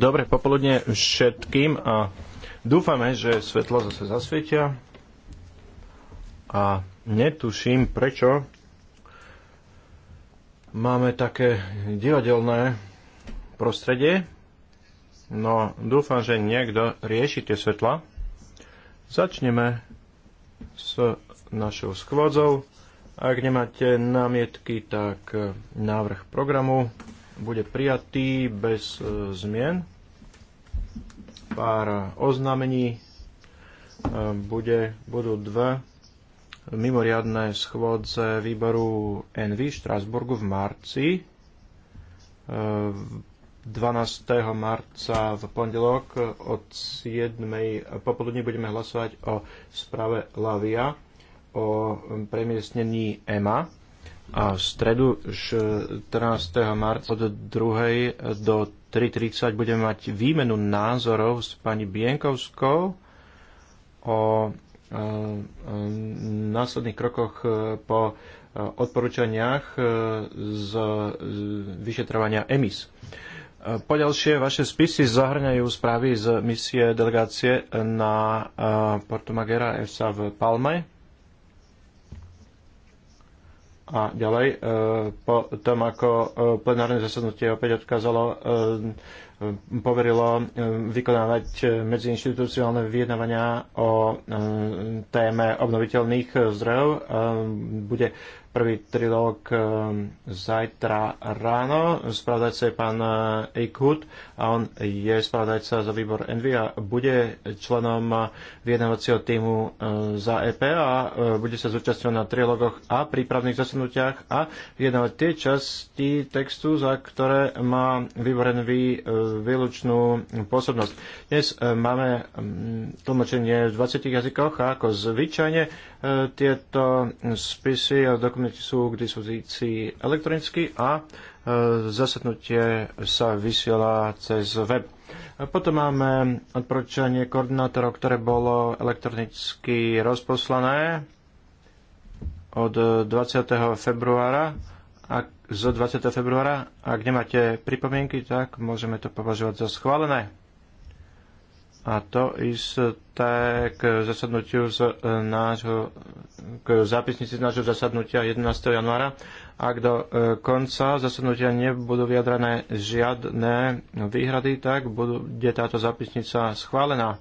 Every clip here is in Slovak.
Dobre popoludne všetkým a dúfame, že svetlo zase zasvietia a netuším prečo máme také divadelné prostredie, no dúfam, že niekto rieši tie svetla. Začneme s našou schôdzou. Ak nemáte námietky, tak e, návrh programu bude prijatý bez e, zmien. Pár oznámení e, bude, budú dve mimoriadne schôdze výboru NV v v marci. 12. marca v pondelok od 7. popoludní budeme hlasovať o správe Lavia o premiestnení EMA a v stredu 14. marca od 2. do 3.30 budeme mať výmenu názorov s pani Bienkovskou o e, e, následných krokoch e, po odporúčaniach z vyšetrovania EMIS. Poďalšie vaše spisy zahrňajú správy z misie delegácie na Porto Magera EFSA v Palme a ďalej, e, po tom, ako e, plenárne zasadnutie opäť odkázalo, e, poverilo vykonávať medziinstitucionálne vyjednávania o téme obnoviteľných zdrojov, bude prvý trilóg eh, zajtra ráno. Spravodajca je pán eh, Eichhut a on je spravodajca za výbor Envy a bude členom vyjednávacieho týmu eh, za EP a bude sa zúčastňovať na trilógoch a prípravných zasadnutiach a vyjednávať tie časti textu, za ktoré má výbor Envy výlučnú pôsobnosť. Dnes máme mm, tlmočenie v 20 jazykoch a ako zvyčajne tieto spisy a dokumenty internete sú k dispozícii elektronicky a e, zasadnutie sa vysiela cez web. A potom máme odporúčanie koordinátorov, ktoré bolo elektronicky rozposlané od 20. februára. Ak, zo 20. februára. Ak nemáte pripomienky, tak môžeme to považovať za schválené. A to isté k zasadnutiu z nášho, k zápisnici z nášho zasadnutia 11. januára. Ak do e, konca zasadnutia nebudú vyjadrané žiadne výhrady, tak bude táto zápisnica schválená.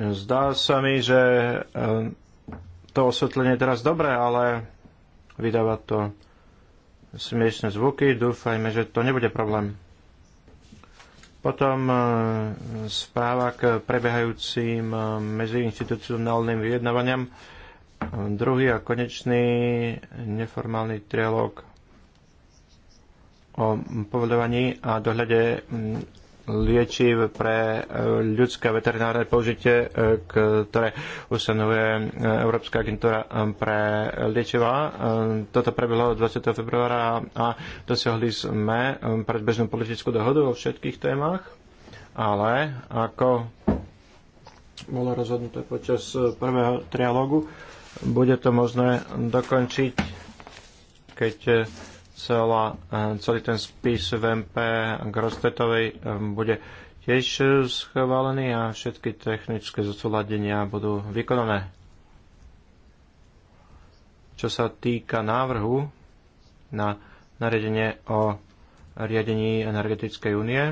Zdá sa mi, že e, to osvetlenie je teraz dobré, ale vydáva to smiešne zvuky. Dúfajme, že to nebude problém. Potom e, správa k prebiehajúcim e, medziinstitucionálnym vyjednávaniam. E, druhý a konečný neformálny trialog o povedovaní a dohľade liečiv pre e, ľudské veterinárne použitie, e, ktoré ustanovuje e, Európska agentúra pre liečiva. Toto prebehlo 20. februára a dosiahli sme predbežnú politickú dohodu vo všetkých témach, ale ako bolo rozhodnuté počas prvého trialógu, bude to možné dokončiť, keď celá, eh, celý ten spis v MP Grostetovej eh, bude tiež schválený a všetky technické zosúladenia budú vykonané. Čo sa týka návrhu na nariadenie o riadení energetickej únie,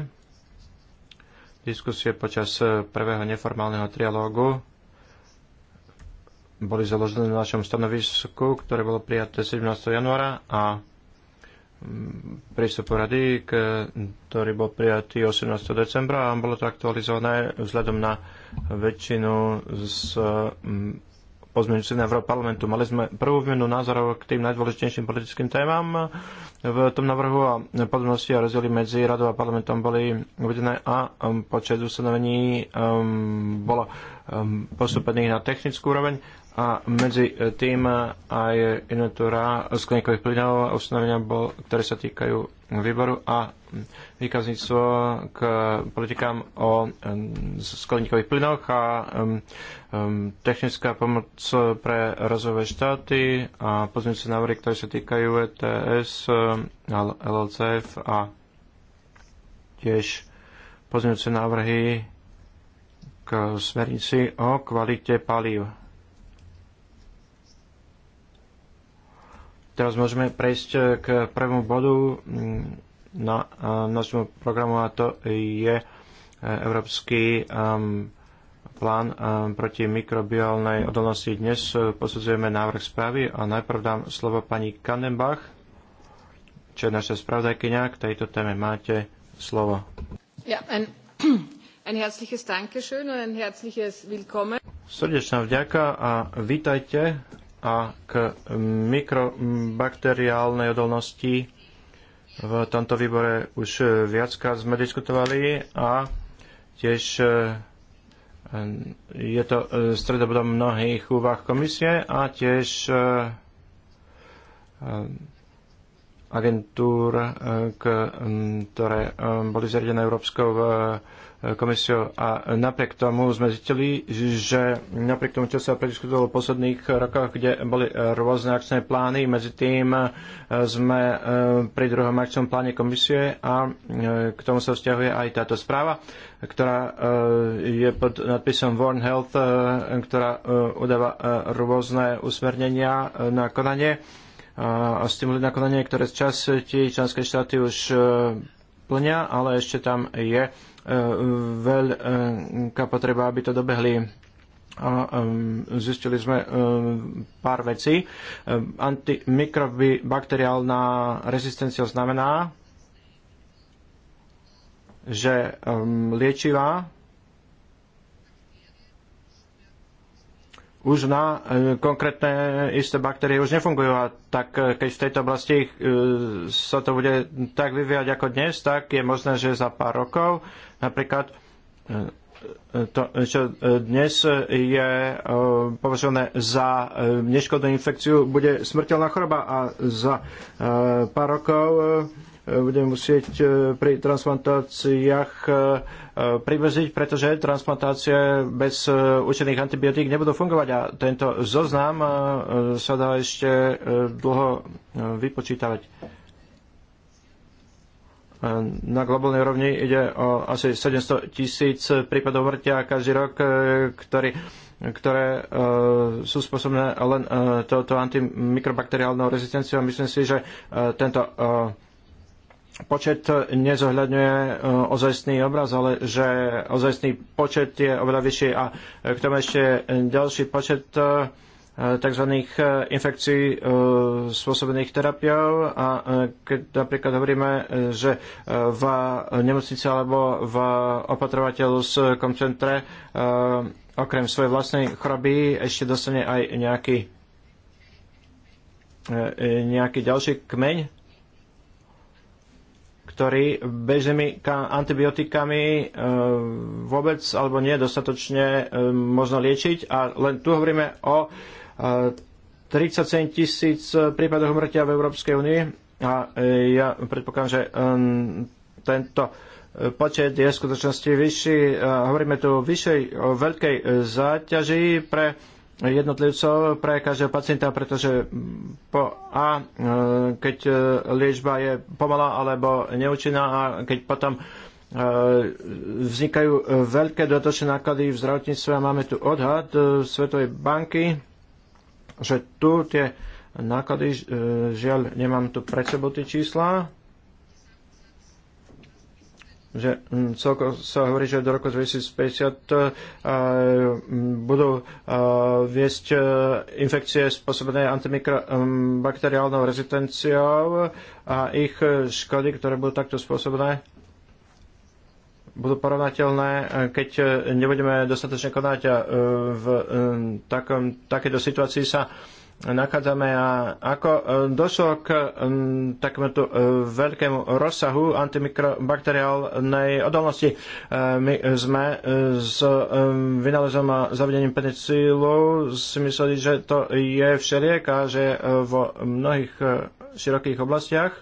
diskusie počas prvého neformálneho trialógu boli založené na našom stanovisku, ktoré bolo prijaté 17. januára a prístupu rady, ktorý bol prijatý 18. decembra a bolo to aktualizované vzhľadom na väčšinu z mm, pozmeňujúci na parlamentu. Mali sme prvú výmenu názorov k tým najdôležitejším politickým témam v tom návrhu a podobnosti a rozdiely medzi radou a parlamentom boli uvedené a mm, počet ustanovení um, bolo um, postupených na technickú úroveň a medzi e, tým e, aj inventúra skleníkových plynov a ustanovenia, ktoré sa týkajú výboru a výkazníctvo k politikám o e, skleníkových plynoch a technická pomoc pre rozvojové štáty a pozmeňujúce návrhy, ktoré sa týkajú ETS, LLCF a tiež pozmeňujúce návrhy k smernici o kvalite palív. Teraz môžeme prejsť e, k prvému bodu mm, na e, našom programu a to je e, Európsky plán proti mikrobiálnej odolnosti. Dnes posudzujeme návrh správy a najprv dám slovo pani Kandenbach, čo je naša spravodajkyňa. K tejto téme máte slovo. Ja, en, ein herzliches Dankeschön und ein herzliches Willkommen. Srdečná vďaka a vítajte a k mikrobakteriálnej odolnosti v tomto výbore už viackrát sme diskutovali a tiež e, je to e, stredobodom mnohých úvah komisie a tiež e, agentúr, ktoré boli zriadené Európskou komisiou. A napriek tomu sme zistili, že napriek tomu, čo sa prediskutovalo v posledných rokoch, kde boli rôzne akčné plány, medzi tým e, sme e, pri druhom akčnom pláne komisie a e, k tomu sa vzťahuje aj táto správa, ktorá je pod nadpisom Warn Health, ktorá udáva rôzne usmernenia na konanie a stimuli na konanie, ktoré z časti členské štáty už plňa, ale ešte tam je veľká potreba, aby to dobehli a zistili sme pár vecí. Antimikrobakteriálna antimikrobibakteriálna rezistencia znamená, že liečivá už na konkrétne isté baktérie už nefungujú a tak keď v tejto oblasti e, sa to bude tak vyvíjať ako dnes, tak je možné, že za pár rokov Napríklad e, e, to, čo dnes je e, považované za neškodnú infekciu, bude smrteľná choroba a za pár rokov budeme musieť pri transplantáciách privrziť, pretože transplantácie bez určených antibiotík nebudú fungovať a tento zoznam sa dá ešte dlho vypočítavať. Na globálnej úrovni ide o asi 700 tisíc prípadov vrtia každý rok, e, ktorý ktoré uh, sú spôsobné len uh, touto antimikrobakteriálnou rezistenciou. Myslím si, že uh, tento uh, počet nezohľadňuje ozajstný obraz, ale že ozajstný počet je oveľa vyšší a k tomu ešte ďalší počet Eh, tzv. Eh, infekcií eh, spôsobených terapiou a keď napríklad hovoríme, že v nemocnici alebo v opatrovateľskom centre okrem svojej vlastnej choroby ešte dostane aj nejaký nejaký ďalší kmeň ktorý bežnými antibiotikami vôbec alebo nie dostatočne možno liečiť. A len tu hovoríme o 37 tisíc e, prípadov umrtia v Európskej únii a e, ja predpokladám, že tento e, počet je v skutočnosti vyšší. Hovoríme tu o vyššej, o veľkej záťaži pre jednotlivcov, pre každého pacienta, pretože po A, keď liečba je pomalá alebo neúčinná a keď potom vznikajú veľké dotočné náklady v zdravotníctve a máme tu odhad Svetovej banky, že tu tie náklady, e, žiaľ, nemám tu pred sebou tie čísla, že mm, celko sa hovorí, že do roku 2050 e, budú e, viesť infekcie spôsobené antimikrobakteriálnou rezistenciou a ich škody, ktoré budú takto spôsobené, budú porovnateľné, e, keď e, nebudeme dostatočne konať a e, v takom, takéto situácii sa nachádzame a ako došlo k takémuto veľkému rozsahu antimikrobakteriálnej odolnosti. My sme s vynálezom a zavedením penicílu si mysleli, že to je všeliek a že vo mnohých širokých oblastiach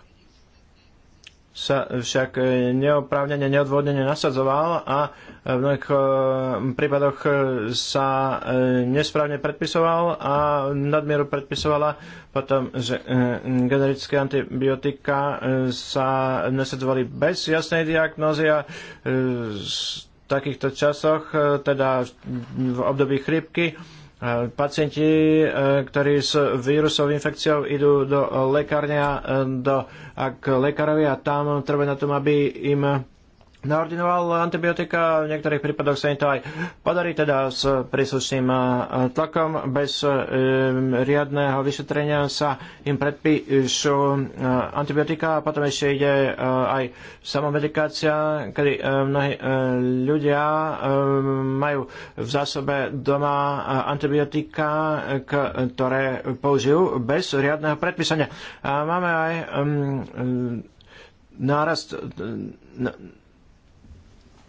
sa však e, neoprávnene, neodvodnene nasadzoval a e, v mnohých e, prípadoch sa nesprávne predpisoval a nadmieru predpisovala potom, že generické antibiotika sa nasadzovali bez jasnej diagnózy a v takýchto časoch, teda v období chrypky, Pacienti, e, ktorí s vírusovou infekciou idú do lekárne a e, do, a k lekárovi a tam treba na tom, aby im naordinoval antibiotika, v niektorých prípadoch sa im to aj podarí, teda s príslušným e, tlakom. Bez e, riadného vyšetrenia sa im predpíšu e, antibiotika a potom ešte ide aj samomedikácia, kedy mnohí ľudia majú v zásobe doma antibiotika, ktoré použijú bez riadného predpísania. A máme aj nárast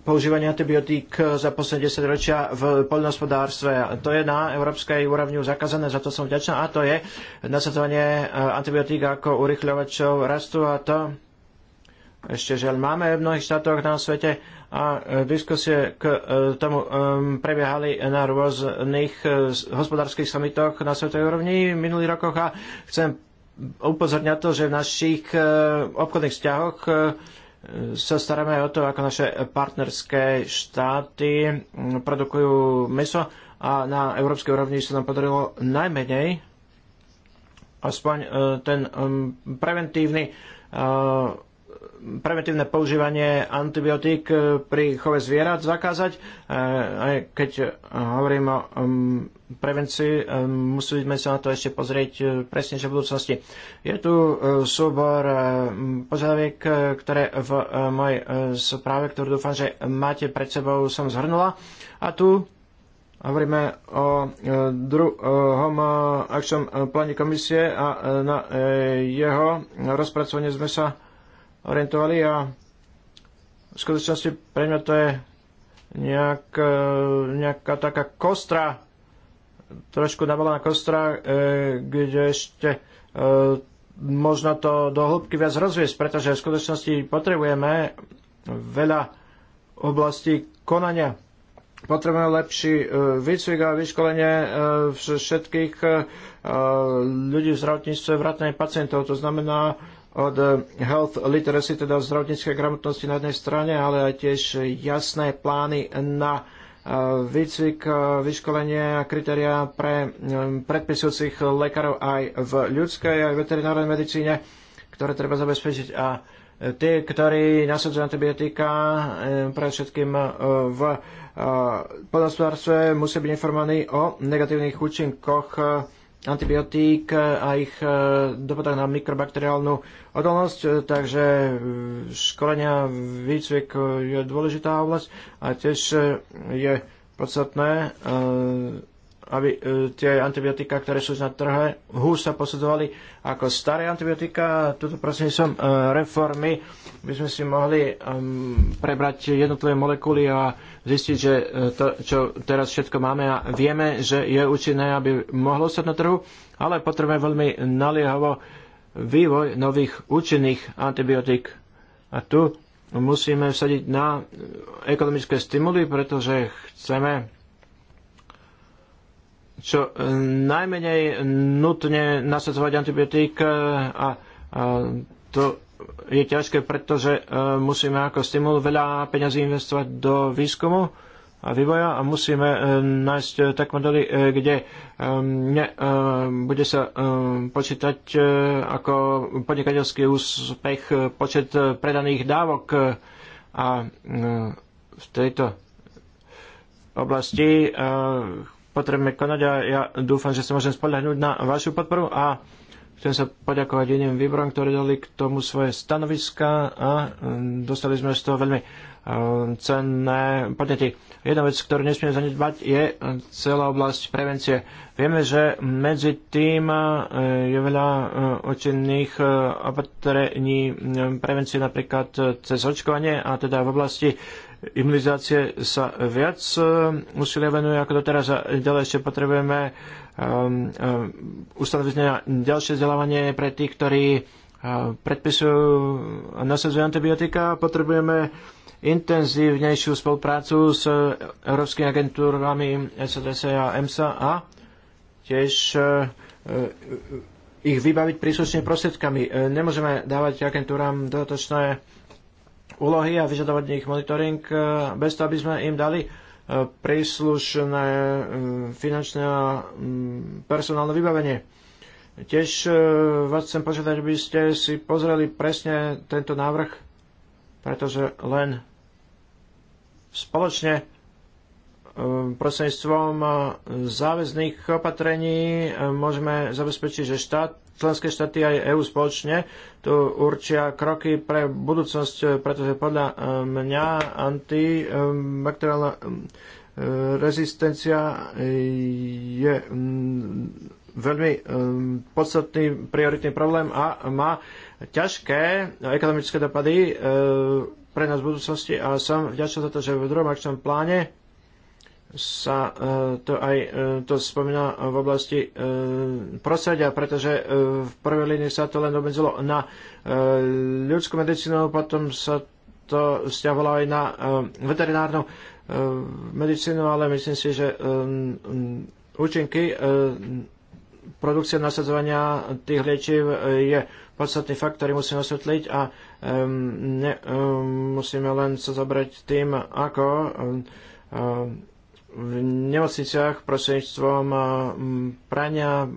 používanie antibiotík za posledné 10 ročia v poľnohospodárstve. To je na európskej úrovni zakázané, za to som vďačná. A to je nasadzovanie e, antibiotík ako urychľovačov rastu a to ešte žiaľ máme v mnohých štátoch na svete a e, diskusie k e, tomu prebiehali na rôznych hospodárskych samitoch na svetovej úrovni v minulých rokoch a chcem na to, že v našich obchodných vzťahoch sa staráme aj o to, ako naše partnerské štáty produkujú meso a na európskej úrovni sa nám podarilo najmenej aspoň e, ten preventívny e, preventívne používanie antibiotík eh, pri chove zvierat zakázať. Eh, aj keď eh, hovorím o mm, prevencii, musíme sa na to ešte pozrieť presne v budúcnosti. Je tu súbor mm, požiadaviek, ktoré v mojej správe, ktorú dúfam, že máte pred sebou, som zhrnula. A tu hovoríme o druhom akčnom pláne komisie a na jeho rozpracovanie sme sa orientovali a v skutočnosti pre mňa to je nejak, e, nejaká taká kostra, trošku nabalená kostra, e, kde ešte e, možno to do hĺbky viac rozviesť, pretože v skutočnosti potrebujeme veľa oblastí konania. Potrebujeme lepší výcvik a vyškolenie všetkých ľudí v zdravotníctve, vrátane pacientov. To znamená, od eh, health literacy, teda zdravotníckej gramotnosti na jednej strane, ale aj tiež jasné plány na eh, výcvik, eh, vyškolenie a kritéria pre predpisujúcich lekárov aj v ľudskej, aj veterinárnej medicíne, ktoré treba zabezpečiť. A tí, ktorí nasadzujú antibiotika, pre všetkým v podhospodárstve, musia byť informovaní o negatívnych účinkoch antibiotík a ich e, dopadá na mikrobakteriálnu odolnosť, e, takže e, školenia, výcvik je dôležitá oblasť a tiež je podstatné aby e, tie antibiotika, ktoré sú na trhe, hú sa posudzovali ako staré antibiotika. Tuto prosím som e, reformy by sme si mohli e, prebrať jednotlivé molekuly a zistiť, že to, čo teraz všetko máme a vieme, že je účinné, aby mohlo sa na trhu, ale potrebujeme veľmi naliehavo vývoj nových účinných antibiotík. A tu musíme vsadiť na ekonomické stimuly, pretože chceme čo e, najmenej nutne nasadzovať antibiotík e, a, a to je ťažké, pretože e, musíme ako stimul veľa peňazí investovať do výskumu a vývoja a musíme nájsť tak modely, kde ne, bude sa počítať ako podnikateľský úspech počet predaných dávok a v tejto oblasti potrebujeme konať a ja dúfam, že sa môžem spolahnúť na vašu podporu a chcem sa poďakovať iným výborom, ktorí dali k tomu svoje stanoviska a mm, dostali sme z toho veľmi e, cenné podnety. Jedna vec, ktorú nesmieme zanedbať, je celá oblasť prevencie. Vieme, že medzi tým e, je veľa očinných e, opatrení prevencie napríklad cez očkovanie a teda v oblasti imunizácie sa viac e, úsilia venuje ako doteraz a ďalej ešte potrebujeme um, um, ustanoviť ďalšie vzdelávanie pre tých, ktorí predpisujú a nasadzujú antibiotika. Potrebujeme intenzívnejšiu spoluprácu s európskymi agentúrami SDC a EMSA a tiež ich vybaviť príslušnými prostriedkami. Nemôžeme dávať agentúram dodatočné úlohy a vyžadovať ich monitoring e, bez toho, aby sme im dali e, príslušné e, finančné a mm, personálne vybavenie. Tiež vás chcem požiadať, aby ste si pozreli presne tento návrh, pretože len spoločne prostredníctvom záväzných opatrení môžeme zabezpečiť, že štát členské štáty aj EÚ spoločne tu určia kroky pre budúcnosť, pretože podľa eh, mňa antibakteriálna eh, rezistencia eh, je mm, veľmi podstatný prioritný problém a má ťažké ekonomické dopady pre nás v budúcnosti a som vďačný za to, že v druhom akčnom pláne sa e, to aj e, to spomína v oblasti e, prostredia, pretože v prvej línii sa to len obmedzilo na ľudskú medicínu, potom sa to vzťahovalo aj na veterinárnu medicínu, ale myslím si, že účinky produkcie nasadzovania tých liečiv je podstatný fakt, ktorý musíme osvetliť a ne, musíme len sa zabrať tým, ako v nemocniciach prostredníctvom prania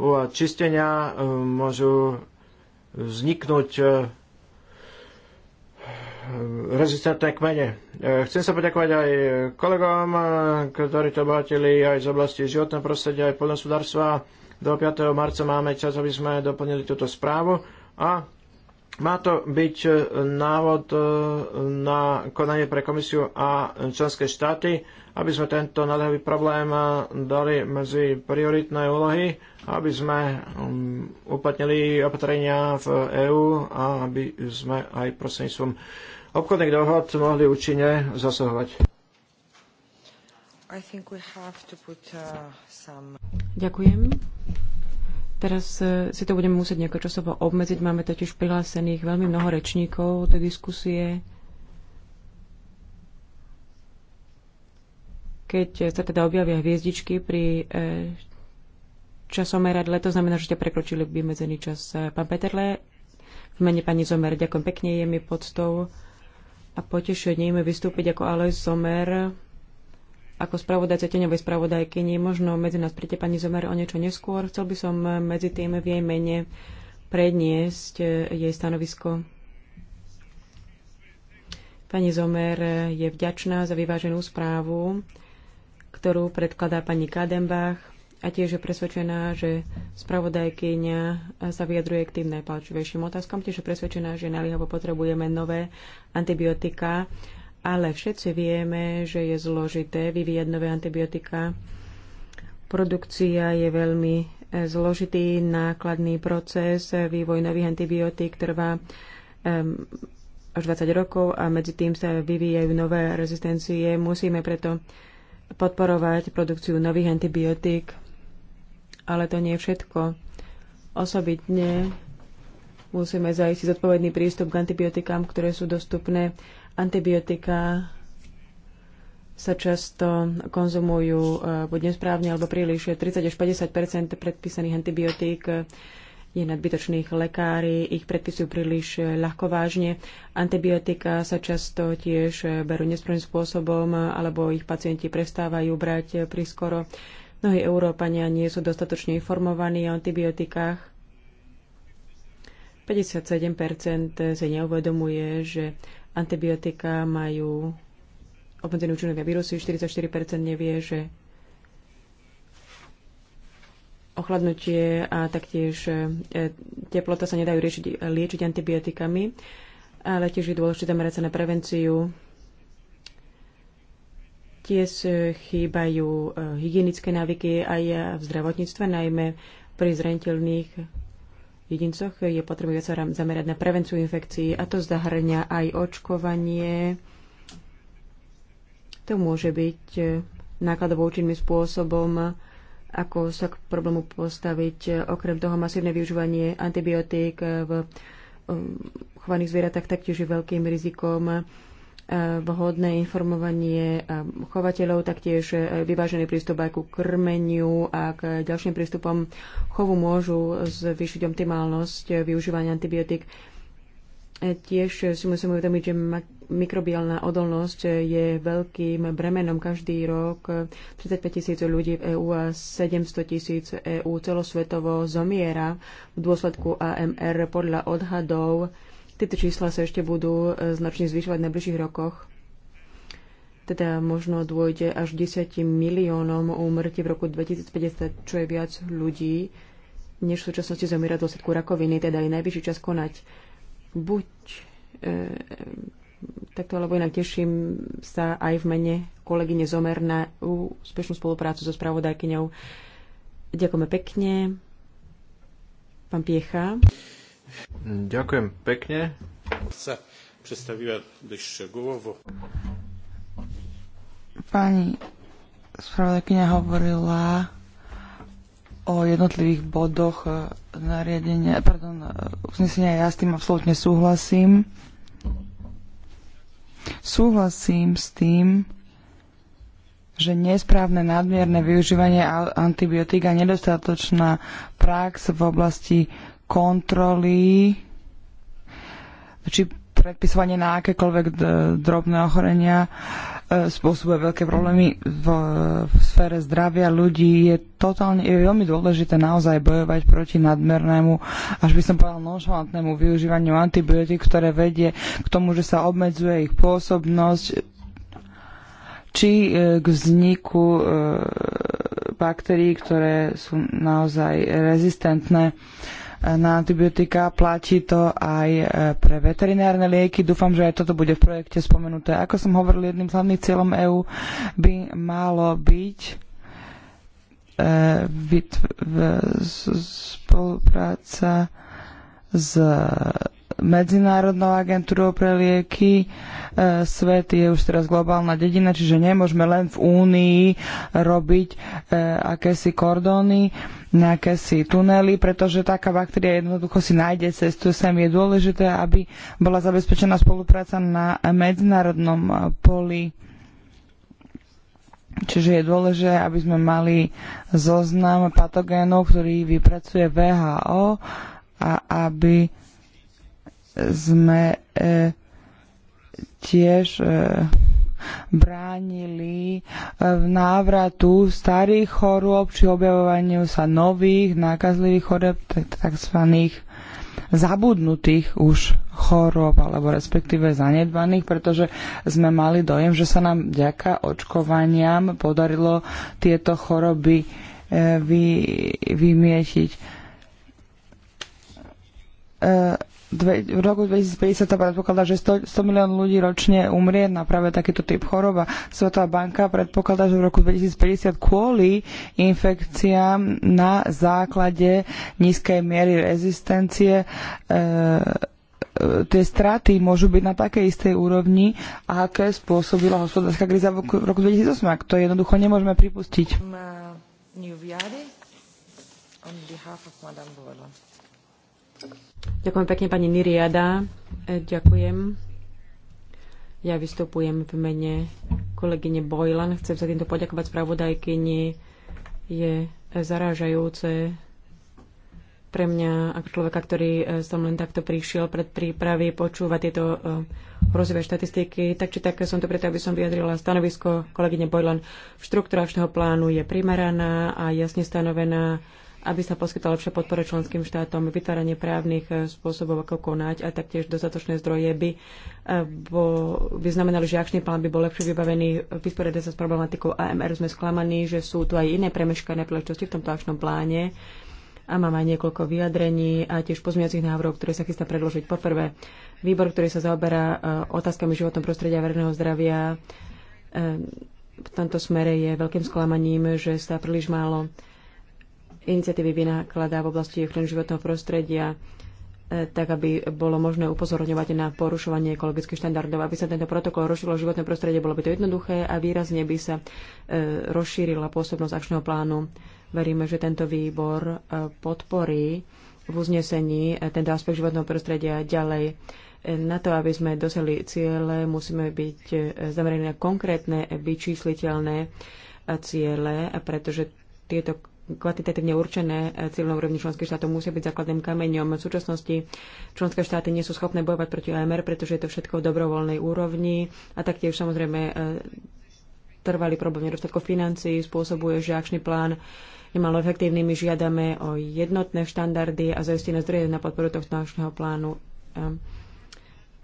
a čistenia e, môžu vzniknúť e, rezistentné kmene. E, chcem sa poďakovať aj kolegom, ktorí to obohatili aj z oblasti životného prostredia, aj poľnohospodárstva. Do 5. marca máme čas, aby sme doplnili túto správu a má to byť e, návod e, na konanie pre komisiu a členské štáty, aby sme tento nadhavý problém e, dali medzi prioritné úlohy, aby sme uplatnili opatrenia v EÚ a aby sme aj prostredníctvom obchodných dohod mohli účinne zasahovať. Uh, some... Ďakujem. Teraz e, si to budeme musieť nejako časovo obmedziť. Máme totiž prihlásených veľmi mnoho rečníkov do diskusie. Keď sa teda objavia hviezdičky pri e, časomeradle, to znamená, že ste prekročili vymedzený čas. E, pán Peterle, v mene pani Zomer, ďakujem pekne, je mi poctou a potešením vystúpiť ako Alois Zomer ako spravodajca teňovej spravodajky možno medzi nás príte pani Zomer o niečo neskôr. Chcel by som medzi tým v jej mene predniesť e, jej stanovisko. Pani Zomer je vďačná za vyváženú správu, ktorú predkladá pani Kadembach a tiež je presvedčená, že spravodajkyňa sa vyjadruje k tým najpalčivejším otázkom. Tiež je presvedčená, že naliehavo potrebujeme nové antibiotika ale všetci vieme, že je zložité vyvíjať nové antibiotika. Produkcia je veľmi e, zložitý, nákladný proces. Vývoj nových antibiotík trvá um, až 20 rokov a medzi tým sa vyvíjajú nové rezistencie. Musíme preto podporovať produkciu nových antibiotík, ale to nie je všetko. Osobitne musíme zajistiť zodpovedný prístup k antibiotikám, ktoré sú dostupné Antibiotika sa často konzumujú e, buď nesprávne alebo príliš. 30 až 50 predpísaných antibiotík je nadbytočných lekári, ich predpisujú príliš e, ľahko vážne. Antibiotika sa často tiež e, berú nesprávnym spôsobom, alebo ich pacienti prestávajú brať prískoro. Mnohí Európania nie sú dostatočne informovaní o antibiotikách. 57% sa neuvedomuje, že Antibiotika majú obmedzenú účinnosť na vírusy, 44% nevie, že ochladnutie a taktiež e, teplota sa nedajú riešiť, liečiť antibiotikami, ale tiež je dôležité zamerať sa na prevenciu. Tiež e, chýbajú e, hygienické návyky aj v zdravotníctve, najmä pri zraniteľných jedincoch je potrebné viac zamerať na prevenciu infekcií a to zahrňa aj očkovanie. To môže byť e, nákladovo účinným spôsobom, ako sa k problému postaviť. Okrem toho masívne využívanie antibiotík e, v e, chovaných zvieratách taktiež je veľkým rizikom vhodné informovanie chovateľov, taktiež e, vyvážený prístup aj ku krmeniu a k ďalším prístupom chovu môžu zvýšiť optimálnosť e, využívania antibiotík. E, tiež si musíme uvedomiť, že mikrobiálna odolnosť je veľkým bremenom každý rok. 35 tisíc ľudí v EÚ a 700 tisíc EÚ celosvetovo zomiera v dôsledku AMR podľa odhadov tieto čísla sa ešte budú e, značne zvyšovať v najbližších rokoch. Teda možno dôjde až 10 miliónom úmrtí v roku 2050, čo je viac ľudí, než v súčasnosti zomiera dôsledku rakoviny, teda je najvyšší čas konať. Buď e, takto alebo inak teším sa aj v mene kolegyne Zomer na úspešnú spoluprácu so spravodajkyňou. Ďakujeme pekne. Pán Piecha. Ďakujem pekne. Sa predstavila dosť Pani spravodajkynia hovorila o jednotlivých bodoch e, nariadenia, pardon, e, uznesenia, ja s tým absolútne súhlasím. Súhlasím s tým, že nesprávne nadmierne využívanie antibiotík a nedostatočná prax v oblasti kontroly či predpisovanie na akékoľvek drobné ochorenia e, spôsobuje veľké problémy v, v sfére zdravia ľudí. Je, totálne, je veľmi dôležité naozaj bojovať proti nadmernému, až by som povedal nonšalantnému využívaniu antibiotík, ktoré vedie k tomu, že sa obmedzuje ich pôsobnosť či e, k vzniku e, baktérií, ktoré sú naozaj rezistentné na antibiotika, platí to aj e, pre veterinárne lieky. Dúfam, že aj toto bude v projekte spomenuté. Ako som hovoril, jedným z hlavných cieľom EÚ by malo byť e, spolupráca s Medzinárodnou agentúrou pre lieky. E, svet je už teraz globálna dedina, čiže nemôžeme len v Únii robiť e, akési kordóny, nejaké si tunely, pretože taká baktéria jednoducho si nájde cestu sem. Je dôležité, aby bola zabezpečená spolupráca na medzinárodnom e, poli. Čiže je dôležité, aby sme mali zoznam patogénov, ktorý vypracuje VHO a aby sme e, tiež e, bránili e, v návratu starých chorôb či objavovaniu sa nových nákazlivých chorôb, tzv. zabudnutých už chorôb alebo respektíve zanedbaných, pretože sme mali dojem, že sa nám vďaka očkovaniam podarilo tieto choroby vy, vymiešiť. E dve, v roku 2050 sa predpokladá, že 100, 100 milión ľudí ročne umrie na práve takýto typ choroba. Svetová banka predpokladá, že v roku 2050 kvôli infekciám na základe nízkej miery rezistencie e, e, tie straty môžu byť na takej istej úrovni, aké spôsobila hospodárska kríza v roku 2008. A to jednoducho nemôžeme pripustiť. Ďakujem pekne pani Niriada. E, ďakujem. Ja vystupujem v mene kolegyne Bojlan. Chcem sa týmto poďakovať spravodajkyni. Je zarážajúce pre mňa ako človeka, ktorý e, som len takto prišiel pred prípravy počúvať tieto e, hrozivé štatistiky. Tak či tak som to preto, aby som vyjadrila stanovisko kolegyne Bojlan. Štruktúračného plánu je primeraná a jasne stanovená aby sa poskytla lepšia podpora členským štátom, vytváranie právnych e, spôsobov, ako konať a taktiež dostatočné zdroje by, e, bo, by znamenali, že akčný plán by bol lepšie vybavený vysporiadať sa s problematikou AMR. Sme sklamaní, že sú tu aj iné premeškané príležitosti v tomto akčnom pláne a mám aj niekoľko vyjadrení a tiež pozmiacich návrhov, ktoré sa chystá predložiť. Poprvé, výbor, ktorý sa zaoberá e, otázkami životom prostredia a verejného zdravia, v tomto smere je veľkým sklamaním, že sa príliš málo iniciatívy vynakladá v oblasti ochrany životného prostredia e, tak, aby bolo možné upozorňovať na porušovanie ekologických štandardov. Aby sa tento protokol rozšíril životné prostredie, bolo by to jednoduché a výrazne by sa e, rozšírila pôsobnosť akčného plánu. Veríme, že tento výbor e, podporí v uznesení tento aspekt životného prostredia ďalej. Na to, aby sme dosiahli ciele, musíme byť zameraní na konkrétne, vyčísliteľné ciele, pretože tieto kvantitatívne určené e, cieľnou úrovni členských štátov musia byť základným kameňom. V súčasnosti členské štáty nie sú schopné bojovať proti AMR, pretože je to všetko v dobrovoľnej úrovni a taktiež samozrejme e, trvalý problém nedostatkov financií spôsobuje, že akčný plán je malo efektívny. My žiadame o jednotné štandardy a zaistené zdroje na podporu tohto akčného plánu. E,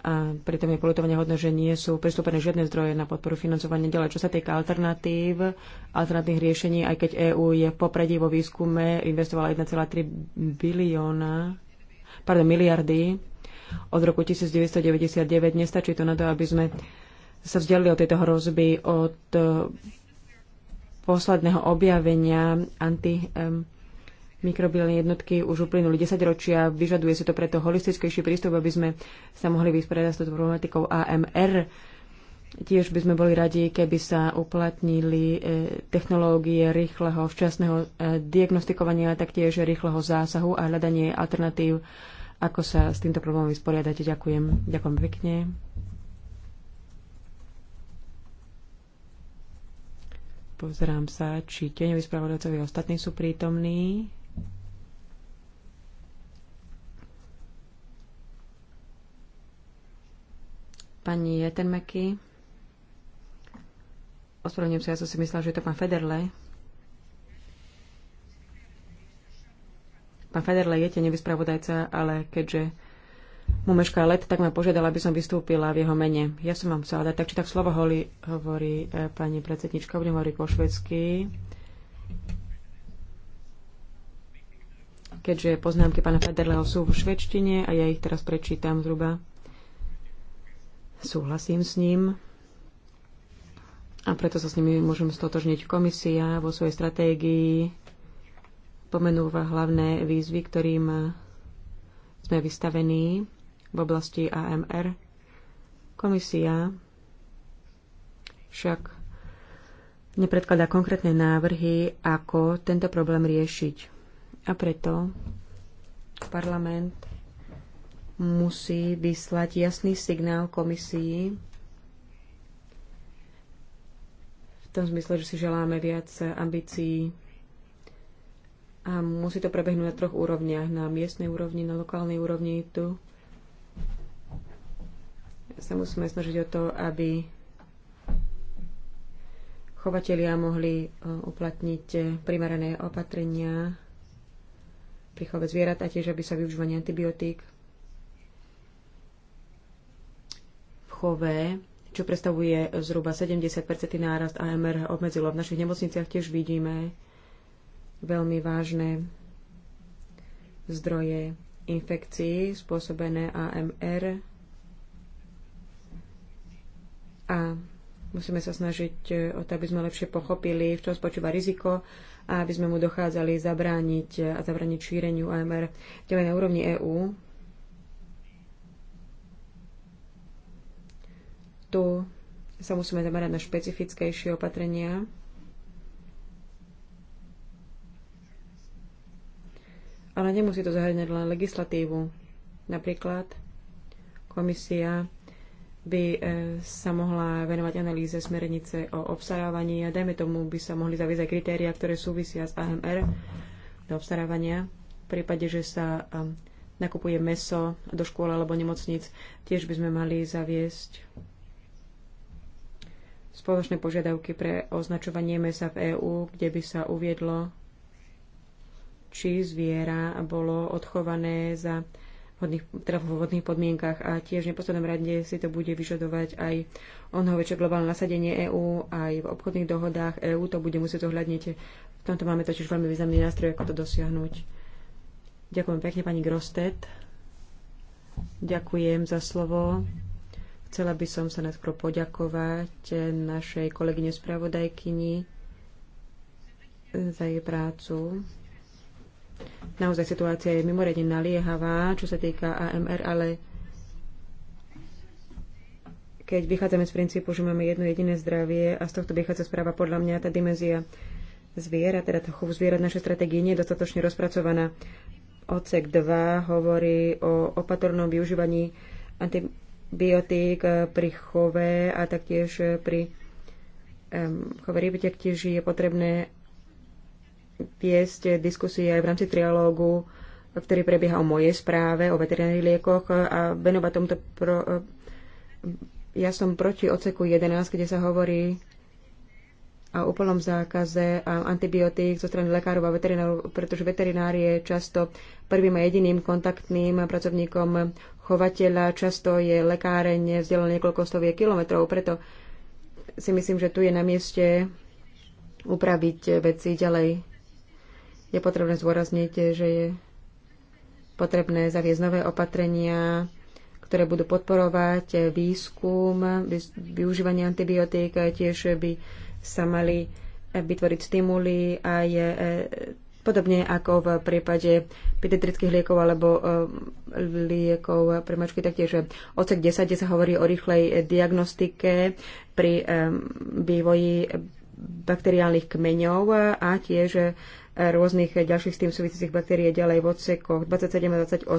a pritom je polutovanie hodné, že nie sú pristúpené žiadne zdroje na podporu financovania ďalej. Čo sa týka alternatív, alternatívnych riešení, aj keď EÚ je v popredí vo výskume, investovala 1,3 bilióna, pardon, miliardy od roku 1999. Nestačí to na to, aby sme sa vzdelili od tejto hrozby, od eh, posledného objavenia anti um, mikrobiálne jednotky už uplynuli 10 ročia. Vyžaduje si to preto holistickejší prístup, aby sme sa mohli vysporiadať s touto problematikou AMR. Tiež by sme boli radi, keby sa uplatnili e, technológie rýchleho včasného e, diagnostikovania, taktiež rýchleho zásahu a hľadanie alternatív, ako sa s týmto problémom vysporiadať. Ďakujem. Ďakujem pekne. Pozerám sa, či tieňoví spravodajcovi ostatní sú prítomní. Pani Jetenmeky. Ospravedlňujem sa, ja som si myslela, že je to pán Federle. Pán Federle je nevyspravodajca, ale keďže mu mešká let, tak ma požiadala, aby som vystúpila v jeho mene. Ja som vám chcela dať tak, či tak slovo holi, hovorí e, pani predsednička, budem hovoriť po švedsky. Keďže poznámky pána Federleho sú v švedštine a ja ich teraz prečítam zhruba. Súhlasím s ním a preto sa s nimi môžem stotožniť. Komisia vo svojej stratégii pomenúva hlavné výzvy, ktorým sme vystavení v oblasti AMR. Komisia však nepredkladá konkrétne návrhy, ako tento problém riešiť. A preto parlament musí vyslať jasný signál komisii v tom zmysle, že si želáme viac ambícií a musí to prebehnúť na troch úrovniach. Na miestnej úrovni, na lokálnej úrovni tu sa musíme snažiť o to, aby chovatelia mohli e, uplatniť e, primerané opatrenia pri chove zvierat a tiež, aby sa využívali antibiotík celkové, čo predstavuje zhruba 70% nárast AMR obmedzilo. V našich nemocniciach tiež vidíme veľmi vážne zdroje infekcií spôsobené AMR a musíme sa snažiť o to, aby sme lepšie pochopili, v čom spočíva riziko a aby sme mu dochádzali zabrániť a zabrániť šíreniu AMR ďalej na úrovni EÚ Tu sa musíme zamerať na špecifickejšie opatrenia. Ale nemusí to zahrňať len legislatívu. Napríklad komisia by e, sa mohla venovať analýze smernice o obstarávaní a dajme tomu by sa mohli zaviesť aj kritéria, ktoré súvisia s AMR do obstarávania. V prípade, že sa e, nakupuje meso do škôl alebo nemocnic, tiež by sme mali zaviesť spoločné požiadavky pre označovanie mesa v EÚ, kde by sa uviedlo, či zviera bolo odchované za vhodných, teda v vhodných podmienkach a tiež v neposlednom rade si to bude vyžadovať aj onho väčšie globálne nasadenie EÚ, aj v obchodných dohodách EÚ to bude musieť zohľadniť. V tomto máme totiž veľmi významný nástroj, ako to dosiahnuť. Ďakujem pekne, pani Grostet. Ďakujem za slovo. Chcela by som sa najskôr poďakovať našej kolegyne spravodajkyni za jej prácu. Naozaj situácia je mimoriadne naliehavá, čo sa týka AMR, ale keď vychádzame z princípu, že máme jedno jediné zdravie a z tohto vychádza správa podľa mňa tá dimenzia zviera, teda to chov zvierat našej stratégie nie je dostatočne rozpracovaná. Ocek 2 hovorí o opatrnom využívaní anti- biotík eh, pri chove a taktiež eh, pri chove ryby, taktiež je potrebné viesť diskusie aj v rámci trialógu, ktorý prebieha o mojej správe, o veterinárnych liekoch a venovať tomto pro... Eh, ja som proti oceku 11, kde sa hovorí o úplnom zákaze antibiotík zo strany lekárov a veterinárov, pretože veterinár je často prvým a jediným kontaktným pracovníkom chovateľa, často je lekáreň vzdelené niekoľko stoviek kilometrov, preto si myslím, že tu je na mieste upraviť veci ďalej. Je potrebné zdôrazniť, že je potrebné zaviesť nové opatrenia, ktoré budú podporovať výskum, využívanie antibiotík, tiež by sa mali vytvoriť stimuly aj e, podobne ako v prípade pediatrických liekov alebo e, liekov pre mačky. Taktiež odsek 10, kde sa hovorí o rýchlej diagnostike pri e, vývoji bakteriálnych kmeňov a tiež e, rôznych ďalších s tým súvisiacich baktérií ďalej v odsekoch 27 a 28.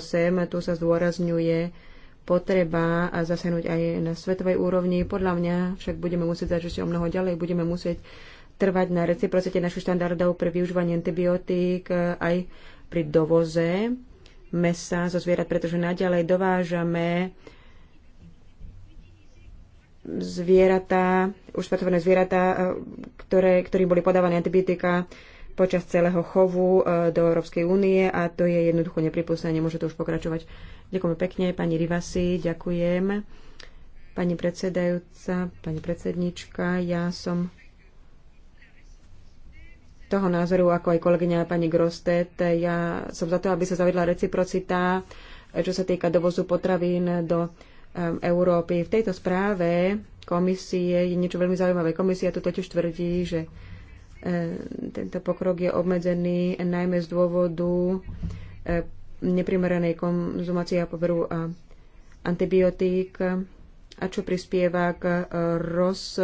Tu sa zdôrazňuje potreba a aj na svetovej úrovni. Podľa mňa však budeme musieť začať o mnoho ďalej, budeme musieť trvať na reciprocite našich štandardov pre využívanie antibiotík e, aj pri dovoze mesa zo zvierat, pretože naďalej dovážame zvieratá, už spracované zvieratá, e, ktoré, ktorým boli podávané antibiotika počas celého chovu e, do Európskej únie a to je jednoducho nepripustné, nemôže to už pokračovať. Ďakujem pekne, pani Rivasi, ďakujem. Pani predsedajúca, pani predsednička, ja som toho názoru, ako aj kolegyňa pani Grostet. Ja som za to, aby sa zavedla reciprocita, eh, čo sa týka dovozu potravín do eh, Európy. V tejto správe komisie je niečo veľmi zaujímavé. Komisia tu totiž tvrdí, že eh, tento pokrok je obmedzený najmä z dôvodu neprimeranej konzumácie a poveru antibiotík, a čo prispieva k roz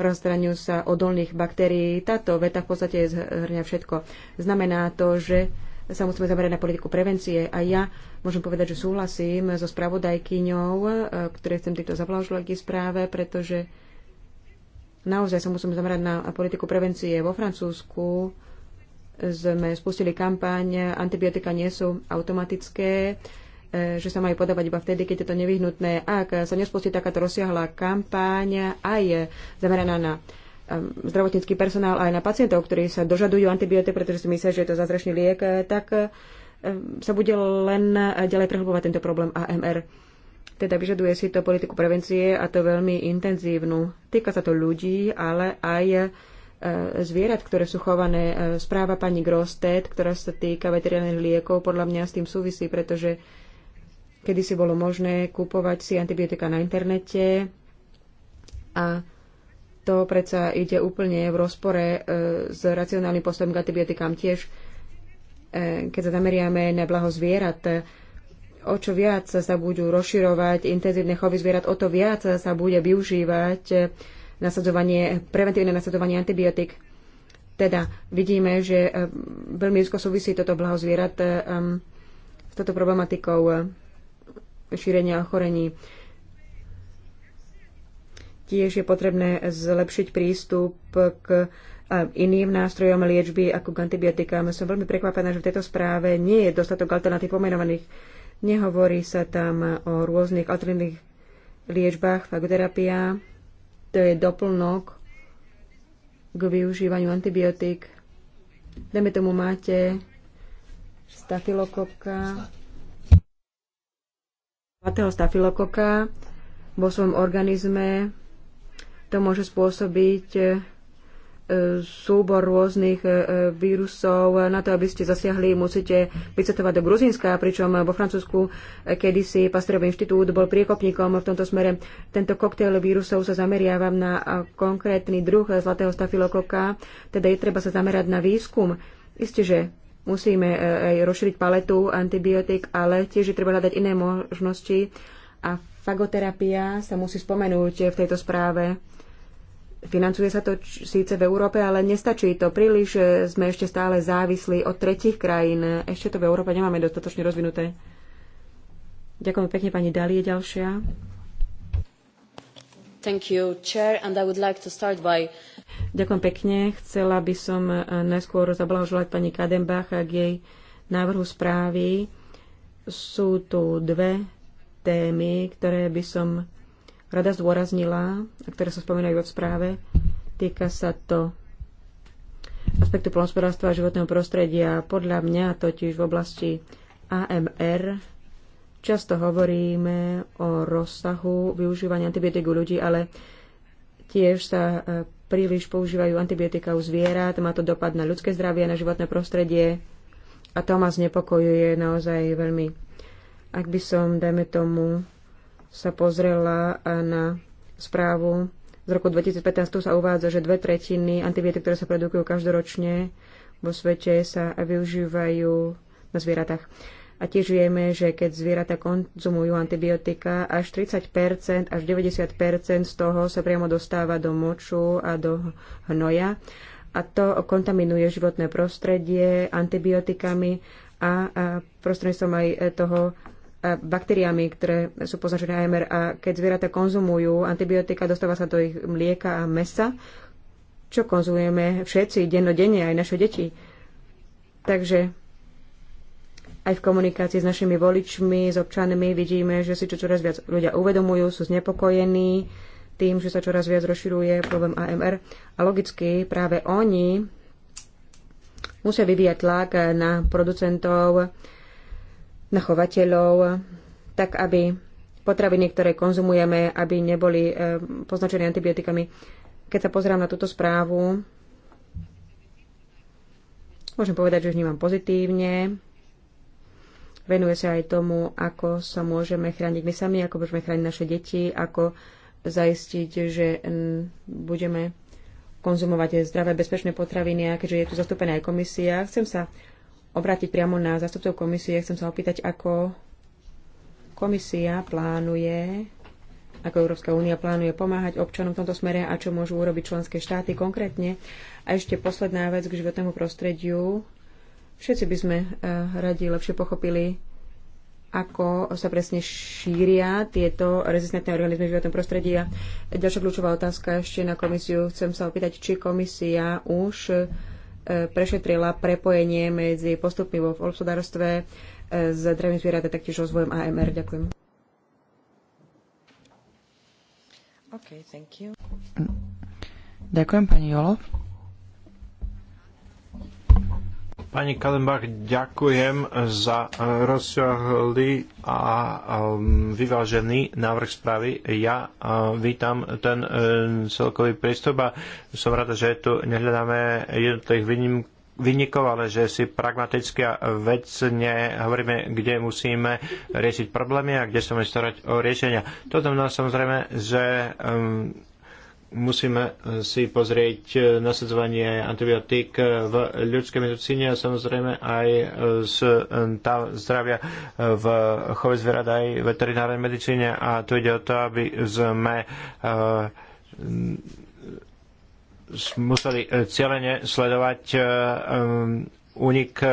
rozstraniu sa odolných baktérií. Táto veta v podstate zhrňa všetko. Znamená to, že sa musíme zamerať na politiku prevencie a ja môžem povedať, že súhlasím so spravodajkyňou, e, ktoré chcem týmto zablahožľať správe, pretože naozaj sa musíme zamerať na politiku prevencie. Vo Francúzsku sme spustili kampaň Antibiotika nie sú automatické že sa majú podávať iba vtedy, keď je to nevyhnutné. Ak sa nespustí takáto rozsiahla kampáň aj zameraná na um, zdravotnícky personál aj na pacientov, ktorí sa dožadujú antibiotik, pretože si myslia, že je to zázračný liek, tak um, sa bude len ďalej prehlbovať tento problém AMR. Teda vyžaduje si to politiku prevencie a to veľmi intenzívnu. Týka sa to ľudí, ale aj uh, zvierat, ktoré sú chované. Uh, správa pani Grosted, ktorá sa týka veterinárnych liekov, podľa mňa s tým súvisí, pretože kedy si bolo možné kúpovať si antibiotika na internete a to predsa ide úplne v rozpore e, s racionálnym postojom k antibiotikám tiež, e, keď sa zameriame na blaho zvierat. O čo viac sa budú rozširovať intenzívne chovy zvierat, o to viac sa bude využívať nasadzovanie, preventívne nasadzovanie antibiotik. Teda vidíme, že e, veľmi úzko súvisí toto blaho zvierat s touto problematikou šírenia ochorení. Tiež je potrebné zlepšiť prístup k iným nástrojom liečby ako k antibiotikám. Som veľmi prekvapená, že v tejto správe nie je dostatok alternatív pomenovaných. Nehovorí sa tam o rôznych alternatívnych liečbách, fagoterapia. To je doplnok k využívaniu antibiotík. Dajme tomu máte stafilokopka, zlatého stafilokoka vo svojom organizme. To môže spôsobiť e, súbor rôznych e, vírusov. Na to, aby ste zasiahli, musíte vycetovať do Gruzínska, pričom vo Francúzsku e, kedysi Pasteurov inštitút bol priekopníkom v tomto smere. Tento koktejl vírusov sa zameriava na konkrétny druh zlatého stafilokoka, teda je treba sa zamerať na výskum. Isté, že Musíme e, aj rozšíriť paletu antibiotík, ale tiež je treba hľadať iné možnosti a fagoterapia sa musí spomenúť v tejto správe. Financuje sa to síce v Európe, ale nestačí to. Príliš e, sme ešte stále závislí od tretich krajín. Ešte to v Európe nemáme dostatočne rozvinuté. Ďakujem pekne, pani Dali je ďalšia. Thank you, Chair, and I would like to start by Ďakujem pekne. Chcela by som eh, najskôr zablahoželať pani Kadenbach k jej návrhu správy. Sú tu dve témy, ktoré by som rada zdôraznila a ktoré sa spomínajú v správe. Týka sa to aspektu plnospodárstva a životného prostredia. Podľa mňa totiž v oblasti AMR často hovoríme o rozsahu využívania antibiotík u ľudí, ale tiež sa eh, príliš používajú antibiotika u zvierat, má to dopad na ľudské zdravie, na životné prostredie a to ma znepokojuje naozaj veľmi. Ak by som, dajme tomu, sa pozrela na správu z roku 2015 tu sa uvádza, že dve tretiny antibiotik, ktoré sa produkujú každoročne vo svete, sa využívajú na zvieratách. A tiež vieme, že keď zvieratá konzumujú antibiotika, až 30 až 90 z toho sa priamo dostáva do moču a do hnoja. A to kontaminuje životné prostredie antibiotikami a, prostredníctvom aj toho baktériami, ktoré sú poznačené AMR. A keď zvieratá konzumujú antibiotika, dostáva sa do ich mlieka a mesa, čo konzumujeme všetci dennodenne, aj naše deti. Takže aj v komunikácii s našimi voličmi, s občanmi vidíme, že si čo čoraz viac ľudia uvedomujú, sú znepokojení tým, že sa čoraz viac rozširuje problém AMR. A logicky práve oni musia vyvíjať tlak na producentov, na chovateľov, tak aby potraviny, ktoré konzumujeme, aby neboli eh, poznačené antibiotikami. Keď sa pozerám na túto správu, môžem povedať, že vnímam pozitívne Venuje sa aj tomu, ako sa môžeme chrániť my sami, ako môžeme chrániť naše deti, ako zaistiť, že mm, budeme konzumovať zdravé, bezpečné potraviny. A keďže je tu zastúpená aj komisia, chcem sa obrátiť priamo na zastupcov komisie. Chcem sa opýtať, ako komisia plánuje, ako Európska únia plánuje pomáhať občanom v tomto smere a čo môžu urobiť členské štáty konkrétne. A ešte posledná vec k životnému prostrediu. Všetci by sme eh, radi lepšie pochopili, ako sa presne šíria tieto rezistentné organizmy v životnom prostredí. A ďalšia kľúčová otázka ešte na komisiu. Chcem sa opýtať, či komisia už eh, prešetrila prepojenie medzi postupmi vo obsodárstve eh, s drevným zvierat a taktiež rozvojom AMR. Ďakujem. Okay, thank you. Ďakujem, pani Jolo. Pani Kalenbach, ďakujem za e, rozsiahly a um, vyvážený návrh správy. Ja e, vítam ten e, celkový prístup a som rada, že tu nehľadáme jednotlivých výnimkov vynikov, ale že si pragmaticky a vecne hovoríme, kde musíme riešiť problémy a kde sa môžeme starať o riešenia. To znamená samozrejme, že um, musíme eh, si pozrieť eh, nasadzovanie antibiotík eh, v ľudskej medicíne a samozrejme aj z tá zdravia v chove zvierat aj veterinárnej medicíne a tu ide o to, aby sme museli cieľene sledovať únik e,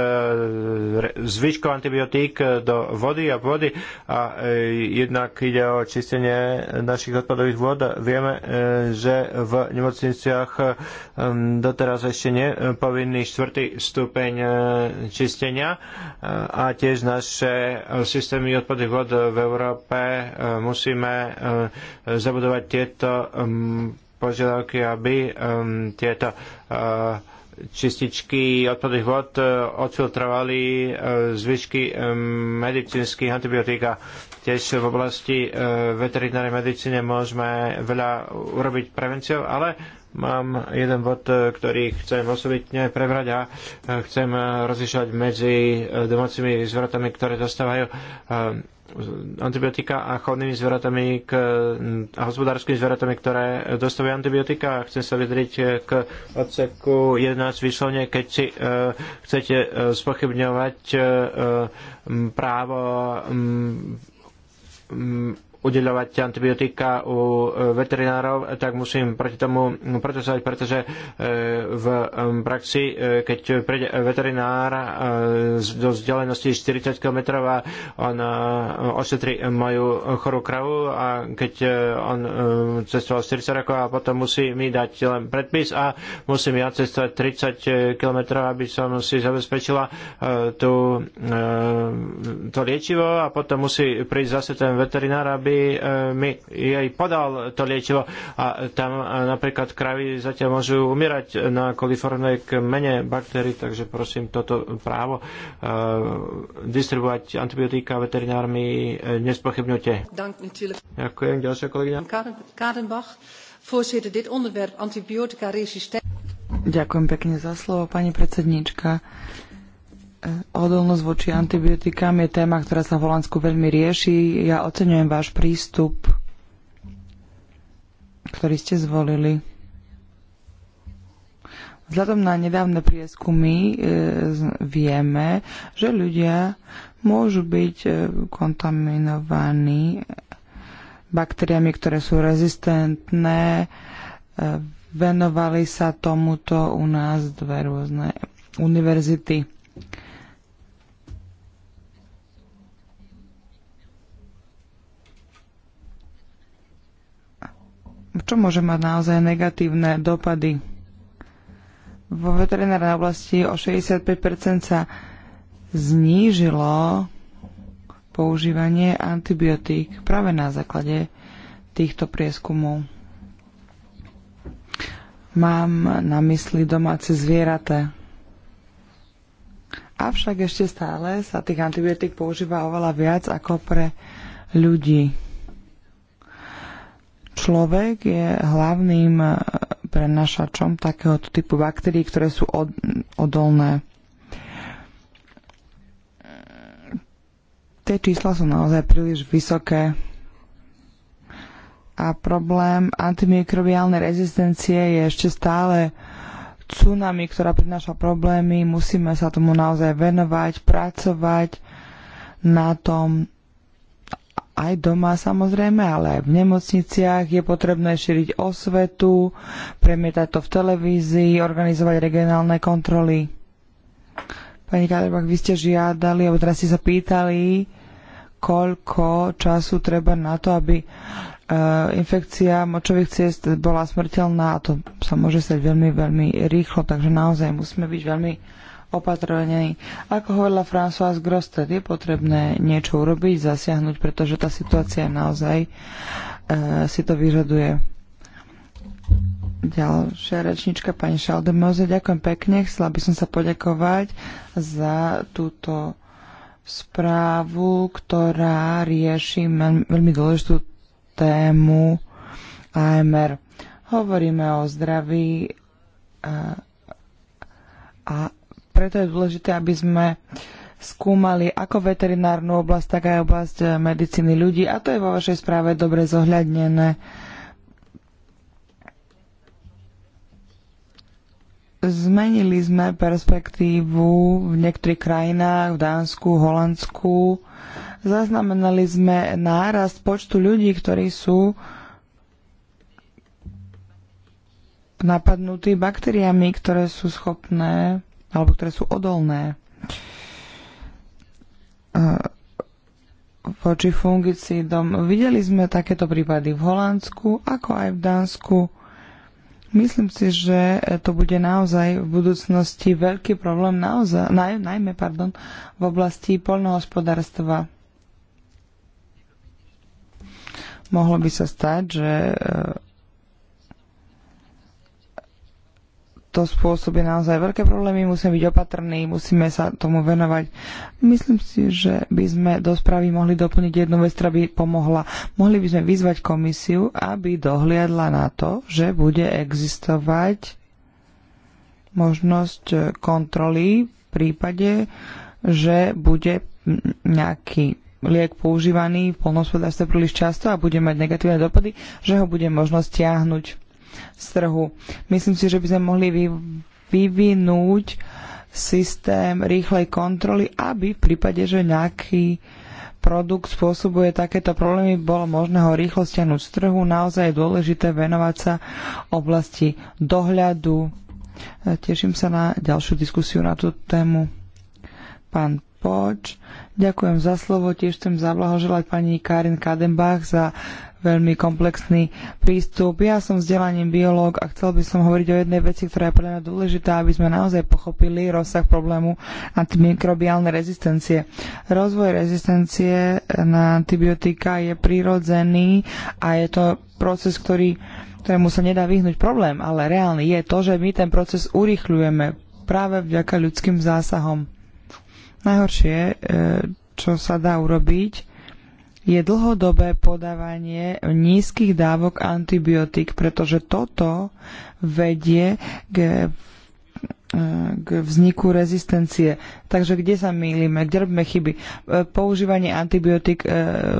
zvyškov antibiotík e, do vody a vody a e, jednak ide o čistenie našich odpadových vôd. Vieme, že v nemocniciach doteraz ešte nie povinný štvrtý stupeň čistenia a tiež naše systémy odpadových vod v Európe musíme zabudovať tieto požiadavky, aby tieto čističky odpadných vod e, odfiltrovali e, zvyšky e, medicínskych antibiotík a tiež v oblasti veterinárnej medicíne môžeme veľa urobiť prevenciou, ale Mám jeden bod, ktorý chcem osobitne prebrať a e, chcem e, rozlišovať medzi e, domácimi zvratami, ktoré dostávajú antibiotika a chodnými zvieratami k, a hospodárskými zveratami, ktoré dostávajú antibiotika. Chcem sa vydriť k odseku 11 vyslovne, keď si uh, chcete uh, spochybňovať uh, právo um, udeľovať antibiotika u e, veterinárov, tak musím proti tomu protestovať, pretože e, v praxi, e, keď príde veterinár do vzdialenosti 40 km a on ošetrí moju chorú kravu a keď on cestoval 40 rokov a potom musí mi dať len predpis a musím ja cestovať 30 km, aby som si zabezpečila tú, to liečivo a potom musí prísť zase ten veterinár, aby ktorý eh, mi jej podal to liečivo. A tam eh, napríklad kravy zatiaľ môžu umierať na koliformnej kmene baktérií, takže prosím toto právo uh, distribuovať antibiotika veterinármi nespochybňujte. Ďakujem, ďalšia kolegyňa. Kadenbach. Voorzitter, dit onderwerp antibiotica resistent. Ďakujem pekne za slovo, pani predsedníčka. Odolnosť voči antibiotikám je téma, ktorá sa v Holandsku veľmi rieši. Ja oceňujem váš prístup, ktorý ste zvolili. Vzhľadom na nedávne prieskumy e, vieme, že ľudia môžu byť e, kontaminovaní baktériami, ktoré sú rezistentné. E, venovali sa tomuto u nás dve rôzne univerzity. čo môže mať naozaj negatívne dopady. Vo veterinárnej oblasti o 65% sa znížilo používanie antibiotík práve na základe týchto prieskumov. Mám na mysli domáce zvieraté. Avšak ešte stále sa tých antibiotík používa oveľa viac ako pre ľudí človek je hlavným e, prenašačom takéhoto typu baktérií, ktoré sú od, odolné. Tie čísla sú naozaj príliš vysoké a problém antimikrobiálnej rezistencie je ešte stále tsunami, ktorá prináša problémy. Musíme sa tomu naozaj venovať, pracovať na tom, aj doma samozrejme, ale aj v nemocniciach je potrebné šíriť osvetu, premietať to v televízii, organizovať regionálne kontroly. Pani Kaderbach, vy ste žiadali, alebo teraz ste sa pýtali, koľko času treba na to, aby e, infekcia močových ciest bola smrteľná a to sa môže stať veľmi, veľmi rýchlo, takže naozaj musíme byť veľmi opatrení. Ako hovorila François Grosted, je potrebné niečo urobiť, zasiahnuť, pretože tá situácia naozaj e, si to vyžaduje. Ďalšia rečnička, pani Šaldemoze, ďakujem pekne. Chcela by som sa poďakovať za túto správu, ktorá rieši veľmi dôležitú tému AMR. Hovoríme o zdraví eh, a, a preto je dôležité, aby sme skúmali ako veterinárnu oblasť, tak aj oblasť eh, medicíny ľudí a to je vo vašej správe dobre zohľadnené. Zmenili sme perspektívu v niektorých krajinách, v Dánsku, Holandsku. Zaznamenali sme nárast počtu ľudí, ktorí sú napadnutí baktériami, ktoré sú schopné alebo ktoré sú odolné e, voči fungicídom. Videli sme takéto prípady v Holandsku, ako aj v Dánsku. Myslím si, že to bude naozaj v budúcnosti veľký problém, naozaj, naj, najmä pardon, v oblasti poľnohospodárstva. Mohlo by sa stať, že e, to spôsobí naozaj veľké problémy, musíme byť opatrní, musíme sa tomu venovať. Myslím si, že by sme do správy mohli doplniť jednu vec, ktorá by pomohla. Mohli by sme vyzvať komisiu, aby dohliadla na to, že bude existovať možnosť kontroly v prípade, že bude nejaký liek používaný v polnospodárstve príliš často a bude mať negatívne dopady, že ho bude možnosť stiahnuť z trhu. Myslím si, že by sme mohli vyvinúť systém rýchlej kontroly, aby v prípade, že nejaký produkt spôsobuje takéto problémy, bolo možné ho rýchlo stiahnuť z trhu. Naozaj je dôležité venovať sa oblasti dohľadu. Teším sa na ďalšiu diskusiu na tú tému. Pán Poč, ďakujem za slovo, tiež chcem zablahoželať pani Karin Kadenbach za veľmi komplexný prístup. Ja som vzdelaním biológ a chcel by som hovoriť o jednej veci, ktorá je pre mňa dôležitá, aby sme naozaj pochopili rozsah problému antimikrobiálnej rezistencie. Rozvoj rezistencie na antibiotika je prirodzený a je to proces, ktorý, ktorému sa nedá vyhnúť problém, ale reálny je to, že my ten proces urýchľujeme práve vďaka ľudským zásahom. Najhoršie, e, čo sa dá urobiť, je dlhodobé podávanie nízkych dávok antibiotík, pretože toto vedie k k vzniku rezistencie. Takže kde sa mýlime, kde robíme chyby? Používanie antibiotík e,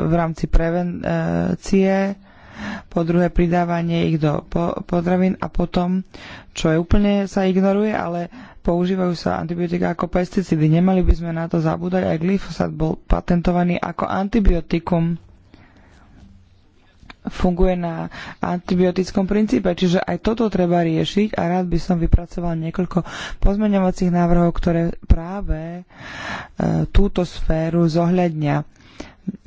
v rámci prevencie, po druhé pridávanie ich do potravín a potom, čo je úplne sa ignoruje, ale používajú sa antibiotika ako pesticídy. Nemali by sme na to zabúdať, aj glyfosát bol patentovaný ako antibiotikum. Funguje na antibiotickom princípe, čiže aj toto treba riešiť a rád by som vypracoval niekoľko pozmeňovacích návrhov, ktoré práve e, túto sféru zohľadňa.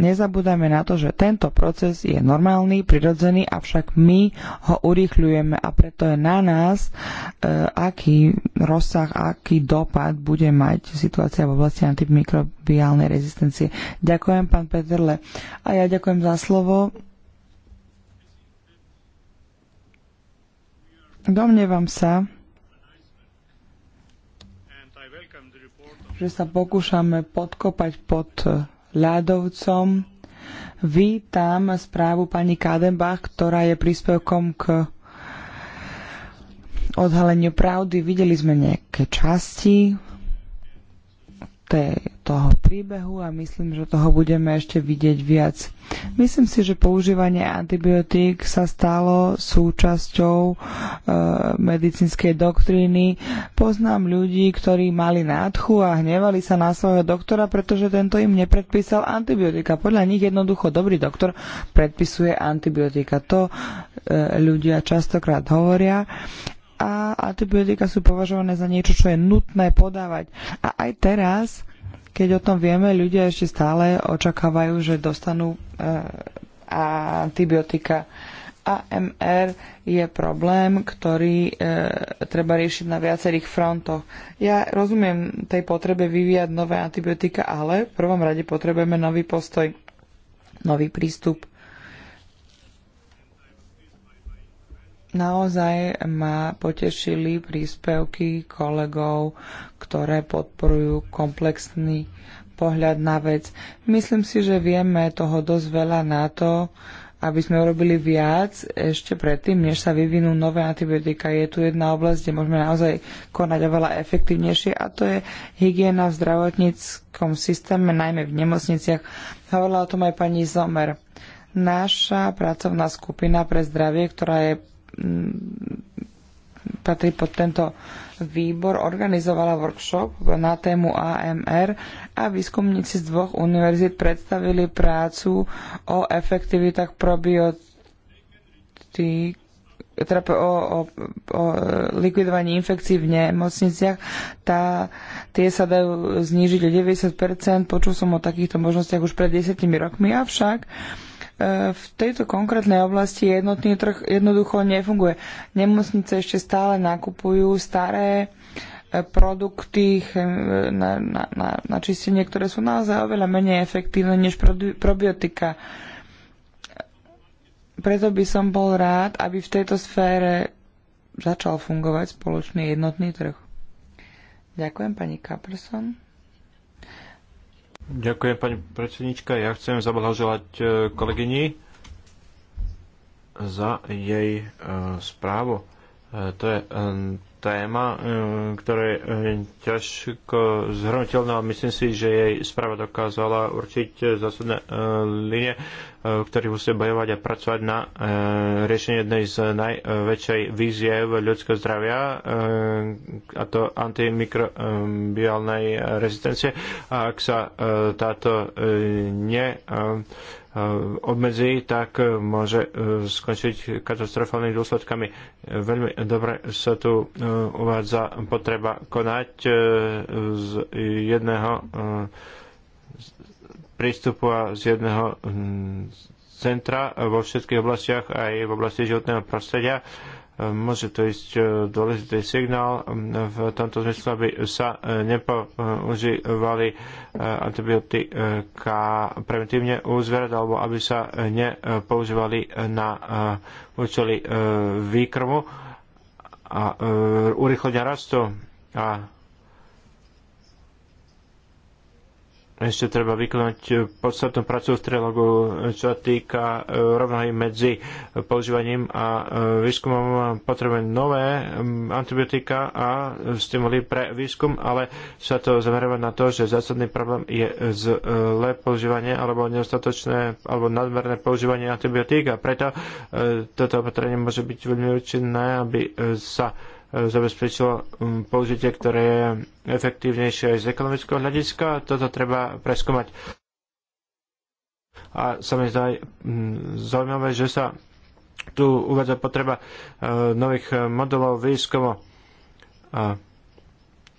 Nezabúdajme na to, že tento proces je normálny, prirodzený, avšak my ho urýchľujeme a preto je na nás, e, aký rozsah, aký dopad bude mať situácia v oblasti antimikrobiálnej rezistencie. Ďakujem, pán Peterle. A ja ďakujem za slovo. Domnievam sa, že sa pokúšame podkopať pod ľadovcom. Vítam správu pani Kadenbach, ktorá je príspevkom k odhaleniu pravdy. Videli sme nejaké časti te, toho príbehu a myslím, že toho budeme ešte vidieť viac. Myslím si, že používanie antibiotík sa stalo súčasťou e, medicínskej doktríny. Poznám ľudí, ktorí mali nádchu a hnevali sa na svojho doktora, pretože tento im nepredpísal antibiotika. Podľa nich jednoducho dobrý doktor predpisuje antibiotika. To e, ľudia častokrát hovoria a antibiotika sú považované za niečo, čo je nutné podávať. A aj teraz, keď o tom vieme, ľudia ešte stále očakávajú, že dostanú uh, antibiotika. AMR je problém, ktorý e, treba riešiť na viacerých frontoch. Ja rozumiem tej potrebe vyvíjať nové antibiotika, ale v prvom rade potrebujeme nový postoj, nový prístup Naozaj ma potešili príspevky kolegov, ktoré podporujú komplexný pohľad na vec. Myslím si, že vieme toho dosť veľa na to, aby sme urobili viac ešte predtým, než sa vyvinú nové antibiotika. Je tu jedna oblasť, kde môžeme naozaj konať oveľa efektívnejšie a to je hygiena v zdravotníckom systéme, najmä v nemocniciach. Hovorila o tom aj pani Zomer. Naša pracovná skupina pre zdravie, ktorá je Mm, patrí pod tento výbor, organizovala workshop na tému AMR a výskumníci z dvoch univerzít predstavili prácu o efektivitách probiotík teda o, o, o likvidovaní infekcií v nemocniciach, tá, tie sa dajú znížiť o 90%. Počul som o takýchto možnostiach už pred 10 rokmi, avšak uh, v tejto konkrétnej oblasti jednotný trh jednoducho nefunguje. Nemocnice ešte stále nakupujú staré e, produkty e, na, na, na, na čistenie, ktoré sú naozaj oveľa menej efektívne než probiotika. Preto by som bol rád, aby v tejto sfére začal fungovať spoločný jednotný trh. Ďakujem pani Kaperson. Ďakujem, pani predsednička. Ja chcem zablahoželať e, kolegyni za jej e, správu to je téma, ktorá je ťažko zhrnutelná. Myslím si, že jej správa dokázala určiť zásadné linie, v ktorých musí bojovať a pracovať na riešení jednej z najväčšej vízie v ľudského zdravia, a to antimikrobiálnej rezistencie. A ak sa táto ne obmedzí, tak môže e, skončiť katastrofálnymi dôsledkami. Veľmi dobre sa tu e, uvádza potreba konať e, z jedného prístupu a z jedného mm, centra vo všetkých oblastiach aj v oblasti životného prostredia môže to ísť e, dôležitý signál v tomto zmysle, aby sa e, nepoužívali e, antibiotika preventívne u zvierat, alebo aby sa nepoužívali na účely výkrmu a urychlenia rastu a ešte treba vykonať eh, podstatnú prácu v trilogu, eh, čo sa týka eh, rovnohy medzi používaním a výskumom. Potrebujeme nové mm, antibiotika a stimuli pre výskum, ale sa to zamerá na to, že zásadný problém je zlé používanie alebo nedostatočné alebo nadmerné používanie antibiotík a preto toto opatrenie môže byť veľmi účinné, aby sa zabezpečilo um, použitie, ktoré je efektívnejšie aj z ekonomického hľadiska. Toto treba preskúmať. A sa mi zdá zaujímavé, že sa tu uvádza potreba uh, nových modelov výskumu. A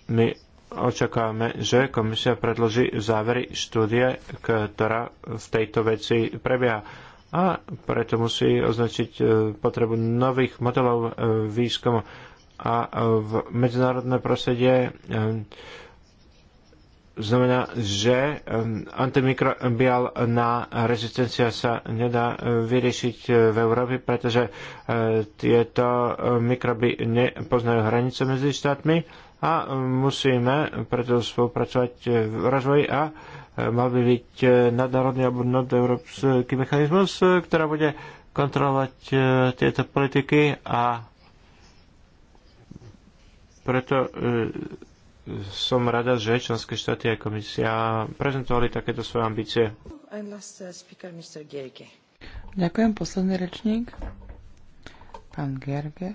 my očakávame, že komisia predloží závery štúdie, ktorá v tejto veci prebieha a preto musí označiť uh, potrebu nových modelov uh, výskumu a e, v medzinárodné prostredie e, znamená, že e, na rezistencia sa nedá vyriešiť v Európe, pretože tieto mikroby nepoznajú hranice medzi štátmi a musíme preto spolupracovať v rozvoji a mal by byť nadnárodný alebo nadeurópsky mechanizmus, ktorá bude kontrolovať tieto politiky a preto e, som rada, že členské štáty a komisia prezentovali takéto svoje ambície. Uh, Ďakujem, posledný rečník. Pán Gerge.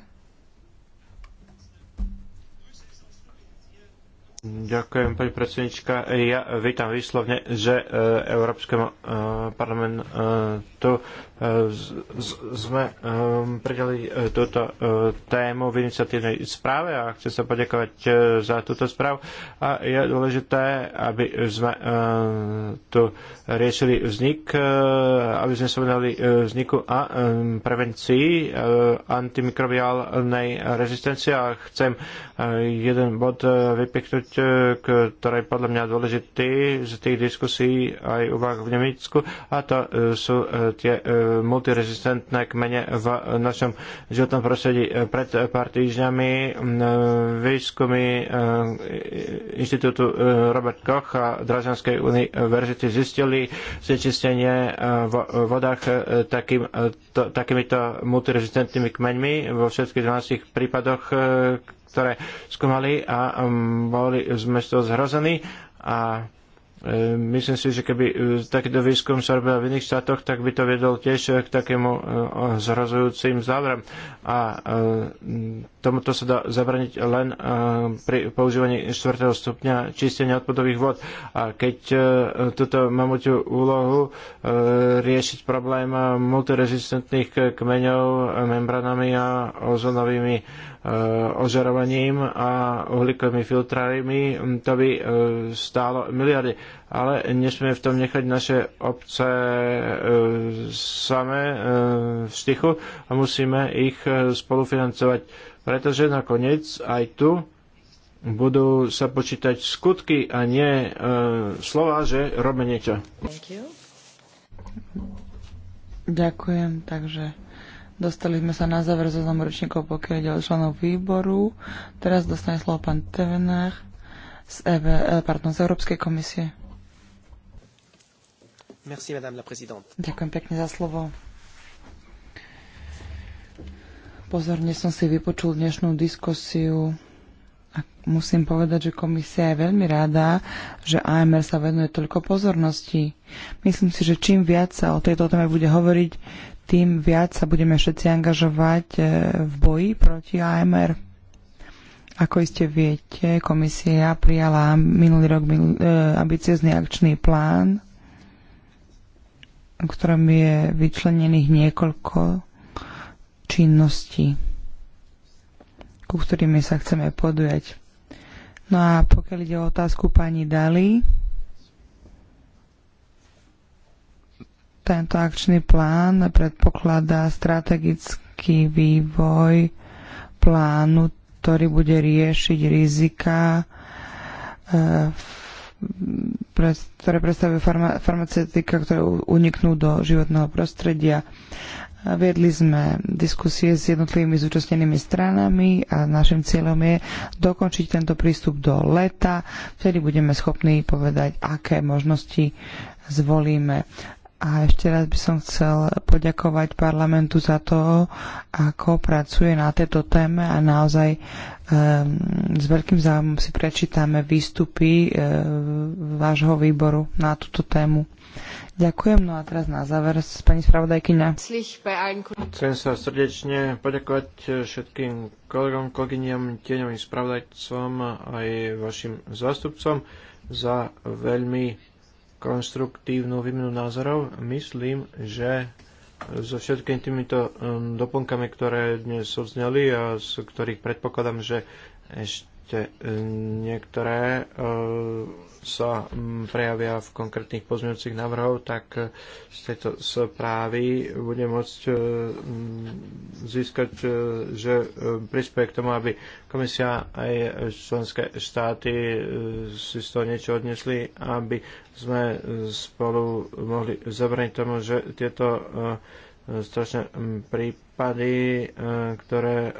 Ďakujem, pani predsednička. Ja vítam výslovne, že Európskemu parlamentu sme pridali túto tému v iniciatívnej správe a chcem sa poďakovať e, za túto správu. A je dôležité, aby sme e, tu riešili vznik, e, aby sme sa venovali vzniku a prevencii antimikrobiálnej rezistencie a chcem jeden bod vypichnúť E, ktorá je podľa mňa dôležitý z tých diskusí aj vás v Nemecku, a to e, sú e, tie multirezistentné kmene v našom životnom prostredí. Pred pár týždňami výskumy Inštitútu Robert Koch a Dražanskej univerzity zistili znečistenie v vodách takým, to, takýmito multirezistentnými kmeňmi vo všetkých 12 prípadoch, ktoré skúmali a um, boli sme z toho zhrození a E, myslím si, že keby e, takýto výskum sa robil v iných štátoch, tak by to viedol tiež e, k takému zrazujúcim záverom. A tomuto sa dá zabraniť len pri používaní 4. stupňa čistenia odpadových vod. A keď túto mamutiu úlohu riešiť problém multirezistentných kmeňov membranami a ozonovými ožarovaním a uhlíkovými filtrármi, to by stálo miliardy ale nesmieme v tom nechať naše obce e, samé e, v stichu a musíme ich e, spolufinancovať, pretože nakoniec aj tu budú sa počítať skutky a nie e, slova, že robíme niečo. Ďakujem, takže dostali sme sa na záver zoznamu so pokiaľ ide o výboru. Teraz dostane slovo pán Tevenách z, e e, pardon, z Európskej komisie. Merci, la Ďakujem pekne za slovo. Pozorne som si vypočul dnešnú diskusiu a musím povedať, že komisia je veľmi rada, že AMR sa venuje toľko pozornosti. Myslím si, že čím viac sa o tejto téme bude hovoriť, tým viac sa budeme všetci angažovať e, v boji proti AMR. Ako iste viete, komisia prijala minulý rok e, ambiciozný akčný plán, v ktorom je vyčlenených niekoľko činností, ku ktorými sa chceme podujať. No a pokiaľ ide o otázku pani Dali, tento akčný plán predpokladá strategický vývoj plánu ktorý bude riešiť rizika, e, ktoré predstavujú farma, farmaceutika, ktoré uniknú do životného prostredia. E, viedli sme diskusie s jednotlivými zúčastnenými stranami a našim cieľom je dokončiť tento prístup do leta. Vtedy budeme schopní povedať, aké možnosti zvolíme. A ešte raz by som chcel poďakovať parlamentu za to, ako pracuje na tejto téme a naozaj um, s veľkým záujmom si prečítame výstupy um, vášho výboru na túto tému. Ďakujem. No a teraz na záver pani spravodajkyňa. Chcem sa srdečne poďakovať všetkým kolegom, kolegyňam, tieňovým spravodajcom aj vašim zástupcom za veľmi konštruktívnu výmenu názorov. Myslím, že so všetkými týmito um, doplnkami, ktoré dnes odzneli a z ktorých predpokladám, že ešte um, niektoré uh, sa mm, prejavia v konkrétnych pozmeňujúcich návrhov, tak e, z tejto správy bude môcť e, mm, získať, e, že prispieje k tomu, aby komisia aj členské štáty si z toho niečo odnesli, aby sme spolu mohli zabraniť tomu, že tieto strašné prípady, ktoré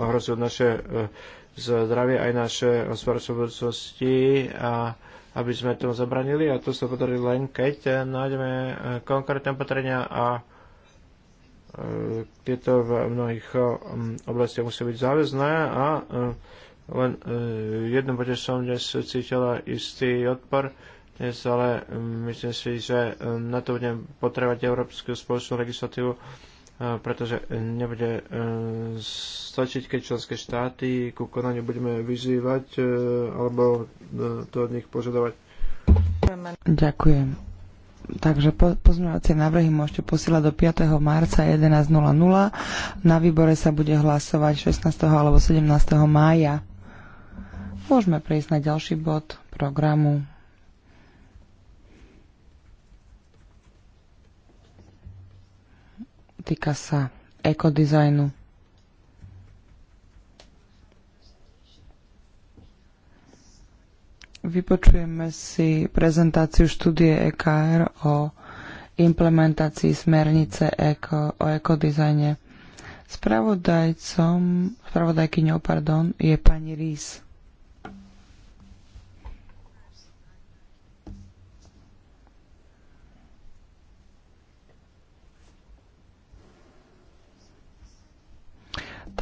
ohrozujú naše zdravie aj naše hospodárstvo budúcnosti a aby sme tomu zabranili a to sa podarí len, keď eh, nájdeme eh, konkrétne opatrenia a eh, tieto v mnohých oblastiach musia byť záväzné a len jednom bode som dnes cítila istý odpor, dnes ale mm, myslím si, že na to budem potrebovať európsku spoločnú legislatívu pretože e, nebude e, stačiť, keď členské štáty ku konaniu budeme vyzývať e, alebo to od nich požadovať. Ďakujem. Takže po, pozmeňovacie návrhy môžete posielať do 5. marca 11.00. Na výbore sa bude hlasovať 16. alebo 17. mája. Môžeme prejsť na ďalší bod programu. týka sa ekodizajnu. Vypočujeme si prezentáciu štúdie EKR o implementácii smernice eko, o ekodizajne. Spravodajcom, spravodajkyňou, pardon, je pani Rís.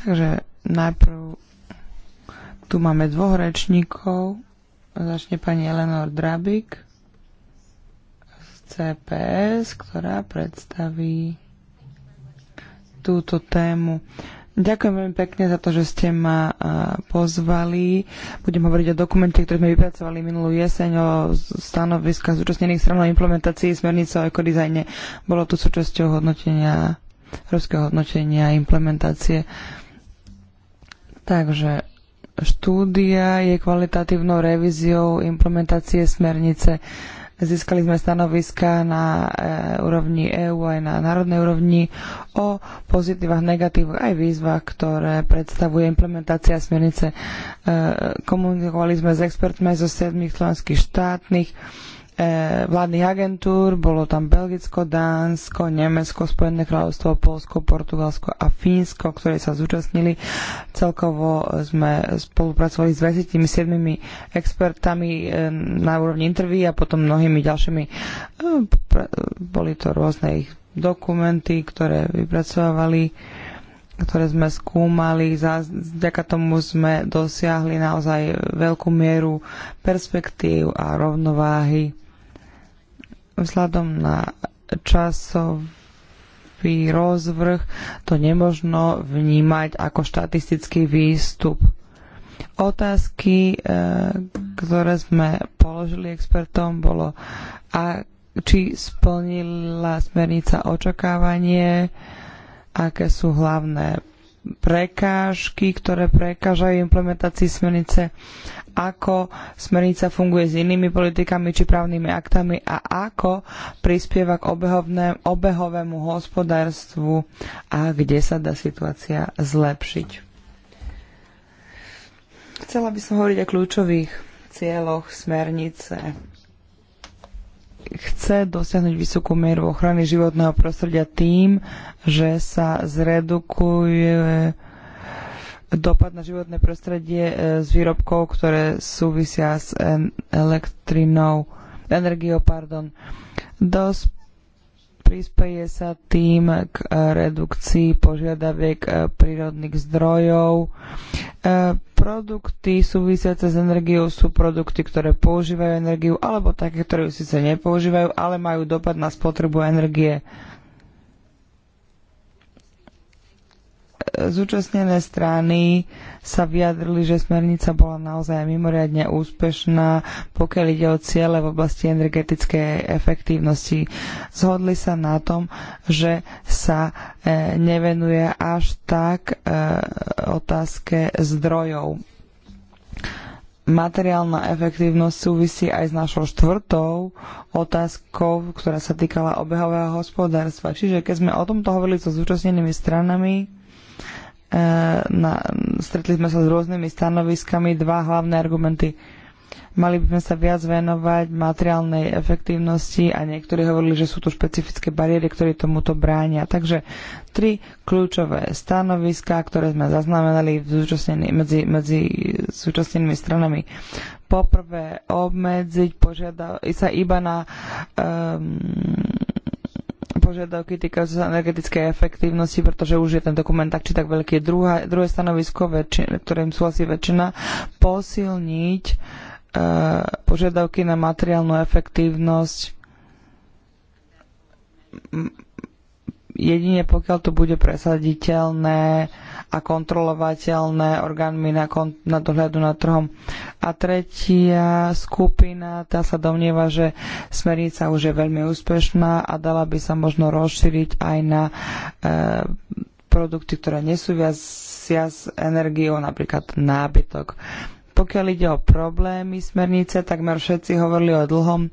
Takže najprv tu máme dvoch rečníkov. Začne pani Eleanor Drabik z CPS, ktorá predstaví túto tému. Ďakujem veľmi pekne za to, že ste ma e, pozvali. Budem hovoriť o dokumente, ktorý sme vypracovali minulú jeseň o stanoviska zúčastnených stran o implementácii smernice o ekodizajne. Bolo tu súčasťou hodnotenia, európskeho hodnotenia implementácie. Uh, Takže štúdia je kvalitatívnou revíziou implementácie smernice. Získali sme stanoviska na e, úrovni EÚ aj na národnej úrovni o pozitívach, negatívach aj výzvach, ktoré predstavuje implementácia smernice. E, komunikovali sme s expertmi zo siedmých členských štátnych E, vládnych agentúr, bolo tam Belgicko, Dánsko, Nemecko, Spojené kráľovstvo, Polsko, Portugalsko a Fínsko, ktoré sa zúčastnili. Celkovo sme spolupracovali s 27 expertami e, na úrovni interví a potom mnohými ďalšími. E, boli to rôzne ich dokumenty, ktoré vypracovali ktoré sme skúmali. Vďaka tomu sme dosiahli naozaj veľkú mieru perspektív a rovnováhy Vzhľadom na časový rozvrh to nemožno vnímať ako štatistický výstup. Otázky, e, ktoré sme položili expertom, bolo, a či splnila smernica očakávanie, aké sú hlavné prekážky, ktoré prekážajú implementácii smernice ako smernica funguje s inými politikami či právnymi aktami a ako prispieva k obehovému hospodárstvu a kde sa dá situácia zlepšiť. Chcela by som hovoriť o kľúčových cieľoch smernice chce dosiahnuť vysokú mieru ochrany životného prostredia tým, že sa zredukuje dopad na životné prostredie e, z výrobkov, ktoré súvisia s elektrinou, energiou, pardon. Dosť prispieje sa tým k e, redukcii požiadaviek e, prírodných zdrojov. Produkty súvisiace s energiou sú produkty, ktoré používajú energiu, alebo také, ktoré ju síce nepoužívajú, ale majú dopad na spotrebu energie. zúčastnené strany sa vyjadrili, že smernica bola naozaj mimoriadne úspešná, pokiaľ ide o ciele v oblasti energetickej efektívnosti. Zhodli sa na tom, že sa e, nevenuje až tak e, otázke zdrojov. Materiálna efektívnosť súvisí aj s našou štvrtou otázkou, ktorá sa týkala obehového hospodárstva. Čiže keď sme o tomto hovorili so zúčastnenými stranami, E, na, stretli sme sa s rôznymi stanoviskami, dva hlavné argumenty. Mali by sme sa viac venovať materiálnej efektívnosti a niektorí hovorili, že sú tu špecifické bariéry, ktoré tomuto bránia. Takže tri kľúčové stanoviská, ktoré sme zaznamenali medzi, medzi súčasnenými stranami. Poprvé, obmedziť požiadať sa iba na um, požiadavky týkajúce sa energetickej efektívnosti, pretože už je ten dokument tak či tak veľký. Druhá, druhé stanovisko, ktorým súhlasí väčšina, posilniť e, požiadavky na materiálnu efektívnosť jedine pokiaľ to bude presaditeľné a kontrolovateľné orgánmi na, kon- na dohľadu nad trhom. A tretia skupina, tá sa domnieva, že smernica už je veľmi úspešná a dala by sa možno rozšíriť aj na e, produkty, ktoré nesúvisia s energiou, napríklad nábytok. Pokiaľ ide o problémy smernice, takmer všetci hovorili o dlhom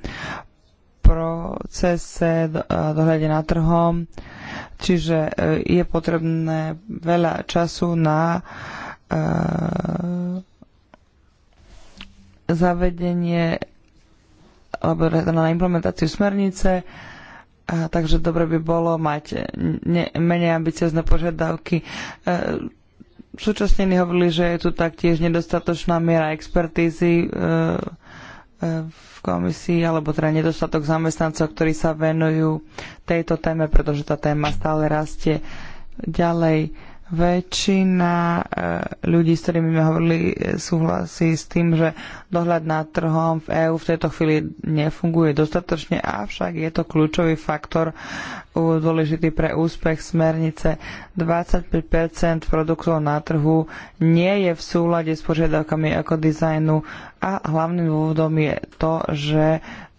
procese dohľade na trhom. E, Čiže e, je potrebné veľa času na e, zavedenie alebo na implementáciu smernice, a, takže dobre by bolo mať ne, menej ambiciozne požiadavky. E, súčasnení hovorili, že je tu taktiež nedostatočná miera expertízy e, v komisii, alebo teda nedostatok zamestnancov, ktorí sa venujú tejto téme, pretože tá téma stále rastie ďalej Väčšina e, ľudí, s ktorými sme hovorili, e, súhlasí s tým, že dohľad nad trhom v EÚ v tejto chvíli nefunguje dostatočne, avšak je to kľúčový faktor dôležitý pre úspech smernice. 25 produktov na trhu nie je v súlade s požiadavkami ekodizajnu a hlavným dôvodom je to, že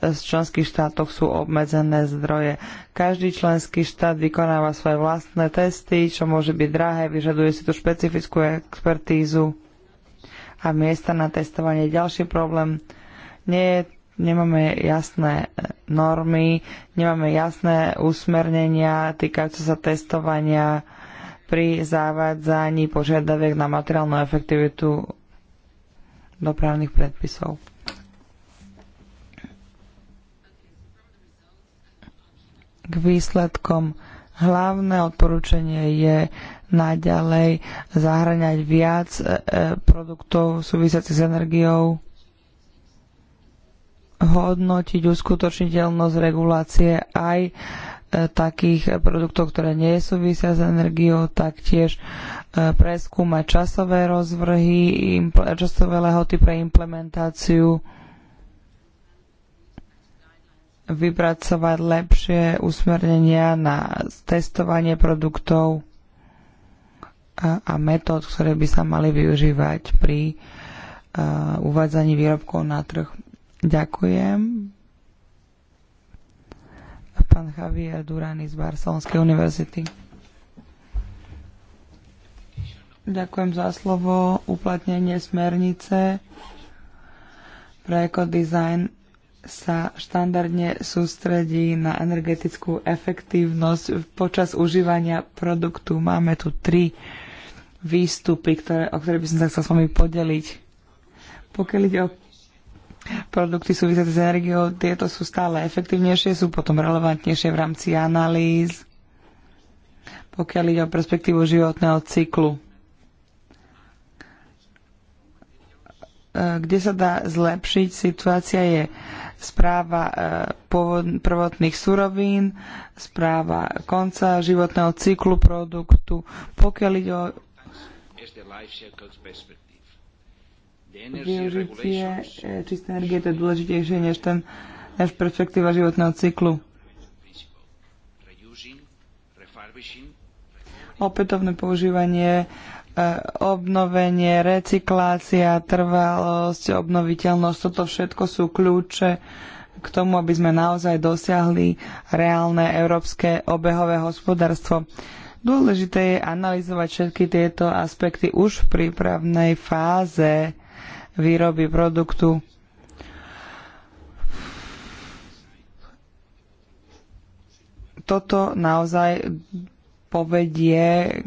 v členských štátoch sú obmedzené zdroje. Každý členský štát vykonáva svoje vlastné testy, čo môže byť drahé, vyžaduje si tú špecifickú expertízu a miesta na testovanie. Ďalší problém nie je nemáme jasné e, normy, nemáme jasné usmernenia týkajúce sa testovania pri zavádzaní požiadaviek na materiálnu efektivitu dopravných predpisov. k výsledkom. Hlavné odporúčanie je naďalej zahraňať viac e, e, produktov súvisiacich s energiou, hodnotiť uskutočniteľnosť regulácie aj e, takých produktov, ktoré nie súvisia s energiou, taktiež preskúmať časové rozvrhy, časové lehoty pre implementáciu vypracovať lepšie usmernenia na testovanie produktov a, a metód, ktoré by sa mali využívať pri uh, uvádzaní výrobkov na trh. Ďakujem. Pán Javier Durani z Barcelonskej univerzity. Ďakujem za slovo. Uplatnenie smernice pre ekodizajn sa štandardne sústredí na energetickú efektívnosť počas užívania produktu. Máme tu tri výstupy, ktoré, o ktoré by som sa chcel s vami podeliť. Pokiaľ ide o produkty súvisiace s energiou, tieto sú stále efektívnejšie, sú potom relevantnejšie v rámci analýz, pokiaľ ide o perspektívu životného cyklu. Eh, kde sa dá zlepšiť situácia je správa eh, prvotných surovín, správa konca životného cyklu produktu, pokiaľ ide o využitie eh, čisté energie, to je dôležitejšie než ten než perspektíva životného cyklu. Opätovné používanie uh, obnovenie, recyklácia, trvalosť, obnoviteľnosť, toto všetko sú kľúče k tomu, aby sme naozaj dosiahli reálne európske obehové hospodárstvo. Dôležité je analyzovať všetky tieto aspekty už v prípravnej fáze výroby produktu. Toto naozaj povedie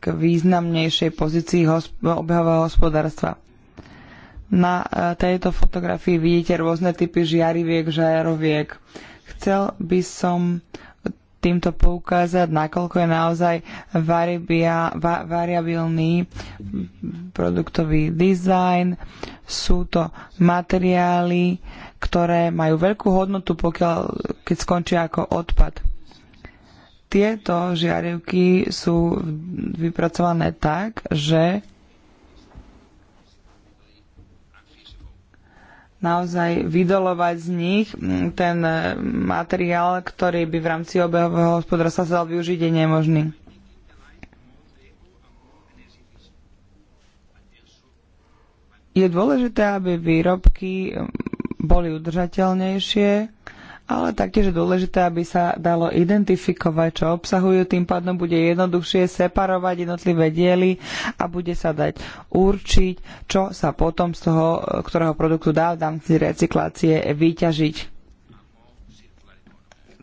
k významnejšej pozícii obehového hospodárstva. Na e, tejto fotografii vidíte rôzne typy žiariviek, žiaroviek. Chcel by som týmto poukázať, nakoľko je naozaj varibia, va, variabilný produktový dizajn. Sú to materiály, ktoré majú veľkú hodnotu, pokiaľ, keď skončia ako odpad. Tieto žiarivky sú vypracované tak, že naozaj vydolovať z nich mm, ten e, materiál, ktorý by v rámci obehového hospodárstva sa dal využiť, je nemožný. Je dôležité, aby výrobky mm, boli udržateľnejšie ale taktiež je dôležité, aby sa dalo identifikovať, čo obsahujú, tým pádom bude jednoduchšie separovať jednotlivé diely a bude sa dať určiť, čo sa potom z toho, ktorého produktu dá v rámci recyklácie vyťažiť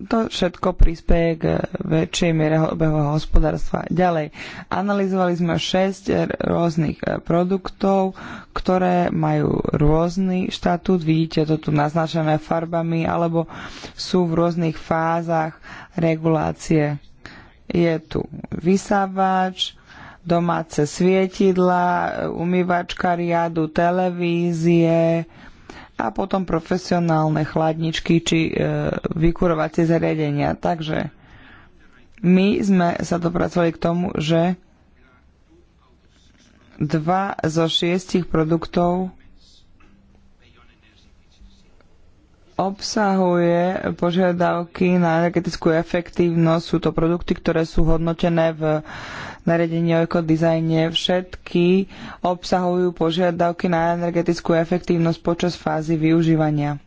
to všetko prispieje k e, väčšej miere obehového hospodárstva. Ďalej, analyzovali sme 6 rôznych e, produktov, ktoré majú rôzny štatút, vidíte to tu naznačené farbami, alebo sú v rôznych fázach regulácie. Je tu vysávač, domáce svietidla, umývačka riadu, televízie, a potom profesionálne chladničky či e, vykurovacie zariadenia. Takže my sme sa dopracovali k tomu, že dva zo šiestich produktov obsahuje požiadavky na energetickú efektívnosť. Sú to produkty, ktoré sú hodnotené v nariadenie o ekodizajne všetky obsahujú požiadavky na energetickú efektívnosť počas fázy využívania.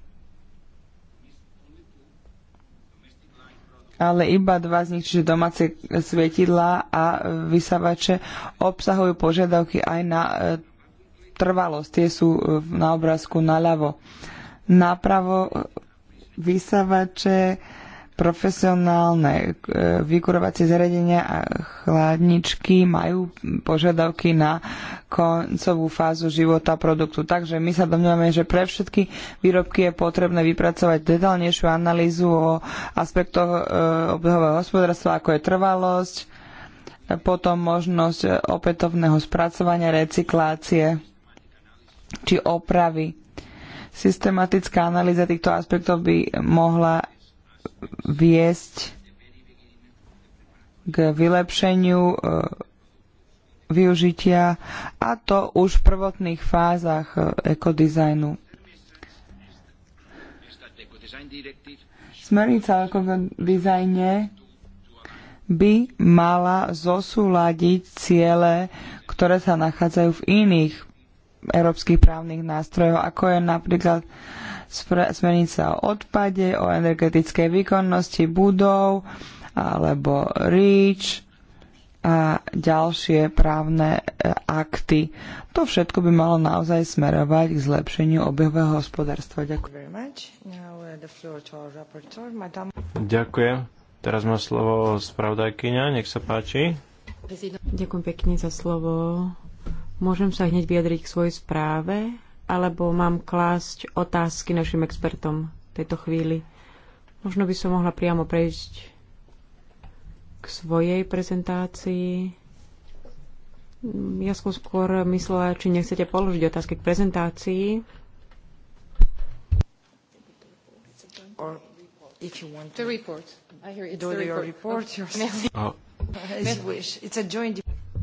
ale iba dva z nich, čiže domáce svietidla a vysavače, obsahujú požiadavky aj na e, trvalosť. Tie sú e, na obrázku naľavo. Napravo e, vysavače profesionálne e, vykurovacie zariadenia a chladničky majú požiadavky na koncovú fázu života produktu. Takže my sa domňujeme, že pre všetky výrobky je potrebné vypracovať detálnejšiu analýzu o aspektoch e, obehového hospodárstva, ako je trvalosť, e, potom možnosť opätovného spracovania, recyklácie či opravy. Systematická analýza týchto aspektov by mohla viesť k vylepšeniu e, využitia a to už v prvotných fázach e, ekodizajnu. Smernica o ekodizajne by mala zosúľadiť ciele, ktoré sa nachádzajú v iných európskych právnych nástrojoch, ako je napríklad smernica o odpade, o energetickej výkonnosti budov alebo REACH a ďalšie právne e, akty. To všetko by malo naozaj smerovať k zlepšeniu obehového hospodárstva. Ďakujem. Uh, Ďakujem. Teraz má slovo spravodajkyňa, nech sa páči. Ďakujem pekne za slovo. Môžem sa hneď vyjadriť k svojej správe alebo mám klásť otázky našim expertom v tejto chvíli? Možno by som mohla priamo prejsť k svojej prezentácii. Ja som skôr myslela, či nechcete položiť otázky k prezentácii. A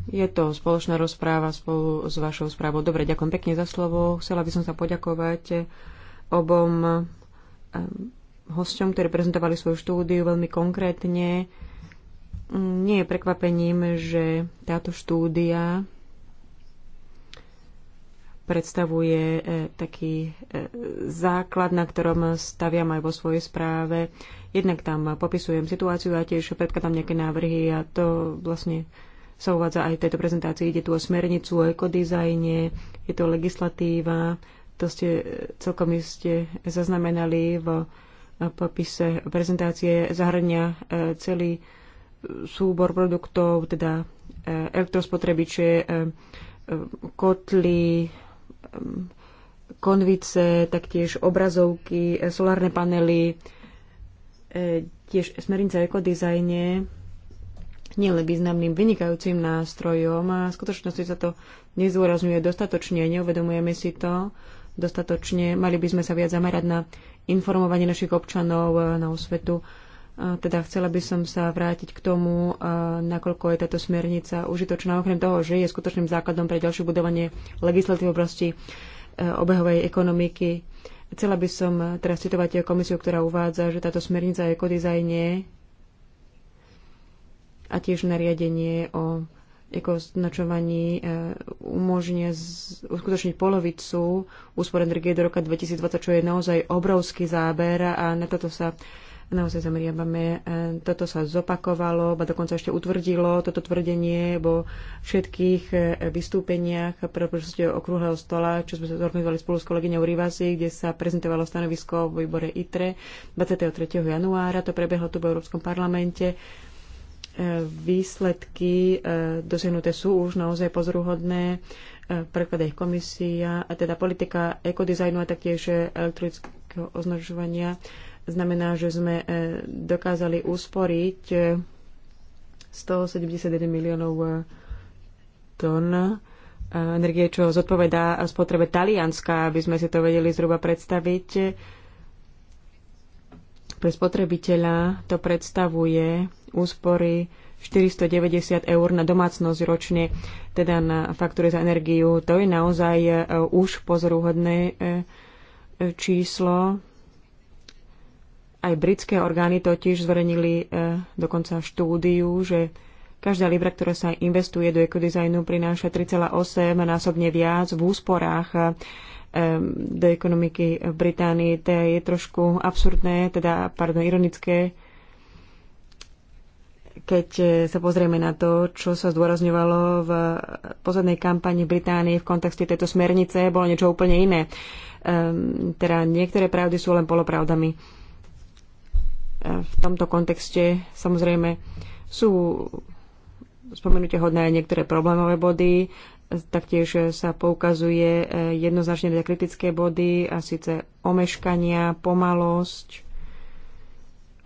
je to spoločná rozpráva spolu s vašou správou. Dobre, ďakujem pekne za slovo. Chcela by som sa poďakovať obom ehm, hosťom, ktorí prezentovali svoju štúdiu veľmi konkrétne. Nie je prekvapením, že táto štúdia predstavuje e, taký e, základ, na ktorom staviam aj vo svojej správe. Jednak tam popisujem situáciu a tiež predkladám nejaké návrhy a to vlastne sa uvádza aj v tejto prezentácii. Ide tu o smernicu, o ekodizajne, je to legislatíva, to ste e, celkom iste zaznamenali v e, popise prezentácie, zahrania e, celý súbor produktov, teda elektrospotrebiče, kotly, konvice, taktiež obrazovky, solárne panely, tiež smernica ekodizajne nielen významným vynikajúcim nástrojom a v skutočnosti sa to nezúrazňuje dostatočne, neuvedomujeme si to dostatočne. Mali by sme sa viac zamerať na informovanie našich občanov e, na osvetu. E, teda chcela by som sa vrátiť k tomu, e, nakoľko je táto smernica užitočná, okrem toho, že je skutočným základom pre ďalšie budovanie legislatívy v oblasti obehovej ekonomiky. Chcela by som teraz citovať komisiu, ktorá uvádza, že táto smernica o ekodizajne a tiež nariadenie o ekoznačovaní e, umožňuje uskutočniť polovicu úspor energie do roka 2020, čo je naozaj obrovský záber a na toto sa naozaj zameriavame. E, toto sa zopakovalo, ba dokonca ešte utvrdilo toto tvrdenie vo všetkých e, vystúpeniach pre prepočte okrúhleho stola, čo sme sa zorganizovali spolu s kolegyňou Rivasi, kde sa prezentovalo stanovisko v výbore ITRE 23. januára. To prebehlo tu v Európskom parlamente výsledky e, dosiahnuté sú už naozaj pozoruhodné. E, Preklada ich komisia, a teda politika ekodizajnu a taktiež elektronického označovania znamená, že sme e, dokázali usporiť 171 miliónov tón energie, čo zodpovedá spotrebe Talianska, aby sme si to vedeli zhruba predstaviť. Pre spotrebiteľa to predstavuje úspory 490 eur na domácnosť ročne, teda na faktúre za energiu. To je naozaj e, už pozoruhodné e, e, číslo. Aj britské orgány totiž zverejnili dokonca štúdiu, že každá libra, ktorá sa investuje do ekodizajnu, prináša 3,8 násobne viac v úsporách do ekonomiky v Británii. To je trošku absurdné, teda, pardon, ironické, keď e, sa pozrieme na to, čo sa zdôrazňovalo v poslednej kampani Británii v kontexte tejto smernice, bolo niečo úplne iné. teda niektoré pravdy sú len polopravdami. E, v tomto kontexte samozrejme sú spomenutie hodné aj niektoré problémové body, Taktiež sa poukazuje e, jednoznačne na kritické body a síce omeškania, pomalosť e,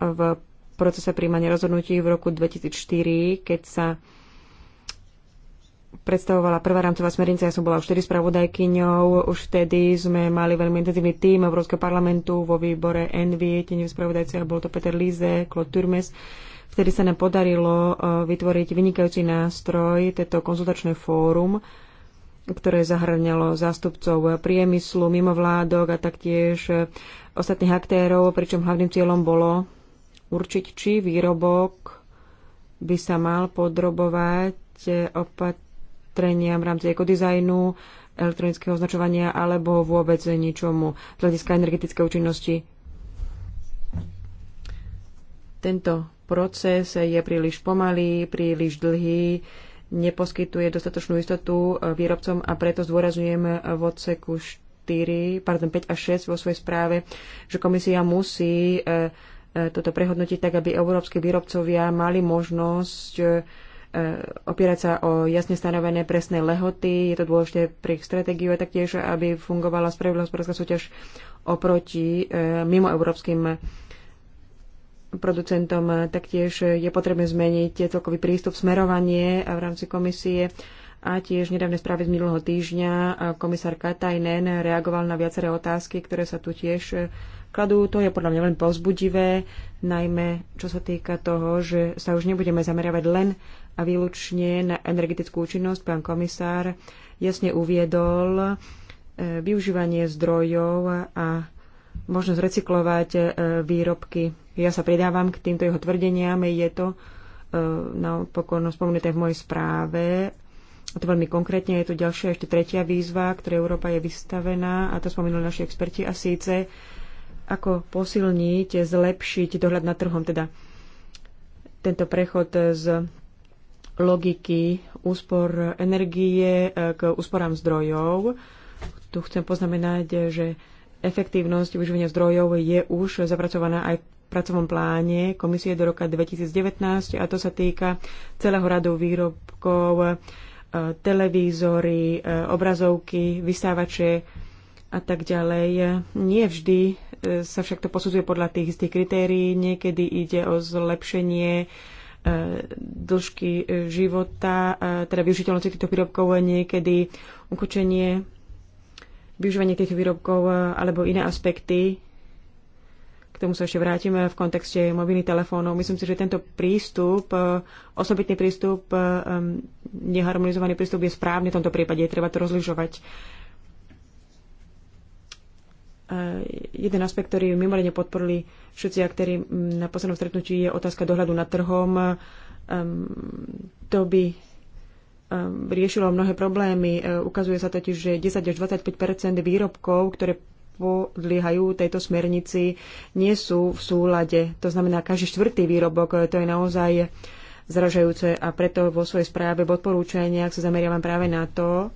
v procese príjmania rozhodnutí v roku 2004, keď sa predstavovala prvá rámcová smernica, ja som bola už vtedy spravodajkyňou, už vtedy sme mali veľmi intenzívny tým Európskeho parlamentu vo výbore NV, tie spravodajci, a bol to Peter Líze, Claude Turmes, Vtedy sa nám podarilo e, vytvoriť vynikajúci nástroj, tento konzultačné fórum, ktoré zahrňalo zástupcov priemyslu, mimovládok a taktiež e, ostatných aktérov, pričom hlavným cieľom bolo určiť, či výrobok by sa mal podrobovať e, opatreniam v rámci ekodizajnu, elektronického označovania alebo vôbec ničomu z hľadiska energetickej účinnosti. Tento proces je príliš pomalý, príliš dlhý, neposkytuje dostatočnú istotu e, výrobcom a preto zdôrazňujem v odseku 4, pardon, 5 a 6 vo svojej správe, že komisia musí e, e, toto prehodnotiť tak, aby európske výrobcovia mali možnosť opierať sa o jasne stanovené presné lehoty. Je to dôležité pre ich stratégiu a taktiež, aby fungovala spravodlivá hospodárska súťaž oproti mimoeurópskym európskym producentom. Eh, taktiež eh, je potrebné zmeniť eh, celkový prístup, smerovanie v rámci komisie a tiež nedávne správy z minulého týždňa komisár Katajnen reagoval na viaceré otázky, ktoré sa tu tiež kladú. To je podľa mňa len povzbudivé, najmä čo sa týka toho, že sa už nebudeme zameriavať len a výlučne na energetickú účinnosť. Pán komisár jasne uviedol využívanie zdrojov a možnosť recyklovať výrobky ja sa pridávam k týmto jeho tvrdeniam. Je to e, napokon spomenuté v mojej správe. A to veľmi konkrétne je tu ďalšia, ešte tretia výzva, ktoré Európa je vystavená, a to spomenuli naši experti, a síce ako posilniť, zlepšiť dohľad nad trhom, teda tento prechod z logiky úspor energie e, k úsporám zdrojov. Tu chcem poznamenať, že efektívnosť využívania zdrojov je už zapracovaná aj v pracovnom pláne komisie do roka 2019 a to sa týka celého radu výrobkov, e, televízory, e, obrazovky, vysávače a tak ďalej. Nie vždy e, sa však to posudzuje podľa tých istých kritérií. Niekedy ide o zlepšenie dĺžky života, teda využiteľnosti týchto výrobkov, niekedy ukočenie, využívanie týchto výrobkov alebo iné aspekty tomu sa ešte vrátime eh, v kontexte mobilných telefónov. Myslím si, že tento prístup, eh, osobitný prístup, eh, neharmonizovaný prístup je správny v tomto prípade. Treba to rozlišovať. Jeden aspekt, ktorý mimoriadne podporili všetci ktorí mm, na poslednom stretnutí, je otázka dohľadu nad trhom. To by riešilo mnohé problémy. Ukazuje sa totiž, že 10 až 25 výrobkov, ktoré podliehajú tejto smernici, nie sú v súlade. To znamená, každý štvrtý výrobok, eh, to je naozaj zražajúce a preto vo svojej správe v odporúčaniach sa zameriavam práve na to,